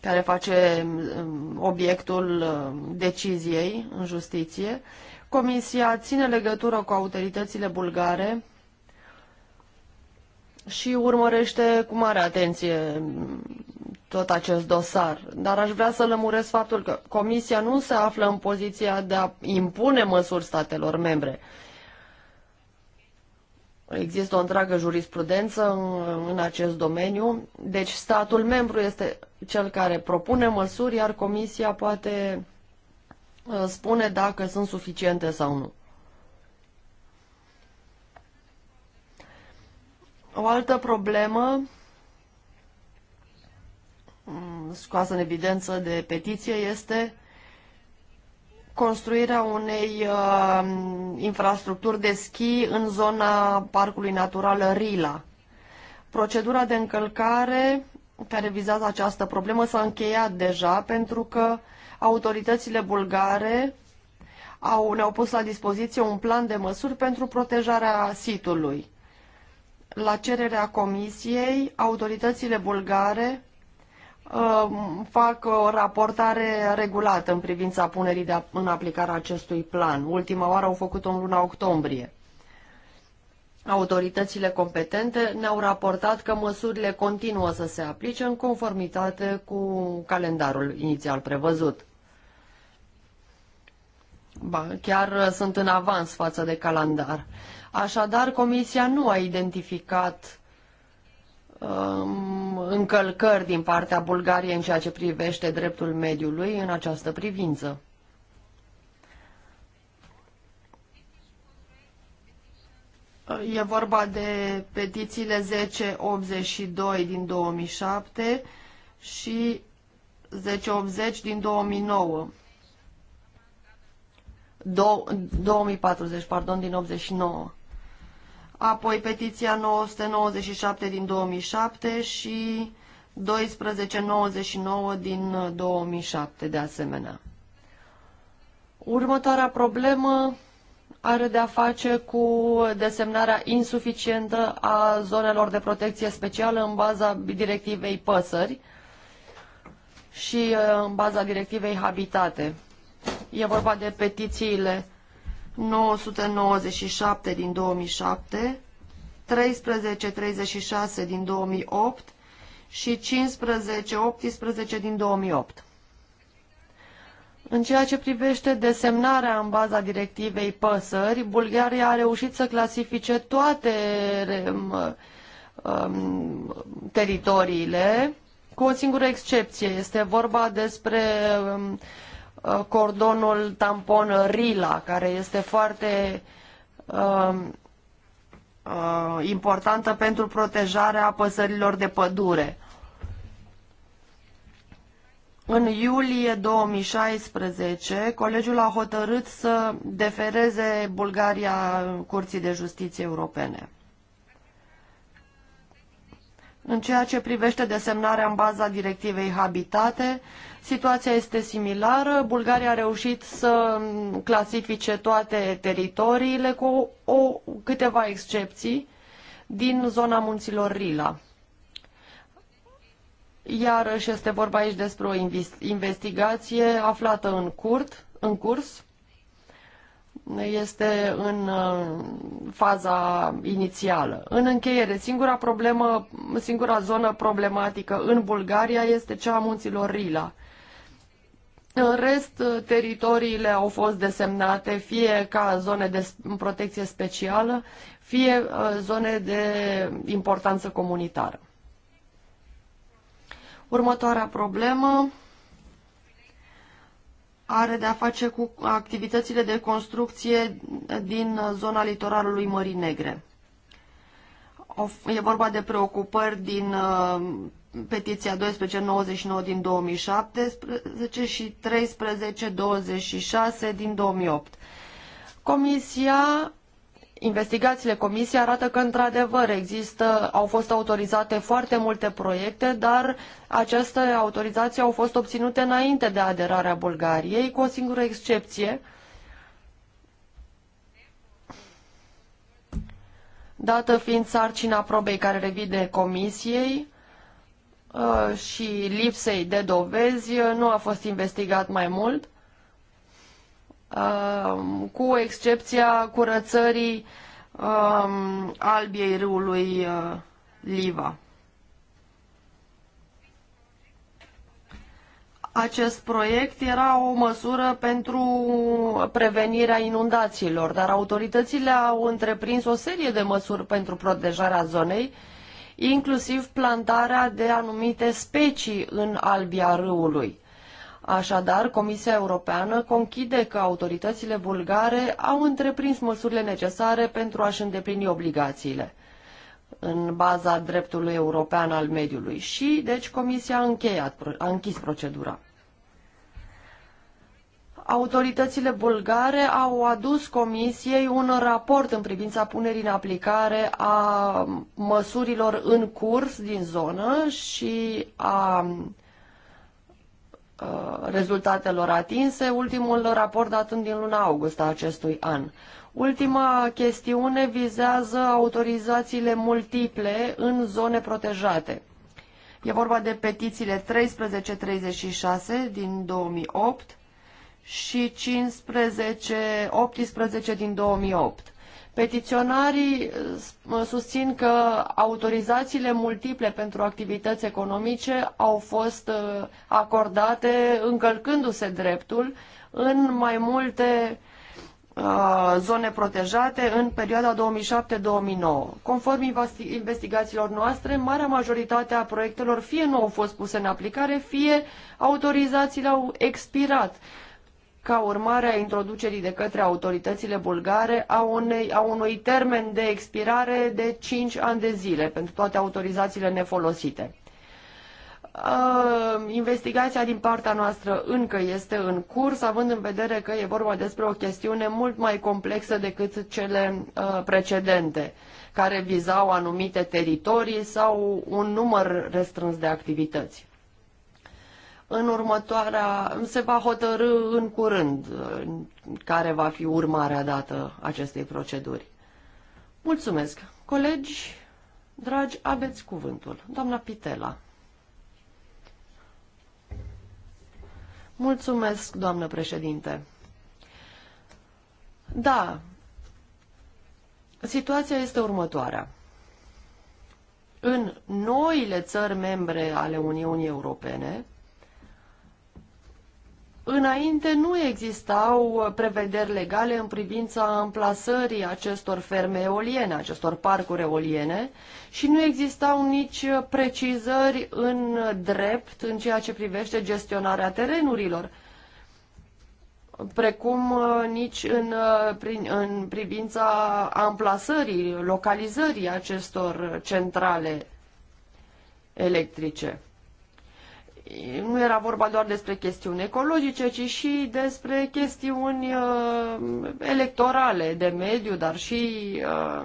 care face um, obiectul uh, deciziei în justiție. Comisia ține legătură cu autoritățile bulgare și urmărește cu mare atenție tot acest dosar. Dar aș vrea să lămuresc faptul că Comisia nu se află în poziția de a impune măsuri statelor membre. Există o întreagă jurisprudență în, în acest domeniu, deci statul membru este cel care propune măsuri, iar Comisia poate uh, spune dacă sunt suficiente sau nu. O altă problemă mm, scoasă în evidență de petiție este construirea unei uh, infrastructuri de schi în zona Parcului Natural Rila. Procedura de încălcare care vizează această problemă s-a încheiat deja pentru că autoritățile bulgare au, ne-au pus la dispoziție un plan de măsuri pentru protejarea sitului la cererea Comisiei, autoritățile bulgare uh, fac o raportare regulată în privința punerii de, în aplicare acestui plan. Ultima oară au făcut-o în luna octombrie. Autoritățile competente ne-au raportat că măsurile continuă să se aplice în conformitate cu calendarul inițial prevăzut. Ba, chiar sunt în avans față de calendar. Așadar, Comisia nu a identificat um, încălcări din partea Bulgariei în ceea ce privește dreptul mediului în această privință. E vorba de petițiile 1082 din 2007 și 1080 din 2009. Do 2040, pardon, din 89 apoi petiția 997 din 2007 și 1299 din 2007 de asemenea. Următoarea problemă are de-a face cu desemnarea insuficientă a zonelor de protecție specială în baza directivei păsări și uh, în baza directivei habitate. E vorba de petițiile 997 din 2007, 1336 din 2008 și 1518 din 2008. În ceea ce privește desemnarea în baza directivei păsări, Bulgaria a reușit să clasifice toate um, um, teritoriile, cu o singură excepție. Este vorba despre um, Uh, cordonul tampon RILA, care este foarte uh, uh, importantă pentru protejarea păsărilor de pădure. În iulie 2016, colegiul a hotărât să defereze Bulgaria Curții de Justiție Europene. În ceea ce privește desemnarea în baza directivei Habitate, situația este similară. Bulgaria a reușit să clasifice toate teritoriile cu o, câteva excepții din zona munților Rila. Iarăși este vorba aici despre o investigație aflată în, curt, în curs este în uh, faza inițială. În încheiere, singura, problemă, singura zonă problematică în Bulgaria este cea a munților Rila. În rest, teritoriile au fost desemnate fie ca zone de protecție specială, fie uh, zone de importanță comunitară. Următoarea problemă are de a face cu activitățile de construcție din zona litoralului Mării Negre. E vorba de preocupări din uh, petiția 1299 din 2017 și 1326 din 2008. Comisia investigațiile comisiei arată că într-adevăr există, au fost autorizate foarte multe proiecte, dar aceste autorizații au fost obținute înainte de aderarea Bulgariei, cu o singură excepție. Dată fiind sarcina probei care revine comisiei uh, și lipsei de dovezi, uh, nu a fost investigat mai mult Uh, cu excepția curățării um, albiei râului uh, Liva. Acest proiect era o măsură pentru prevenirea inundațiilor, dar autoritățile au întreprins o serie de măsuri pentru protejarea zonei, inclusiv plantarea de anumite specii în albia râului. Așadar, Comisia Europeană conchide că autoritățile bulgare au întreprins măsurile necesare pentru a-și îndeplini obligațiile în baza dreptului european al mediului și, deci, Comisia a, încheiat, a închis procedura. Autoritățile bulgare au adus Comisiei un raport în privința punerii în aplicare a măsurilor în curs din zonă și a Uh, rezultatelor atinse, ultimul raport datând din luna august a acestui an. Ultima chestiune vizează autorizațiile multiple în zone protejate. E vorba de petițiile 1336 din 2008 și 1518 din 2008. Petiționarii uh, susțin că autorizațiile multiple pentru activități economice au fost uh, acordate încălcându-se dreptul în mai multe uh, zone protejate în perioada 2007-2009. Conform investigațiilor noastre, marea majoritate a proiectelor fie nu au fost puse în aplicare, fie autorizațiile au expirat ca urmare a introducerii de către autoritățile bulgare a, unei, a unui termen de expirare de 5 ani de zile pentru toate autorizațiile nefolosite. Uh, investigația din partea noastră încă este în curs, având în vedere că e vorba despre o chestiune mult mai complexă decât cele uh, precedente, care vizau anumite teritorii sau un număr restrâns de activități în următoarea, se va hotărâ în curând care va fi urmarea dată acestei proceduri. Mulțumesc. Colegi, dragi, aveți cuvântul. Doamna Pitela. Mulțumesc, doamnă președinte. Da, situația este următoarea. În noile țări membre ale Uniunii Europene, Înainte nu existau prevederi legale în privința amplasării acestor ferme eoliene, acestor parcuri eoliene și nu existau nici precizări în drept în ceea ce privește gestionarea terenurilor, precum uh, nici în, uh, în privința amplasării, localizării acestor centrale electrice nu era vorba doar despre chestiuni ecologice, ci și despre chestiuni uh, electorale, de mediu, dar și uh,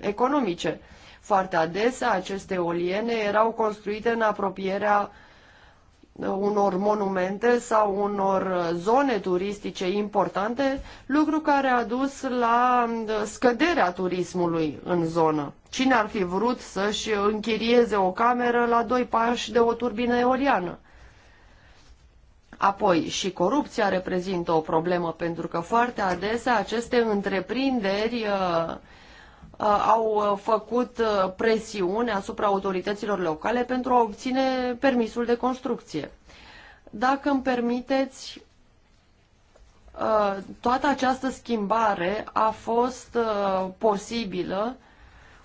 economice. Foarte adesea aceste oliene erau construite în apropierea uh, unor monumente sau unor zone turistice importante, lucru care a dus la uh, scăderea turismului în zonă. Cine ar fi vrut să-și închirieze o cameră la doi pași de o turbină eoliană? Apoi, și corupția reprezintă o problemă, pentru că foarte adesea aceste întreprinderi uh, Uh, au uh, făcut uh, presiune asupra autorităților locale pentru a obține permisul de construcție. Dacă îmi permiteți, toată această schimbare a fost posibilă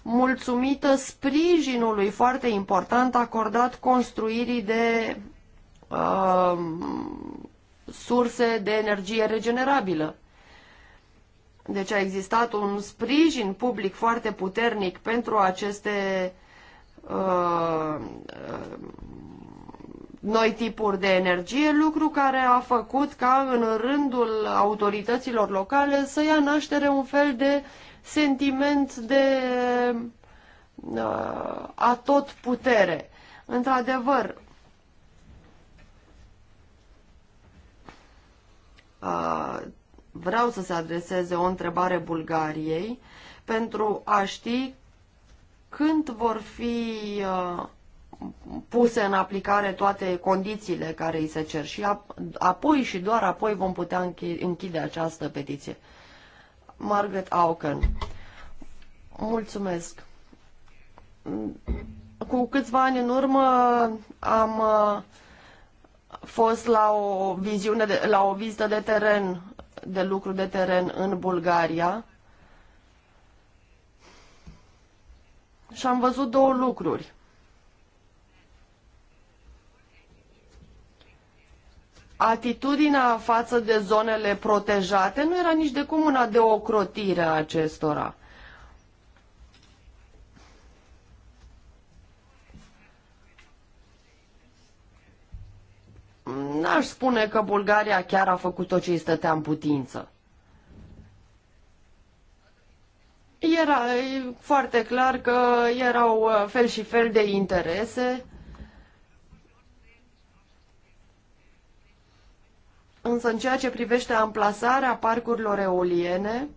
mulțumită sprijinului foarte important acordat construirii de uh, surse de energie regenerabilă. Deci a existat un sprijin public foarte puternic pentru aceste uh, uh, noi tipuri de energie, lucru care a făcut ca în rândul autorităților locale să ia naștere un fel de sentiment de uh, a tot putere. Într-adevăr, uh, vreau să se adreseze o întrebare Bulgariei pentru a ști când vor fi uh, puse în aplicare toate condițiile care îi se cer și apoi și doar apoi vom putea închide această petiție. Margaret Auken. Mulțumesc. Cu câțiva ani în urmă am uh, fost la o, viziune de, la o vizită de teren de lucru de teren în Bulgaria și am văzut două lucruri. Atitudinea față de zonele protejate nu era nici de cum una de ocrotire a acestora. n-aș spune că Bulgaria chiar a făcut tot ce îi stătea în putință. Era foarte clar că erau uh, fel și fel de interese, însă în ceea ce privește amplasarea parcurilor eoliene,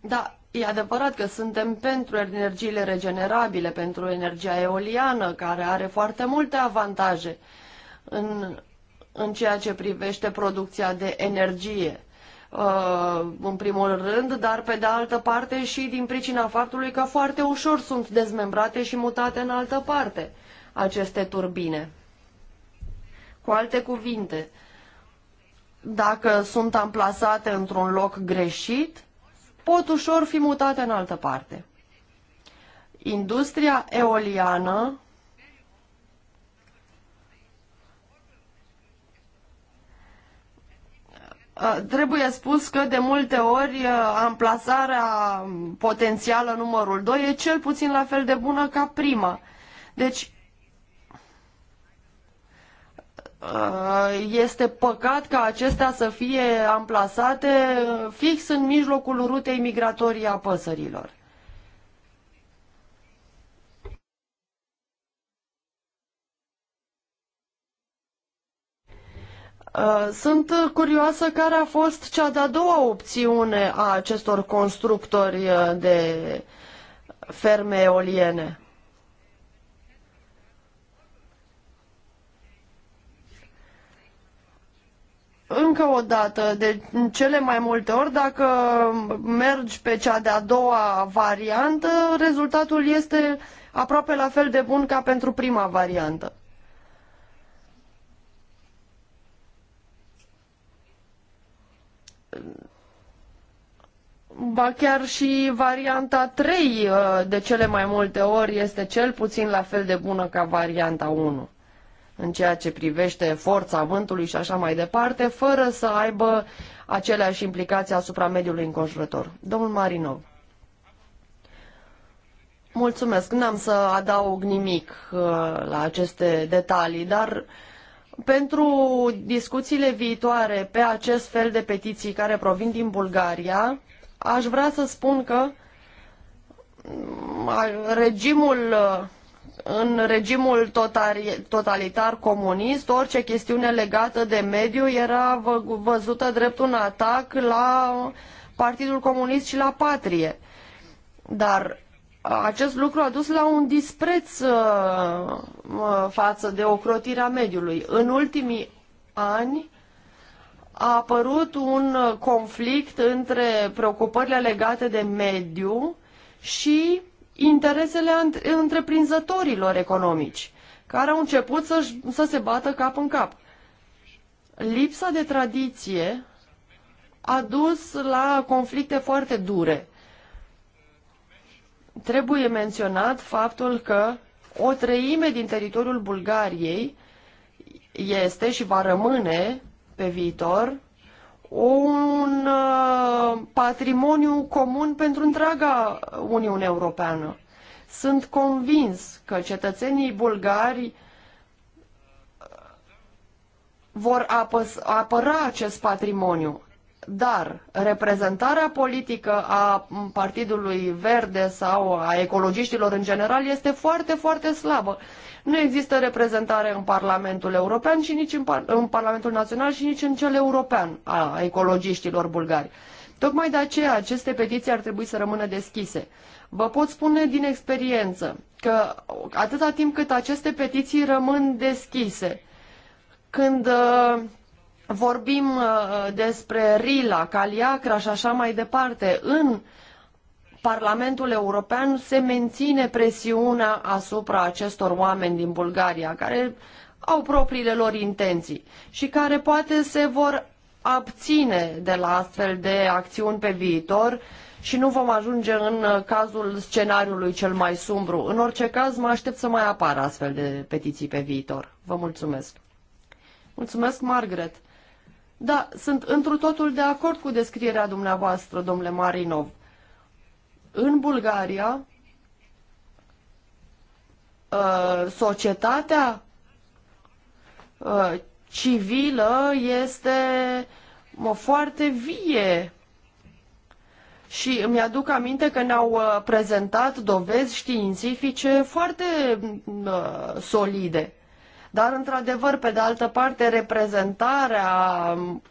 da, E adevărat că suntem pentru energiile regenerabile, pentru energia eoliană, care are foarte multe avantaje în, în ceea ce privește producția de energie. Uh, în primul rând, dar pe de altă parte și din pricina faptului că foarte ușor sunt dezmembrate și mutate în altă parte aceste turbine. Cu alte cuvinte, dacă sunt amplasate într-un loc greșit, pot ușor fi mutate în altă parte. Industria eoliană uh, Trebuie spus că de multe ori uh, amplasarea potențială numărul 2 e cel puțin la fel de bună ca prima. Deci Uh, este păcat ca acestea să fie amplasate fix în mijlocul rutei migratorii a păsărilor. Uh, sunt curioasă care a fost cea de-a doua opțiune a acestor constructori uh, de ferme eoliene. încă o dată, de cele mai multe ori, dacă mergi pe cea de-a doua variantă, rezultatul este aproape la fel de bun ca pentru prima variantă. Ba chiar și varianta 3 de cele mai multe ori este cel puțin la fel de bună ca varianta 1 în ceea ce privește forța vântului și așa mai departe, fără să aibă aceleași implicații asupra mediului înconjurător. Domnul Marinov. Mulțumesc. N-am să adaug nimic uh, la aceste detalii, dar pentru discuțiile viitoare pe acest fel de petiții care provin din Bulgaria, aș vrea să spun că mm, regimul uh, în regimul totalitar comunist, orice chestiune legată de mediu era văzută drept un atac la Partidul Comunist și la patrie. Dar acest lucru a dus la un dispreț uh, față de ocrotirea mediului. În ultimii ani a apărut un conflict între preocupările legate de mediu și interesele întreprinzătorilor economici, care au început să, să se bată cap în cap. Lipsa de tradiție a dus la conflicte foarte dure. Trebuie menționat faptul că o treime din teritoriul Bulgariei este și va rămâne pe viitor un uh, patrimoniu comun pentru întreaga Uniune Europeană. Sunt convins că cetățenii bulgari uh, vor apăs, apăra acest patrimoniu. Dar reprezentarea politică a Partidului Verde sau a ecologiștilor în general este foarte, foarte slabă. Nu există reprezentare în Parlamentul European și nici în, Par în Parlamentul Național și nici în cel european a ecologiștilor bulgari. Tocmai de aceea aceste petiții ar trebui să rămână deschise. Vă pot spune din experiență că atâta timp cât aceste petiții rămân deschise, când uh, vorbim uh, despre Rila, Caliacra și așa mai departe, în Parlamentul European se menține presiunea asupra acestor oameni din Bulgaria, care au propriile lor intenții și care poate se vor abține de la astfel de acțiuni pe viitor și nu vom ajunge în uh, cazul scenariului cel mai sumbru. În orice caz, mă aștept să mai apară astfel de petiții pe viitor. Vă mulțumesc. Mulțumesc, Margaret. Da, sunt întru totul de acord cu descrierea dumneavoastră, domnule Marinov. În Bulgaria, ă, societatea ă, civilă este foarte vie și îmi aduc aminte că ne-au ă, prezentat dovezi științifice foarte solide. Dar, într-adevăr, pe de altă parte, reprezentarea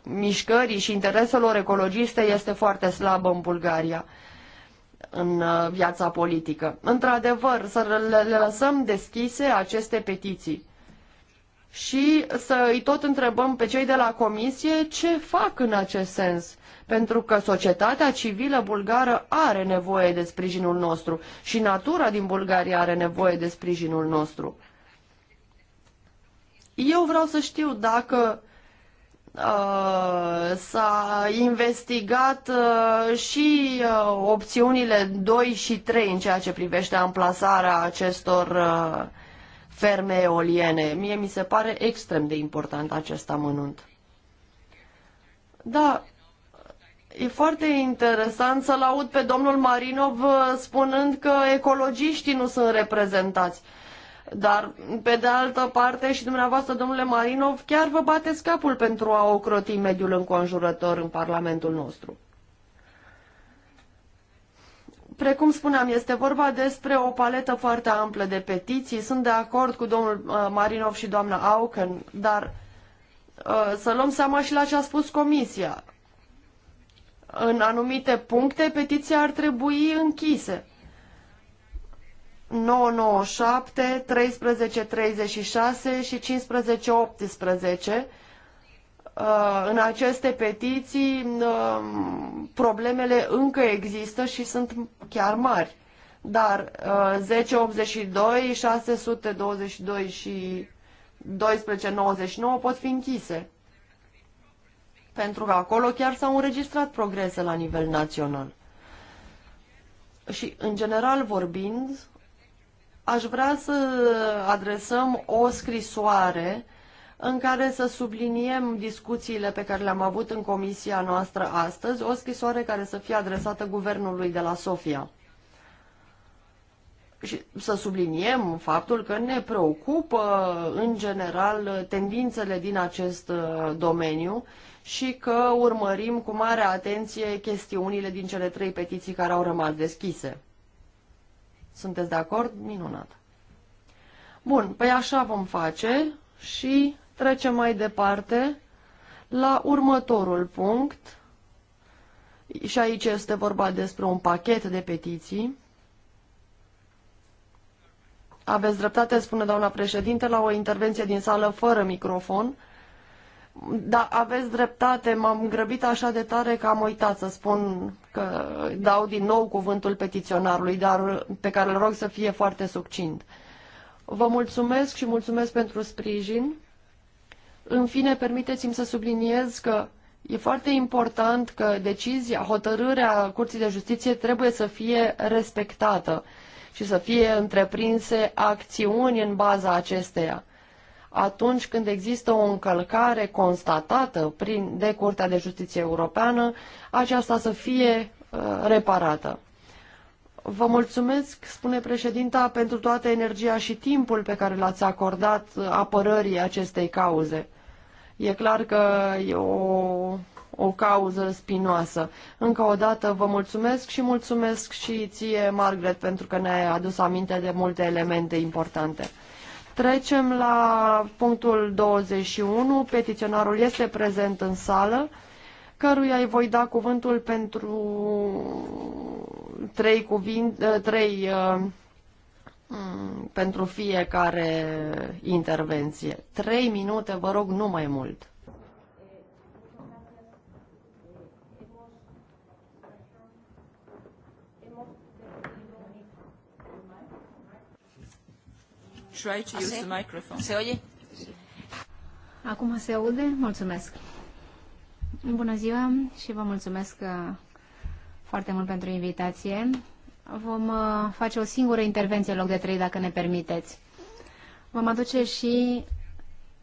mișcării și intereselor ecologiste este foarte slabă în Bulgaria în uh, viața politică. Într-adevăr, să le lăsăm deschise aceste petiții și să îi tot întrebăm pe cei de la comisie ce fac în acest sens. Pentru că societatea civilă bulgară are nevoie de sprijinul nostru și natura din Bulgaria are nevoie de sprijinul nostru. Eu vreau să știu dacă uh, s-a investigat uh, și uh, opțiunile 2 și 3 în ceea ce privește amplasarea acestor uh, ferme eoliene. Mie mi se pare extrem de important acest amănunt. Da, E foarte interesant să-l aud pe domnul Marinov uh, spunând că ecologiștii nu sunt reprezentați. Dar, pe de altă parte, și dumneavoastră, domnule Marinov, chiar vă bateți capul pentru a ocroti mediul înconjurător în Parlamentul nostru. Precum spuneam, este vorba despre o paletă foarte amplă de petiții. Sunt de acord cu domnul uh, Marinov și doamna Auken, dar uh, să luăm seama și la ce a spus Comisia. În anumite puncte, petiția ar trebui închise. 997, 1336 și 1518. Uh, în aceste petiții um, problemele încă există și sunt chiar mari. Dar 1082, uh, 622 și 1299 pot fi închise. Pentru că acolo chiar s-au înregistrat progrese la nivel național. Și, în general vorbind, Aș vrea să adresăm o scrisoare în care să subliniem discuțiile pe care le-am avut în comisia noastră astăzi, o scrisoare care să fie adresată guvernului de la Sofia. Și să subliniem faptul că ne preocupă, în general, tendințele din acest uh, domeniu și că urmărim cu mare atenție chestiunile din cele trei petiții care au rămas deschise. Sunteți de acord? Minunat. Bun, păi așa vom face și trecem mai departe la următorul punct. Și aici este vorba despre un pachet de petiții. Aveți dreptate, spune doamna președinte, la o intervenție din sală fără microfon. Da, aveți dreptate, m-am grăbit așa de tare că am uitat să spun că dau din nou cuvântul petiționarului, dar pe care îl rog să fie foarte succint. Vă mulțumesc și mulțumesc pentru sprijin. În fine, permiteți-mi să subliniez că e foarte important că decizia, hotărârea Curții de Justiție trebuie să fie respectată și să fie întreprinse acțiuni în baza acesteia atunci când există o încălcare constatată prin, de Curtea de Justiție Europeană, aceasta să fie uh, reparată. Vă mulțumesc, spune președinta, pentru toată energia și timpul pe care l-ați acordat apărării acestei cauze. E clar că e o, o cauză spinoasă. Încă o dată vă mulțumesc și mulțumesc și ție, Margaret, pentru că ne-ai adus aminte de multe elemente importante. Trecem la punctul 21. Petiționarul este prezent în sală, căruia îi voi da cuvântul pentru trei cuvinte, ă, trei ă, pentru fiecare intervenție. Trei minute, vă rog, nu mai mult. try to use the microphone. Se oye? Acum se aude? Mulțumesc. Bună ziua și vă mulțumesc uh, foarte mult pentru invitație. Vom uh, face o singură intervenție în loc de trei, dacă ne permiteți. Vom aduce și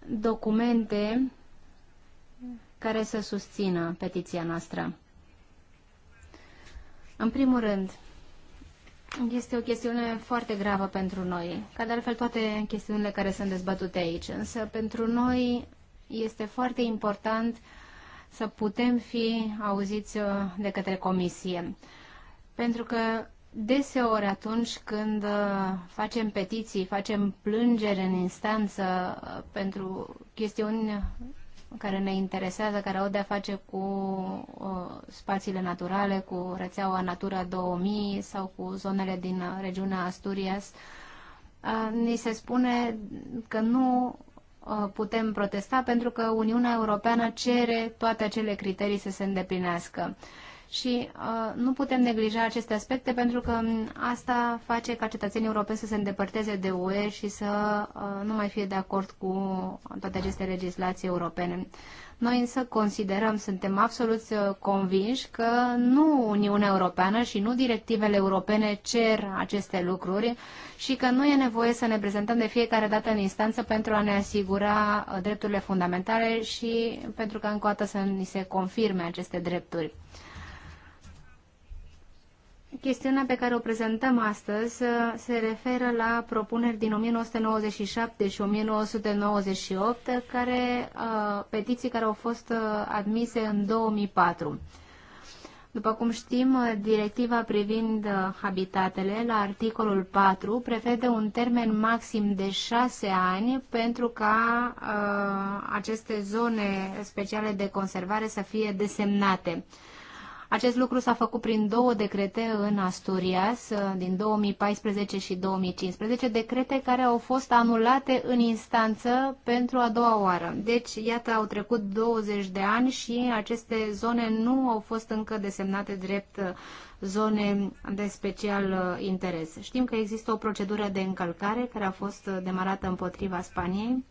documente care să susțină petiția noastră. În primul rând, este o chestiune foarte gravă pentru noi, ca de altfel toate chestiunile care sunt dezbătute aici. Însă pentru noi este foarte important să putem fi auziți uh, de către comisie. Pentru că deseori atunci când uh, facem petiții, facem plângeri în instanță uh, pentru chestiuni care ne interesează, care au de-a face cu uh, spațiile naturale, cu rețeaua Natura 2000 sau cu zonele din uh, regiunea Asturias, uh, ni se spune că nu uh, putem protesta pentru că Uniunea Europeană cere toate acele criterii să se îndeplinească. Uh, și uh, nu putem neglija aceste aspecte pentru că mm, asta face ca cetățenii europeni să se îndepărteze de UE și să uh, nu mai fie de acord cu toate aceste legislații europene. Noi însă considerăm, suntem absolut uh, convinși că nu Uniunea Europeană și nu directivele europene cer aceste lucruri și că nu e nevoie să ne prezentăm de fiecare dată în instanță pentru a ne asigura uh, drepturile fundamentale și pentru că încă o dată să ni se confirme aceste drepturi. Chestiunea pe care o prezentăm astăzi uh, se referă la propuneri din 1997 și 1998, uh, care, uh, petiții care au fost admise în 2004. După cum știm, directiva privind habitatele, la articolul 4, prevede un termen maxim de 6 ani pentru ca uh, aceste zone speciale de conservare să fie desemnate. Uh, acest lucru s-a făcut prin două decrete în Asturias uh, din 2014 și 2015, decrete care au fost anulate în instanță pentru a doua oară. Deci, iată, au trecut 20 de ani și aceste zone nu au fost încă desemnate drept uh, zone de special uh, interes. Știm că există o procedură de încălcare care a fost demarată împotriva Spaniei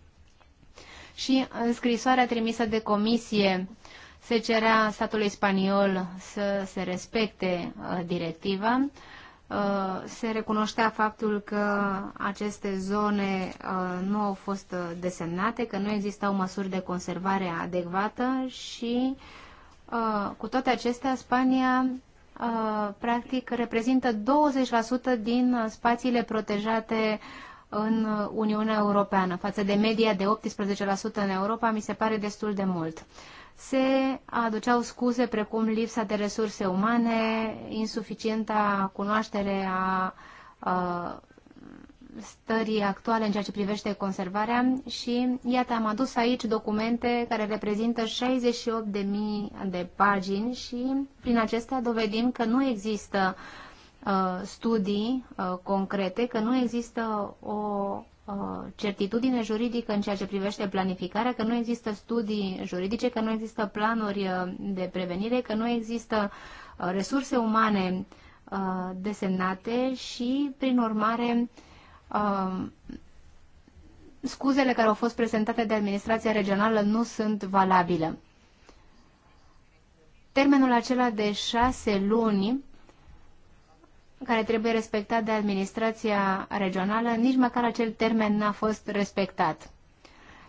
și în scrisoarea trimisă de comisie uh, se cerea statului spaniol să se respecte uh, directiva, uh, se recunoștea faptul că aceste zone uh, nu au fost desemnate, că nu existau măsuri de conservare adecvată și cu toate acestea Spania practic reprezintă 20% din spațiile protejate în Uniunea Europeană. Față de media de 18% în Europa, mi se pare destul de mult. Uh, se aduceau scuze precum lipsa de resurse umane, insuficienta cunoaștere a, a stării actuale în ceea ce privește conservarea și iată am adus aici documente care reprezintă 68.000 de pagini și prin acestea dovedim că nu există uh, studii uh, concrete, că nu există o Uh, certitudine juridică în ceea ce privește planificarea, că nu există studii juridice, că nu există planuri uh, de prevenire, că nu există uh, resurse umane desemnate și, prin urmare, scuzele care au fost prezentate de administrația regională nu sunt valabile. Termenul acela de șase luni care trebuie respectat de administrația regională, nici măcar acel termen n-a fost respectat.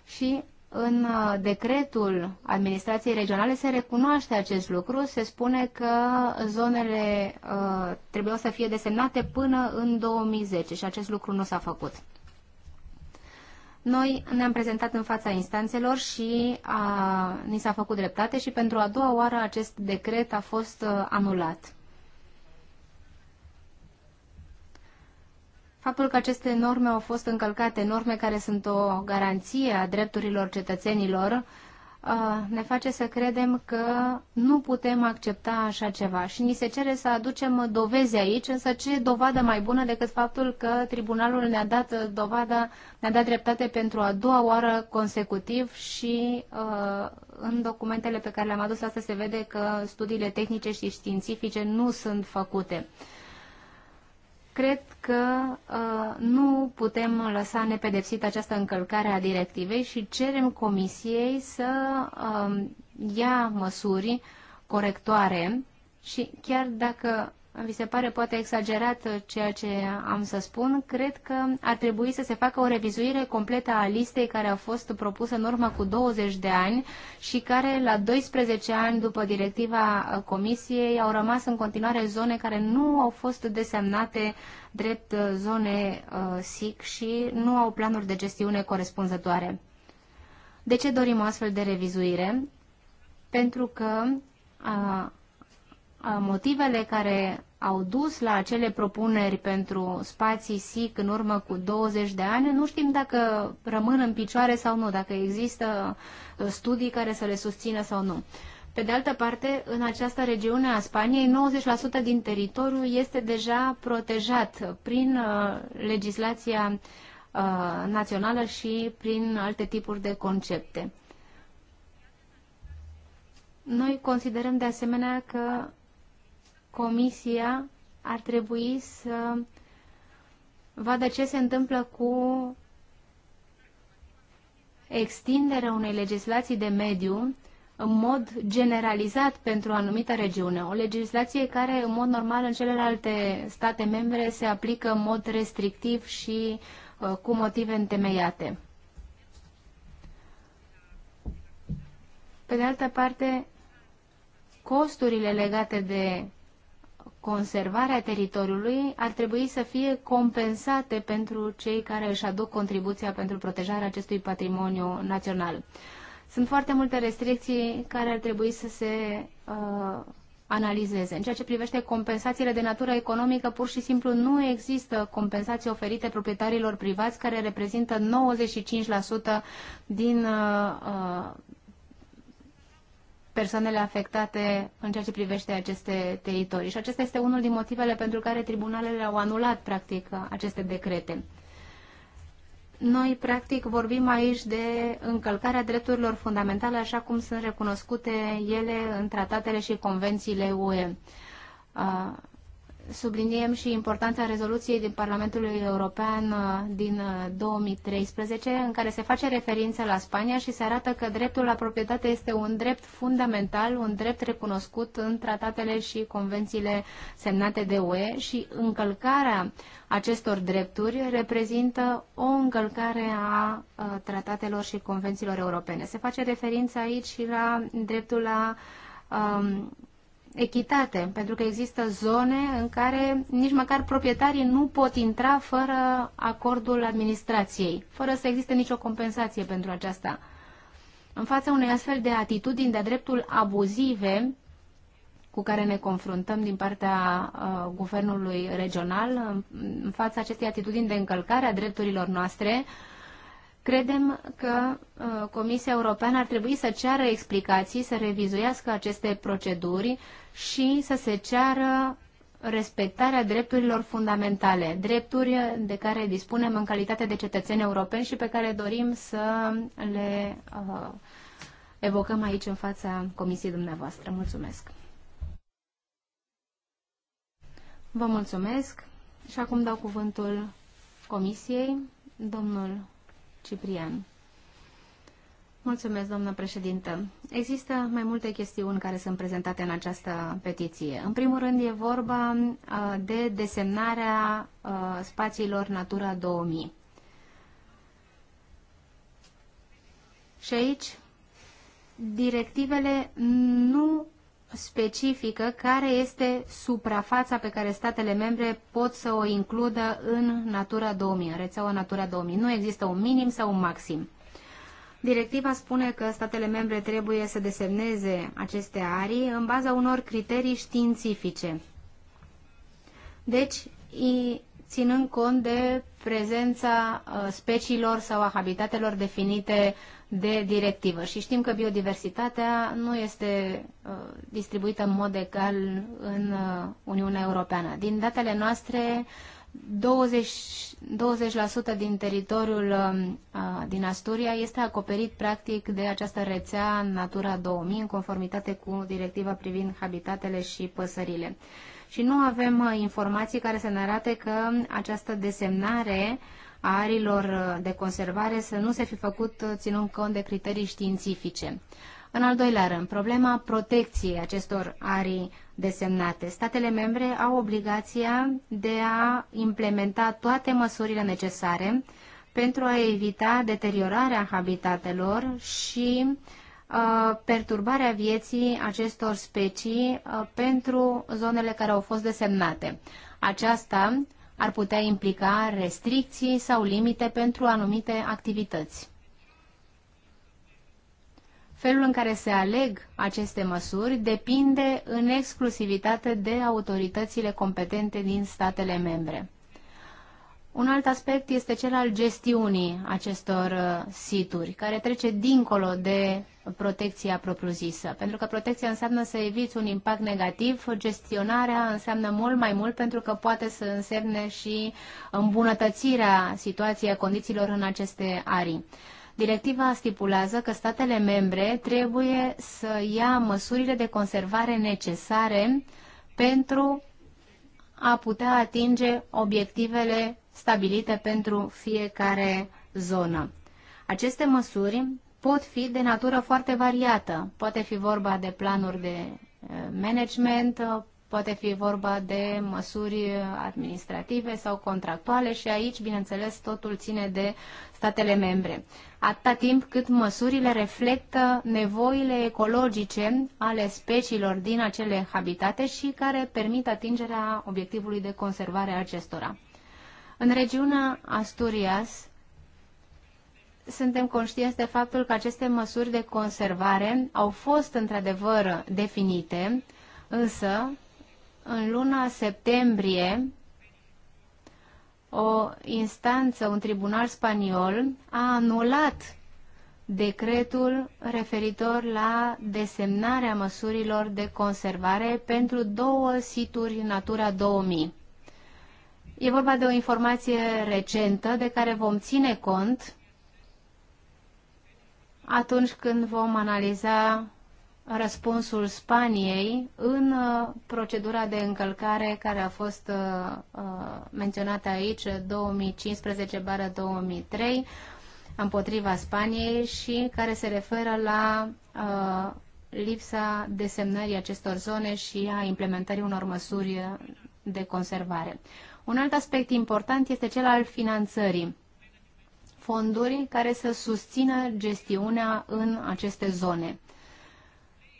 Și în uh, decretul administrației regionale se recunoaște acest lucru, se spune că zonele uh, trebuiau să fie desemnate până în 2010 și acest lucru nu s-a făcut. Noi ne-am prezentat în fața instanțelor și a, uh, ni s-a făcut dreptate și pentru a doua oară acest decret a fost uh, anulat. Faptul că aceste norme au fost încălcate, norme care sunt o garanție a drepturilor cetățenilor, uh, ne face să credem că nu putem accepta așa ceva și ni se cere să aducem dovezi aici, însă ce dovadă mai bună decât faptul că tribunalul ne-a dat dovada, ne-a dat dreptate pentru a doua oară consecutiv și uh, în documentele pe care le-am adus asta se vede că studiile tehnice și științifice nu sunt făcute. Uh, cred că uh, nu putem lăsa nepedepsit această încălcare a directivei și cerem Comisiei să uh, ia măsuri corectoare și chiar dacă vi se pare poate exagerat uh, ceea ce am să spun, cred că ar trebui să se facă o revizuire completă a listei care a fost propusă în urmă cu 20 de ani și care la 12 ani după directiva uh, Comisiei au rămas în continuare zone care nu au fost desemnate drept uh, zone SIC și nu au planuri de gestiune corespunzătoare. De ce dorim o astfel de revizuire? Pentru că motivele care au dus la acele propuneri pentru spații SIC în urmă cu 20 de ani, nu știm dacă rămân în picioare sau nu, dacă există uh, studii care să le susțină sau nu. Pe de altă parte, în această regiune a Spaniei, 90% din teritoriu este deja protejat prin uh, legislația uh, națională și prin alte tipuri de concepte. Noi considerăm de asemenea că Comisia ar trebui să vadă ce se întâmplă cu extinderea unei legislații de mediu în mod generalizat pentru o anumită regiune. O legislație care, în mod normal, în celelalte state membre se aplică în mod restrictiv și uh, cu motive întemeiate. Pe de altă parte, costurile legate de conservarea teritoriului ar trebui să fie compensate pentru cei care își aduc contribuția pentru protejarea acestui patrimoniu național. Sunt foarte multe restricții care ar trebui să se uh, analizeze. În ceea ce privește compensațiile de natură economică, pur și simplu nu există compensații oferite proprietarilor privați care reprezintă 95% din uh, uh persoanele afectate în ceea ce privește aceste teritorii. Și acesta este unul din motivele pentru care tribunalele au anulat, practic, aceste decrete. Noi, practic, vorbim aici de încălcarea drepturilor fundamentale, așa cum sunt recunoscute ele în tratatele și convențiile UE subliniem și importanța rezoluției din Parlamentul European uh, din 2013, uh, în care se face referință la Spania și se arată că dreptul la proprietate este un drept fundamental, un drept recunoscut în tratatele și convențiile semnate de UE și încălcarea acestor drepturi reprezintă o încălcare a uh, tratatelor și convențiilor europene. Se face referință aici și la dreptul la um, echitate, pentru că există zone în care nici măcar proprietarii nu pot intra fără acordul administrației, fără să existe nicio compensație pentru aceasta. În fața unei astfel de atitudini de-a dreptul abuzive cu care ne confruntăm din partea uh, guvernului regional, în fața acestei atitudini de încălcare a drepturilor noastre, uh, Credem că uh, Comisia Europeană ar trebui să ceară explicații, să revizuiască aceste proceduri și să se ceară respectarea drepturilor fundamentale, drepturi de care dispunem în calitate de cetățeni europeni și pe care dorim să le uh, evocăm aici în fața comisiei dumneavoastră. Mulțumesc! Vă mulțumesc și acum dau cuvântul comisiei, domnul Ciprian. Mulțumesc, doamnă președintă. Există mai multe chestiuni care sunt prezentate în această petiție. În primul rând, e vorba uh, de desemnarea uh, spațiilor Natura 2000. Și aici, directivele nu specifică care este suprafața pe care statele membre pot să o includă în Natura 2000, în rețeaua Natura 2000. Nu există un minim sau un maxim. Directiva spune că statele membre trebuie să desemneze aceste arii în baza unor criterii științifice. Deci, ținând cont de prezența uh, speciilor sau a habitatelor definite de directivă. Și știm că biodiversitatea nu este uh, distribuită în mod egal în uh, Uniunea Europeană. Din datele noastre, 20, 20% din teritoriul uh, uh, din Asturia este acoperit practic de această rețea Natura 2000 în conformitate cu directiva privind habitatele și păsările. Și nu avem uh, informații care să ne arate că această desemnare a arilor uh, de conservare să nu se fi făcut uh, ținând cont de criterii științifice. În al doilea rând, problema protecției acestor arii desemnate. Statele membre au obligația de a implementa toate măsurile necesare pentru a evita deteriorarea habitatelor și uh, perturbarea vieții acestor specii pentru zonele care au fost desemnate. Aceasta ar putea implica restricții sau limite pentru anumite activități. Felul în care se aleg aceste măsuri depinde în exclusivitate de autoritățile competente din statele membre. Un alt aspect este cel al gestiunii acestor uh, situri, care trece dincolo de protecția propriu-zisă. Pentru că protecția înseamnă să eviți un impact negativ, gestionarea înseamnă mult mai mult pentru că poate să însemne și îmbunătățirea situației a condițiilor în aceste arii. Directiva stipulează că statele membre trebuie să ia măsurile de conservare necesare pentru a putea atinge obiectivele stabilite pentru fiecare zonă. Aceste măsuri pot fi de natură foarte variată. Poate fi vorba de planuri de eh, management, eh, poate fi vorba de măsuri eh, administrative sau contractuale și aici, bineînțeles, totul ține de statele membre. Atâta timp cât măsurile reflectă nevoile ecologice ale speciilor din acele habitate și care permit atingerea obiectivului de conservare a acestora. În regiunea Asturias, suntem conștienți de faptul că aceste măsuri de conservare au fost într-adevăr definite, însă în luna septembrie o instanță, un tribunal spaniol a anulat decretul referitor la desemnarea măsurilor de conservare pentru două situri Natura 2000. E vorba de o informație recentă de care vom ține cont atunci când vom analiza răspunsul Spaniei în uh, procedura de încălcare care a fost uh, uh, menționată aici 2015-2003 împotriva Spaniei și care se referă la lipsa desemnării acestor zone și a implementării unor măsuri de conservare. Un alt aspect important este cel al finanțării fonduri care să susțină gestiunea în aceste zone.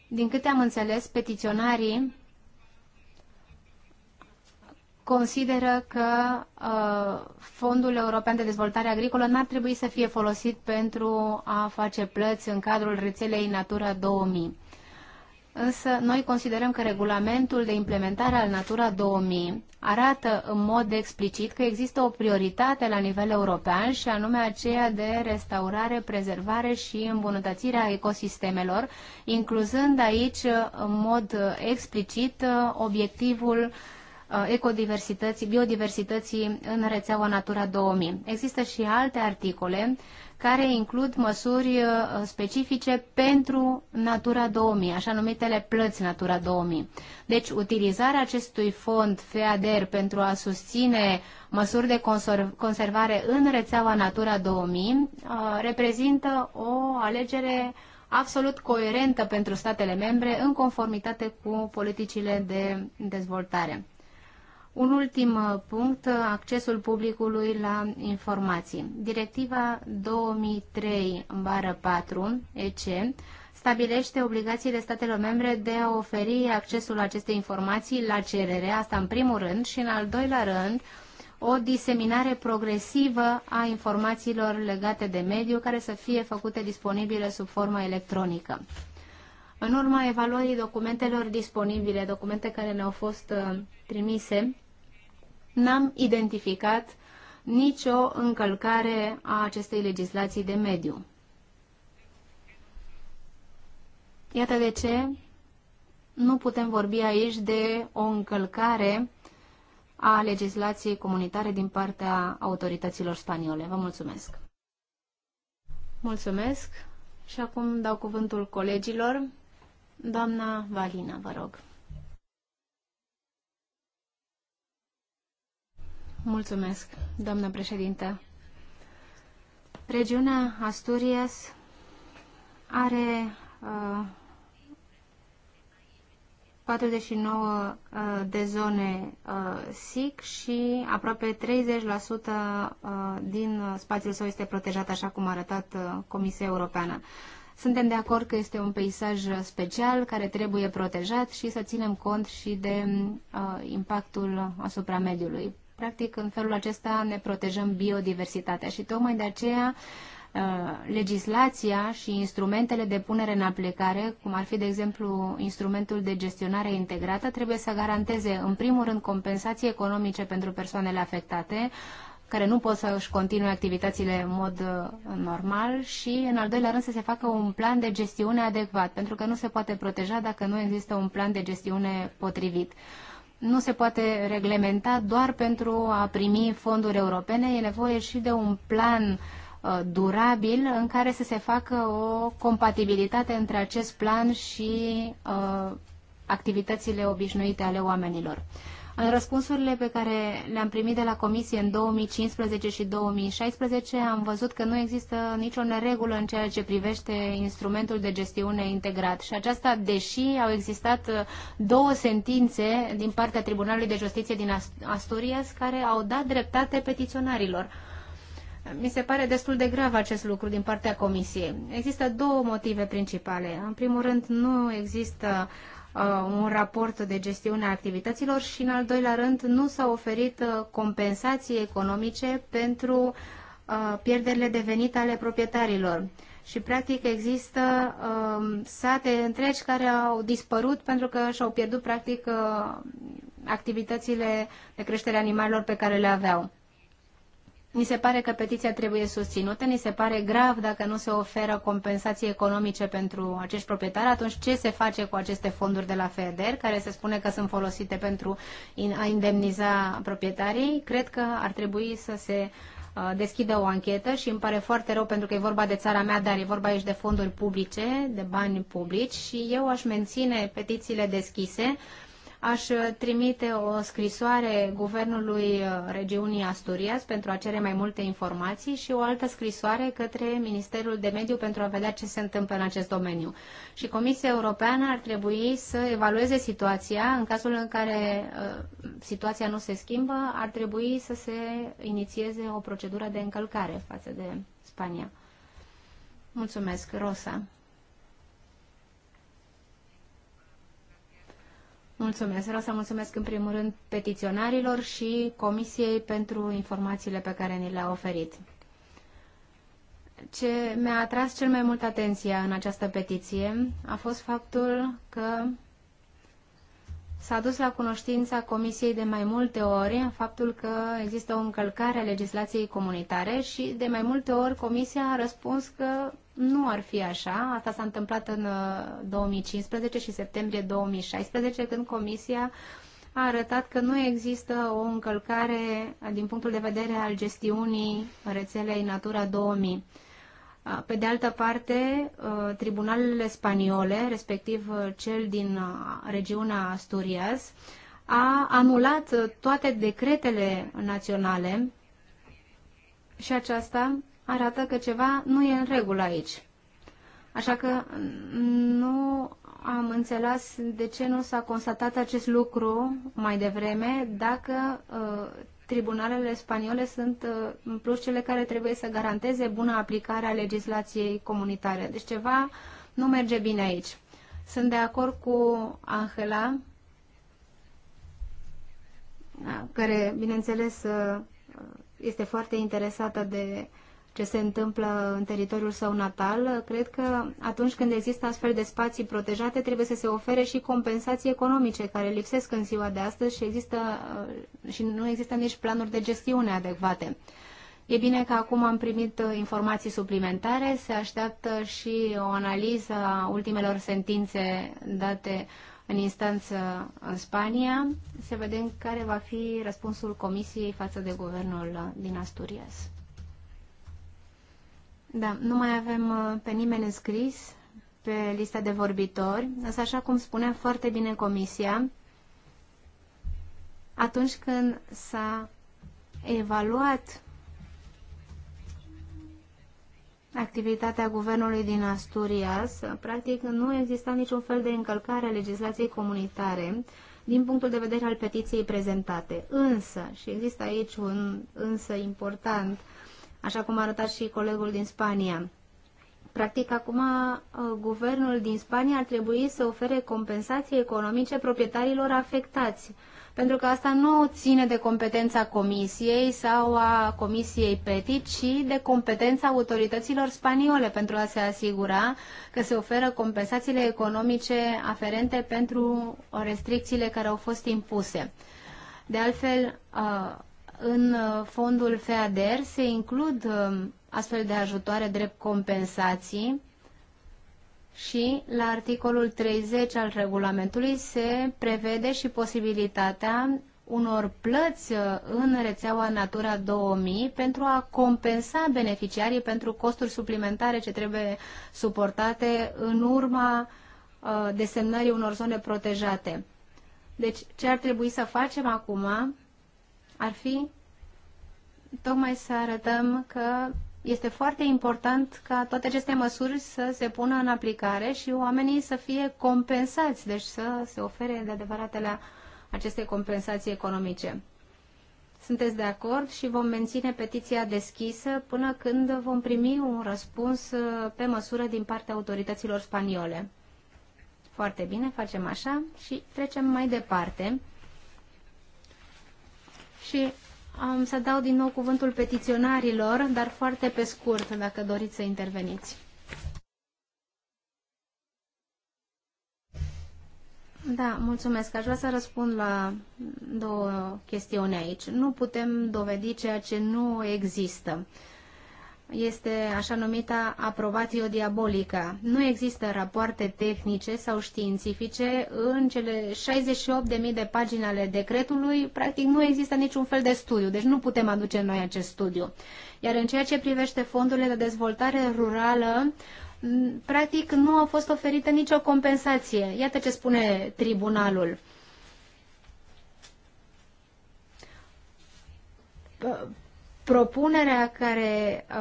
Din câte am înțeles, petiționarii consideră că uh, Fondul European de Dezvoltare Agricolă n-ar trebui să fie folosit pentru a face plăți în cadrul rețelei Natura 2000. Însă noi considerăm că regulamentul de implementare al Natura 2000 arată în mod explicit că există o prioritate la nivel european și anume aceea de restaurare, prezervare și îmbunătățire a ecosistemelor, incluzând aici în mod explicit obiectivul uh, ecodiversității, biodiversității în rețeaua Natura 2000. Există și alte articole care includ măsuri uh, specifice pentru Natura 2000, așa numitele plăți Natura 2000. Deci utilizarea acestui fond FEADER pentru a susține măsuri de conservare în rețeaua Natura 2000 uh, reprezintă o alegere absolut coerentă pentru statele membre în conformitate cu politicile de dezvoltare. Un ultim uh, punct, uh, accesul publicului la informații. Directiva 2003-4 EC stabilește obligațiile statelor membre de a oferi accesul acestei informații la cerere, asta în primul rând, și în al doilea rând, o diseminare progresivă a informațiilor legate de mediu care să fie făcute disponibile sub formă electronică. În urma evaluării documentelor disponibile, documente care ne-au fost uh, trimise, n-am identificat nicio încălcare a acestei legislații de mediu. Iată de ce nu putem vorbi aici de o încălcare a legislației comunitare din partea autorităților spaniole. Vă mulțumesc! Mulțumesc și acum dau cuvântul colegilor Doamna Valina, vă rog. Mulțumesc, doamnă președinte. Regiunea Asturias are uh, 49 uh, de zone uh, SIC și aproape 30% uh, din spațiul său este protejat, așa cum a arătat uh, Comisia Europeană. Uh, suntem de acord că este un peisaj special care trebuie protejat și să ținem cont și de uh, impactul asupra mediului. Practic, în felul acesta ne protejăm biodiversitatea și tocmai de aceea uh, legislația și instrumentele de punere în aplicare, cum ar fi, de exemplu, instrumentul de gestionare integrată, trebuie să garanteze, în primul rând, compensații economice pentru persoanele afectate, care nu pot să își continue activitățile în mod uh, normal și, în al doilea rând, să se facă un plan de gestiune adecvat, pentru că nu se poate proteja dacă nu există un plan de gestiune potrivit. Nu se poate reglementa doar pentru a primi fonduri europene, e nevoie și de un plan uh, durabil în care să se facă o compatibilitate între acest plan și uh, activitățile obișnuite ale oamenilor. În răspunsurile pe care le-am primit de la Comisie în 2015 și 2016 am văzut că nu există nicio neregulă în ceea ce privește instrumentul de gestiune integrat și aceasta deși au existat uh, două sentințe din partea Tribunalului de Justiție din Asturias care au dat dreptate petiționarilor. Mi se pare destul de grav acest lucru din partea Comisiei. Există două motive principale. În primul rând, nu există uh, Uh, un raport de gestiune a activităților și, în al doilea rând, nu s-au oferit uh, compensații economice pentru uh, pierderile de venit ale proprietarilor. Și, practic, există um, sate întregi care au dispărut pentru că și-au pierdut, practic, activitățile de creștere animalelor pe care le aveau. Ni se pare că petiția trebuie susținută, ni se pare grav dacă nu se oferă compensații economice pentru acești proprietari, atunci ce se face cu aceste fonduri de la FEDER, care se spune că sunt folosite pentru a indemniza proprietarii? Cred că ar trebui să se uh, deschidă o anchetă și îmi pare foarte rău pentru că e vorba de țara mea, dar e vorba aici de fonduri publice, de bani publici și eu aș menține petițiile deschise aș trimite o scrisoare Guvernului uh, Regiunii Asturias pentru a cere mai multe informații și o altă scrisoare către Ministerul de Mediu pentru a vedea ce se întâmplă în acest domeniu. Și Comisia Europeană ar trebui să evalueze situația. În cazul în care uh, situația nu se schimbă, ar trebui să se inițieze o procedură de încălcare față de Spania. Mulțumesc, Rosa. Mulțumesc. Vreau să mulțumesc în primul rând petiționarilor și Comisiei pentru informațiile pe care ni le-a oferit. Ce mi-a atras cel mai mult atenția în această petiție a fost faptul că s-a dus la cunoștința Comisiei de mai multe ori faptul că există o încălcare a legislației comunitare și de mai multe ori Comisia a răspuns că nu ar fi așa. Asta s-a întâmplat în 2015 uh, și septembrie 2016, când Comisia a arătat că nu există o încălcare din punctul de vedere al gestiunii rețelei Natura 2000. Uh, pe de altă parte, uh, tribunalele spaniole, respectiv cel din regiunea Asturias, a anulat toate decretele naționale și aceasta arată că ceva nu e în regulă aici. Așa că nu am înțeles de ce nu s-a constatat acest lucru mai devreme dacă uh, tribunalele spaniole sunt uh, plus cele care trebuie să garanteze bună aplicare a legislației comunitare. Deci ceva nu merge bine aici. Sunt de acord cu Angela, uh, care, bineînțeles, uh, este foarte interesată de ce se întâmplă în teritoriul său natal, cred că atunci când există astfel de spații protejate, trebuie să se ofere și compensații economice care lipsesc în ziua de astăzi și, există, uh, și nu există nici planuri de gestiune adecvate. E bine că acum am primit uh, informații suplimentare, se așteaptă și o analiză a ultimelor sentințe date în instanță în Spania, să vedem care va fi răspunsul Comisiei față de guvernul uh, din Asturias. Da, nu mai avem uh, pe nimeni înscris pe lista de vorbitori, însă așa cum spunea foarte bine comisia, atunci când s-a evaluat activitatea guvernului din Asturias, practic nu exista niciun fel de încălcare a legislației comunitare din punctul de vedere al petiției prezentate. Însă, și există aici un însă important, uh, așa cum a arătat și colegul din Spania. Practic, acum, uh, guvernul din Spania ar trebui să ofere compensații economice proprietarilor afectați, pentru că asta nu ține de competența Comisiei sau a Comisiei PETI, ci de competența autorităților spaniole pentru a se asigura că se oferă compensațiile economice aferente pentru restricțiile care au fost impuse. De altfel, uh, în uh, fondul FEADER se includ uh, astfel de ajutoare drept compensații și la articolul 30 al regulamentului se prevede și posibilitatea unor plăți uh, în rețeaua Natura 2000 pentru a compensa beneficiarii pentru costuri suplimentare ce trebuie suportate în urma desemnării unor zone protejate. Deci, ce ar trebui să facem acum ar fi tocmai să arătăm că este foarte important ca toate aceste măsuri să se pună în aplicare și oamenii să fie compensați, deci să se ofere de adevăratele aceste compensații economice. Sunteți de acord și vom menține petiția deschisă până când vom primi un răspuns uh, pe măsură din partea autorităților spaniole. Foarte bine, facem așa și trecem mai departe și am să dau din nou cuvântul petiționarilor, dar foarte pe scurt, dacă doriți să interveniți. Da, mulțumesc. Aș vrea să răspund la două chestiuni aici. Nu putem dovedi ceea ce nu există. Uh, este așa numita aprobatio diabolică. Nu există rapoarte tehnice sau științifice în cele 68.000 de pagini ale decretului, practic nu există niciun fel de studiu, deci nu putem aduce noi acest studiu. Iar în ceea ce privește fondurile de dezvoltare rurală, practic nu a fost oferită nicio compensație. Iată ce spune tribunalul propunerea care uh,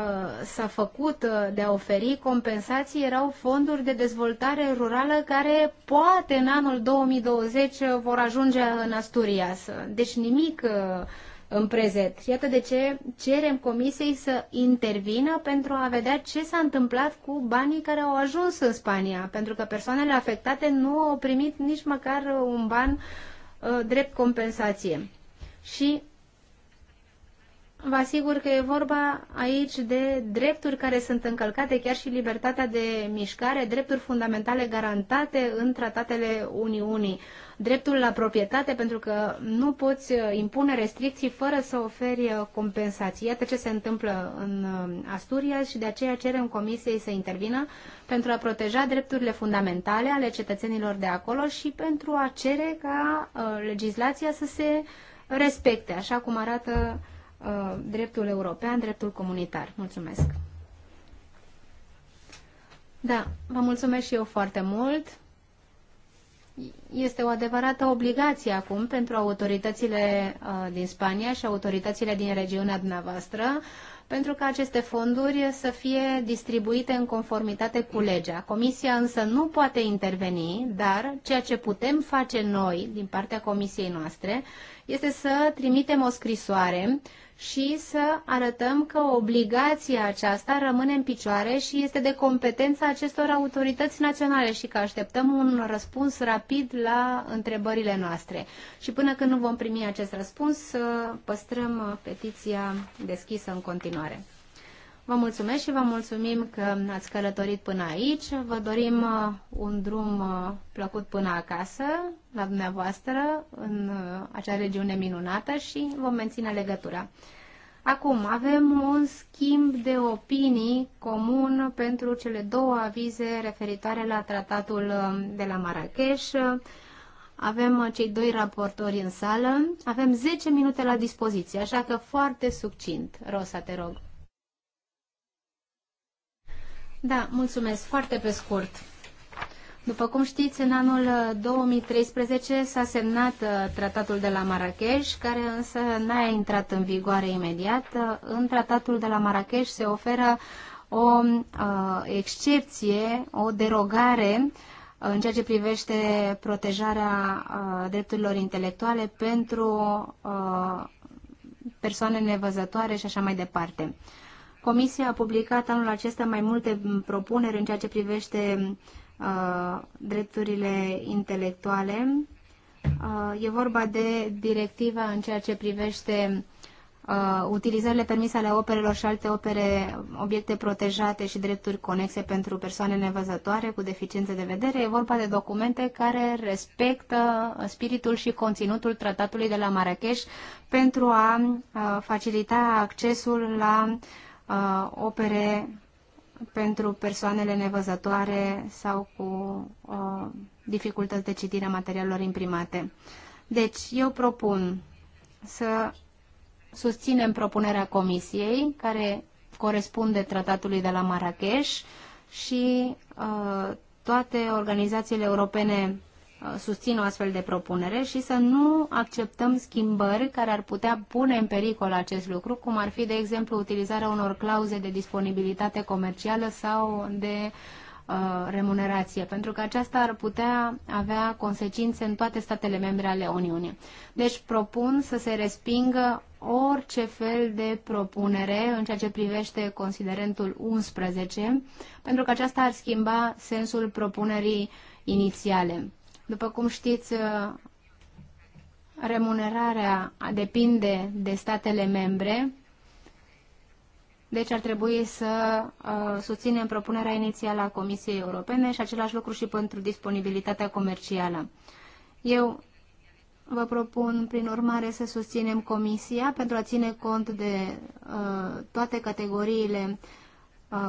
s-a făcut uh, de a oferi compensații erau fonduri de dezvoltare rurală care poate în anul 2020 uh, vor ajunge în Asturias. Deci nimic uh, în prezent. Iată de ce cerem comisiei să intervină pentru a vedea ce s-a întâmplat cu banii care au ajuns în Spania, pentru că persoanele afectate nu au primit nici măcar un ban uh, drept compensație. Și Vă asigur că e vorba aici de drepturi care sunt încălcate, chiar și libertatea de mișcare, drepturi fundamentale garantate în tratatele Uniunii, dreptul la proprietate, pentru că nu poți uh, impune restricții fără să oferi uh, compensații. Iată ce se întâmplă în uh, Asturias și de aceea cerem Comisiei să intervină pentru a proteja drepturile fundamentale ale cetățenilor de acolo și pentru a cere ca legislația să se respecte, așa cum arată Uh, dreptul european, dreptul comunitar. Mulțumesc! Da, vă mulțumesc și eu foarte mult. Este o adevărată obligație acum pentru autoritățile uh, din Spania și autoritățile din regiunea dumneavoastră pentru ca aceste fonduri să fie distribuite în conformitate cu legea. Comisia însă nu poate interveni, dar ceea ce putem face noi din partea comisiei noastre este să trimitem o scrisoare și să arătăm că obligația aceasta rămâne în picioare și este de competența acestor autorități naționale și că așteptăm un răspuns rapid la întrebările noastre. Și până când nu vom primi acest răspuns, păstrăm uh, petiția deschisă în continuare. Vă mulțumesc și vă mulțumim că ați călătorit până aici. Vă dorim uh, un drum uh, plăcut până acasă, la dumneavoastră, în uh, acea regiune minunată și vom menține legătura. Acum, avem un schimb de opinii comun pentru cele două avize referitoare la tratatul de la Marrakesh. Avem cei doi raportori în sală. Avem 10 minute la dispoziție, așa că foarte succint. Rosa, te rog. Da, mulțumesc. Foarte pe scurt. După cum știți, în anul 2013 uh, s-a semnat uh, tratatul de la Marrakesh, care însă n-a intrat în vigoare imediat. Uh, în tratatul de la Marrakesh se oferă o excepție, o derogare în ceea ce privește protejarea drepturilor intelectuale pentru persoane nevăzătoare și așa mai departe. Comisia a publicat anul acesta mai multe propuneri în ceea ce privește uh, drepturile intelectuale. Uh, e vorba de directiva în ceea ce privește uh, utilizările permise ale operelor și alte opere, obiecte protejate și drepturi conexe pentru persoane nevăzătoare cu deficiențe de vedere. E vorba de documente care respectă spiritul și conținutul tratatului de la Marrakesh pentru a uh, facilita accesul la uh, uh, opere pentru persoanele nevăzătoare sau cu uh, dificultăți de citire a materialelor imprimate. Deci, eu propun să susținem propunerea Comisiei, care corespunde tratatului de la Marrakesh și uh, toate organizațiile europene Uh, susțin o astfel de propunere și să nu acceptăm schimbări care ar putea pune în pericol acest lucru, cum ar fi, de exemplu, utilizarea unor clauze de disponibilitate comercială sau de uh, remunerație, pentru că aceasta ar putea avea consecințe în toate statele membre ale Uniunii. Deci propun să se respingă orice fel de propunere în ceea ce privește considerentul 11, pentru că aceasta ar schimba sensul propunerii inițiale. După cum știți, uh, remunerarea depinde de statele membre, deci ar trebui să uh, susținem propunerea inițială a Comisiei Europene și același lucru și pentru disponibilitatea comercială. Eu vă propun, prin urmare, să susținem Comisia pentru a ține cont de uh, toate categoriile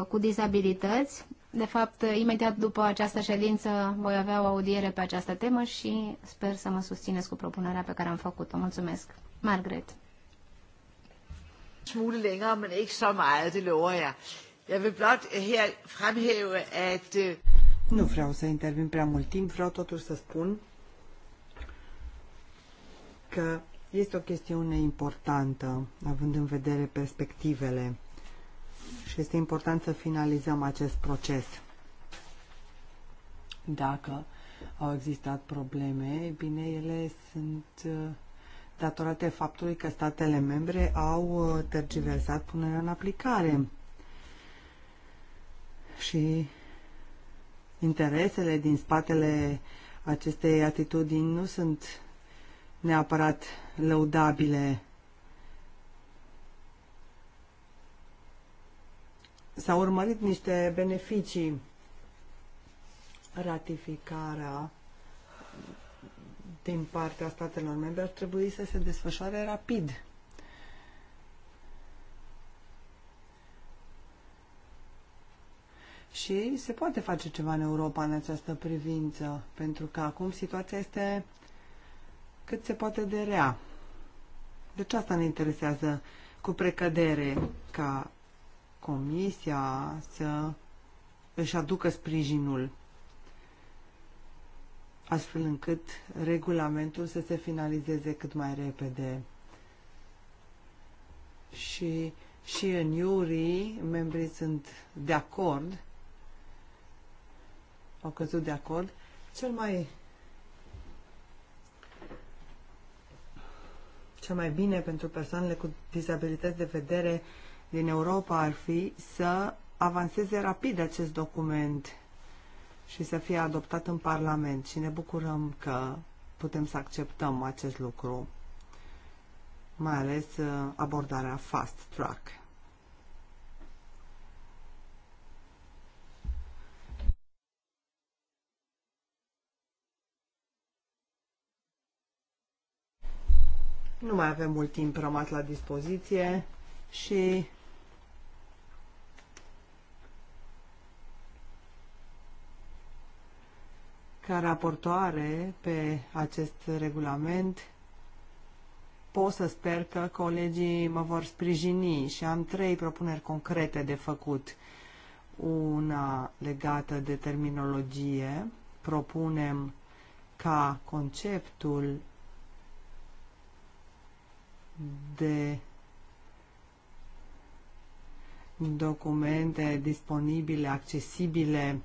cu dizabilități de fapt, imediat după această ședință voi avea o audiere pe această temă și sper să mă susțineți cu propunerea pe care am făcut-o. Mulțumesc. Margaret. smule længere, men ikke så meget, det lover jeg. Jeg vil blot her fremhæve, at... Øh, nu vreau să intervin prea mult timp, vreau totuși să spun că este o chestiune importantă, având în vedere perspectivele și este important să finalizăm acest proces. Dacă au existat probleme, bine, ele sunt uh, datorate faptului că statele membre au uh, tergiversat punerea în aplicare și interesele din spatele acestei atitudini nu sunt neapărat lăudabile s-au urmărit niște beneficii ratificarea din partea statelor membre ar trebui să se desfășoare rapid. Și se poate face ceva în Europa în această privință, pentru că acum situația este cât se poate de rea. Deci asta ne interesează cu precădere ca Comisia să își aducă sprijinul astfel încât regulamentul să se finalizeze cât mai repede. Și, și în Iuri, membrii sunt de acord, au căzut de acord. Cel mai cel mai bine pentru persoanele cu dizabilități de vedere uh, din Europa ar fi să avanseze rapid acest document și să fie adoptat în Parlament și ne bucurăm că putem să acceptăm acest lucru, mai ales uh, abordarea fast track. Nu mai avem mult timp rămas la dispoziție și ca raportoare pe acest regulament pot să sper că colegii mă vor sprijini și am trei propuneri concrete de făcut. Una legată de terminologie. Propunem ca conceptul de documente disponibile, accesibile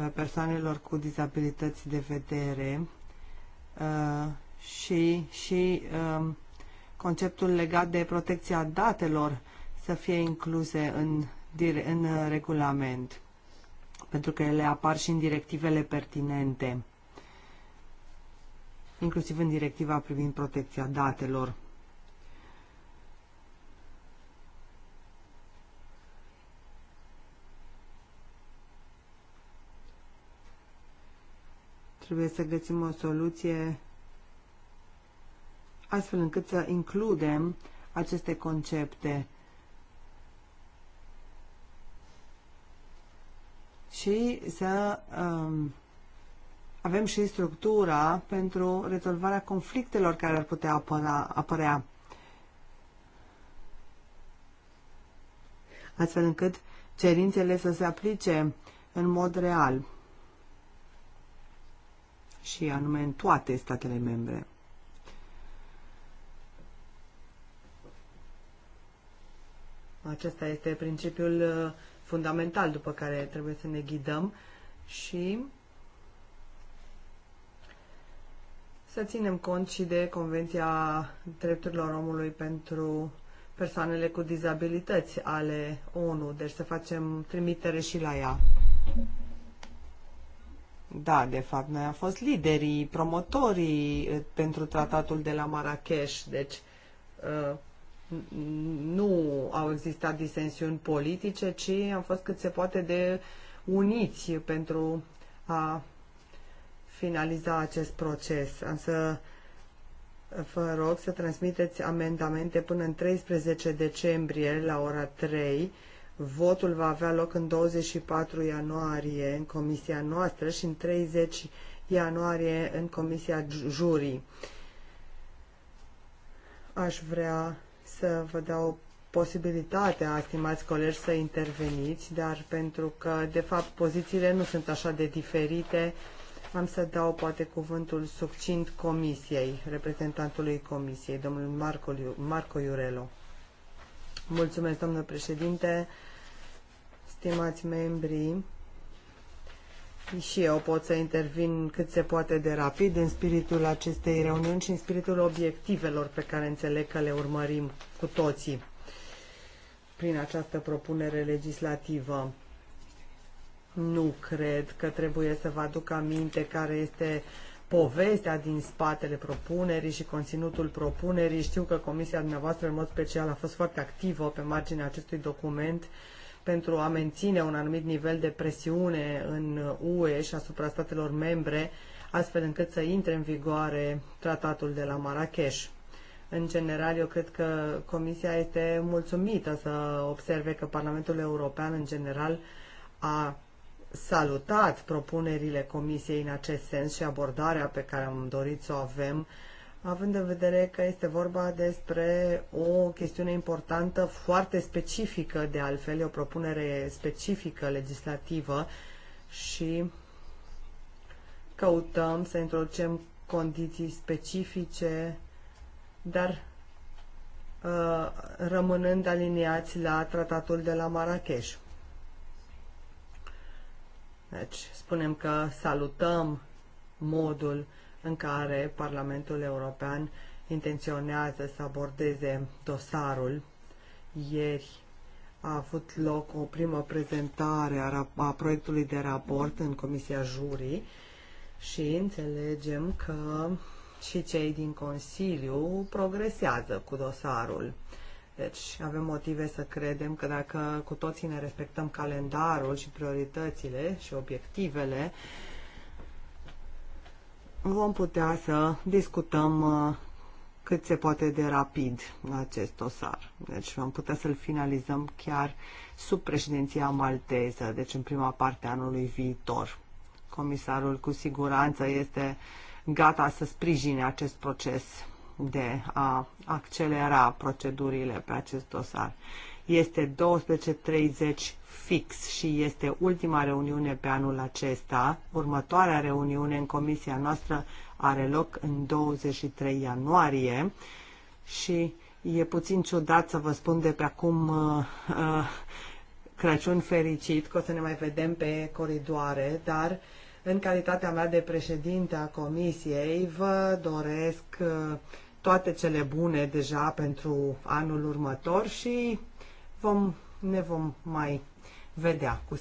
Uh, persoanelor cu dizabilități de vedere uh, și, și um, conceptul legat de protecția datelor să fie incluse în, în uh, regulament, pentru că ele apar și în directivele pertinente, inclusiv în directiva privind protecția datelor. Trebuie să găsim o soluție astfel încât să includem aceste concepte și să um, avem și structura pentru rezolvarea conflictelor care ar putea apăra, apărea. Astfel încât cerințele să se aplice în mod real și anume în toate statele membre. Acesta este principiul uh, fundamental după care trebuie să ne ghidăm și să ținem cont și de Convenția Drepturilor Omului pentru persoanele cu dizabilități ale ONU, deci să facem trimitere și la ea. Da, de fapt, noi am fost liderii, promotorii eh, pentru tratatul de la Marrakesh, deci eh, nu au existat disensiuni politice, ci am fost cât se poate de uniți pentru a finaliza acest proces. Însă vă rog să transmiteți amendamente până în 13 decembrie la ora 3 Votul va avea loc în 24 ianuarie în comisia noastră și în 30 ianuarie în comisia jurii. Aș vrea să vă dau posibilitatea, stimați colegi, să interveniți, dar pentru că, de fapt, pozițiile nu sunt așa de diferite, am să dau poate cuvântul succint comisiei, reprezentantului comisiei, domnul Marco, Marco Iurelo. Mulțumesc, domnule președinte, stimați membri. Și eu pot să intervin cât se poate de rapid în spiritul acestei reuniuni și în spiritul obiectivelor pe care înțeleg că le urmărim cu toții prin această propunere legislativă. Nu cred că trebuie să vă aduc aminte care este uh, povestea din spatele propunerii și conținutul propunerii. Știu că comisia dumneavoastră în mod special a fost foarte activă pe marginea acestui document pentru a menține un anumit nivel de presiune în UE și asupra statelor membre, astfel încât să intre în vigoare tratatul de la Marrakesh. În general, eu cred că Comisia este mulțumită să observe că Parlamentul European, în general, a salutat propunerile Comisiei în acest sens și abordarea pe care am dorit să o avem, având în vedere că este vorba despre o chestiune importantă, foarte specifică, de altfel, e o propunere specifică legislativă și căutăm să introducem condiții specifice, dar uh, rămânând aliniați la tratatul de la Marrakesh. Deci, spunem că salutăm modul în care Parlamentul European intenționează să abordeze dosarul. Ieri a avut loc o primă prezentare a, a proiectului de raport în Comisia Jurii și înțelegem că și cei din Consiliu progresează cu dosarul. Deci avem motive să credem că dacă cu toții ne respectăm calendarul și prioritățile și obiectivele, vom putea să discutăm uh, cât se poate de rapid acest dosar. Deci vom putea să-l finalizăm chiar sub președinția malteză, deci în prima parte a anului viitor. Comisarul cu siguranță este gata să sprijine acest proces de a accelera procedurile pe acest dosar. Este 12.30 fix și este ultima reuniune pe anul acesta. Următoarea reuniune în comisia noastră are loc în 23 ianuarie și e puțin ciudat să vă spun de pe acum uh, uh, Crăciun fericit, că o să ne mai vedem pe coridoare, dar uh, în calitatea mea de președinte a comisiei, vă doresc uh, toate cele bune deja pentru anul următor și vom, ne vom mai vedea cu siguranță.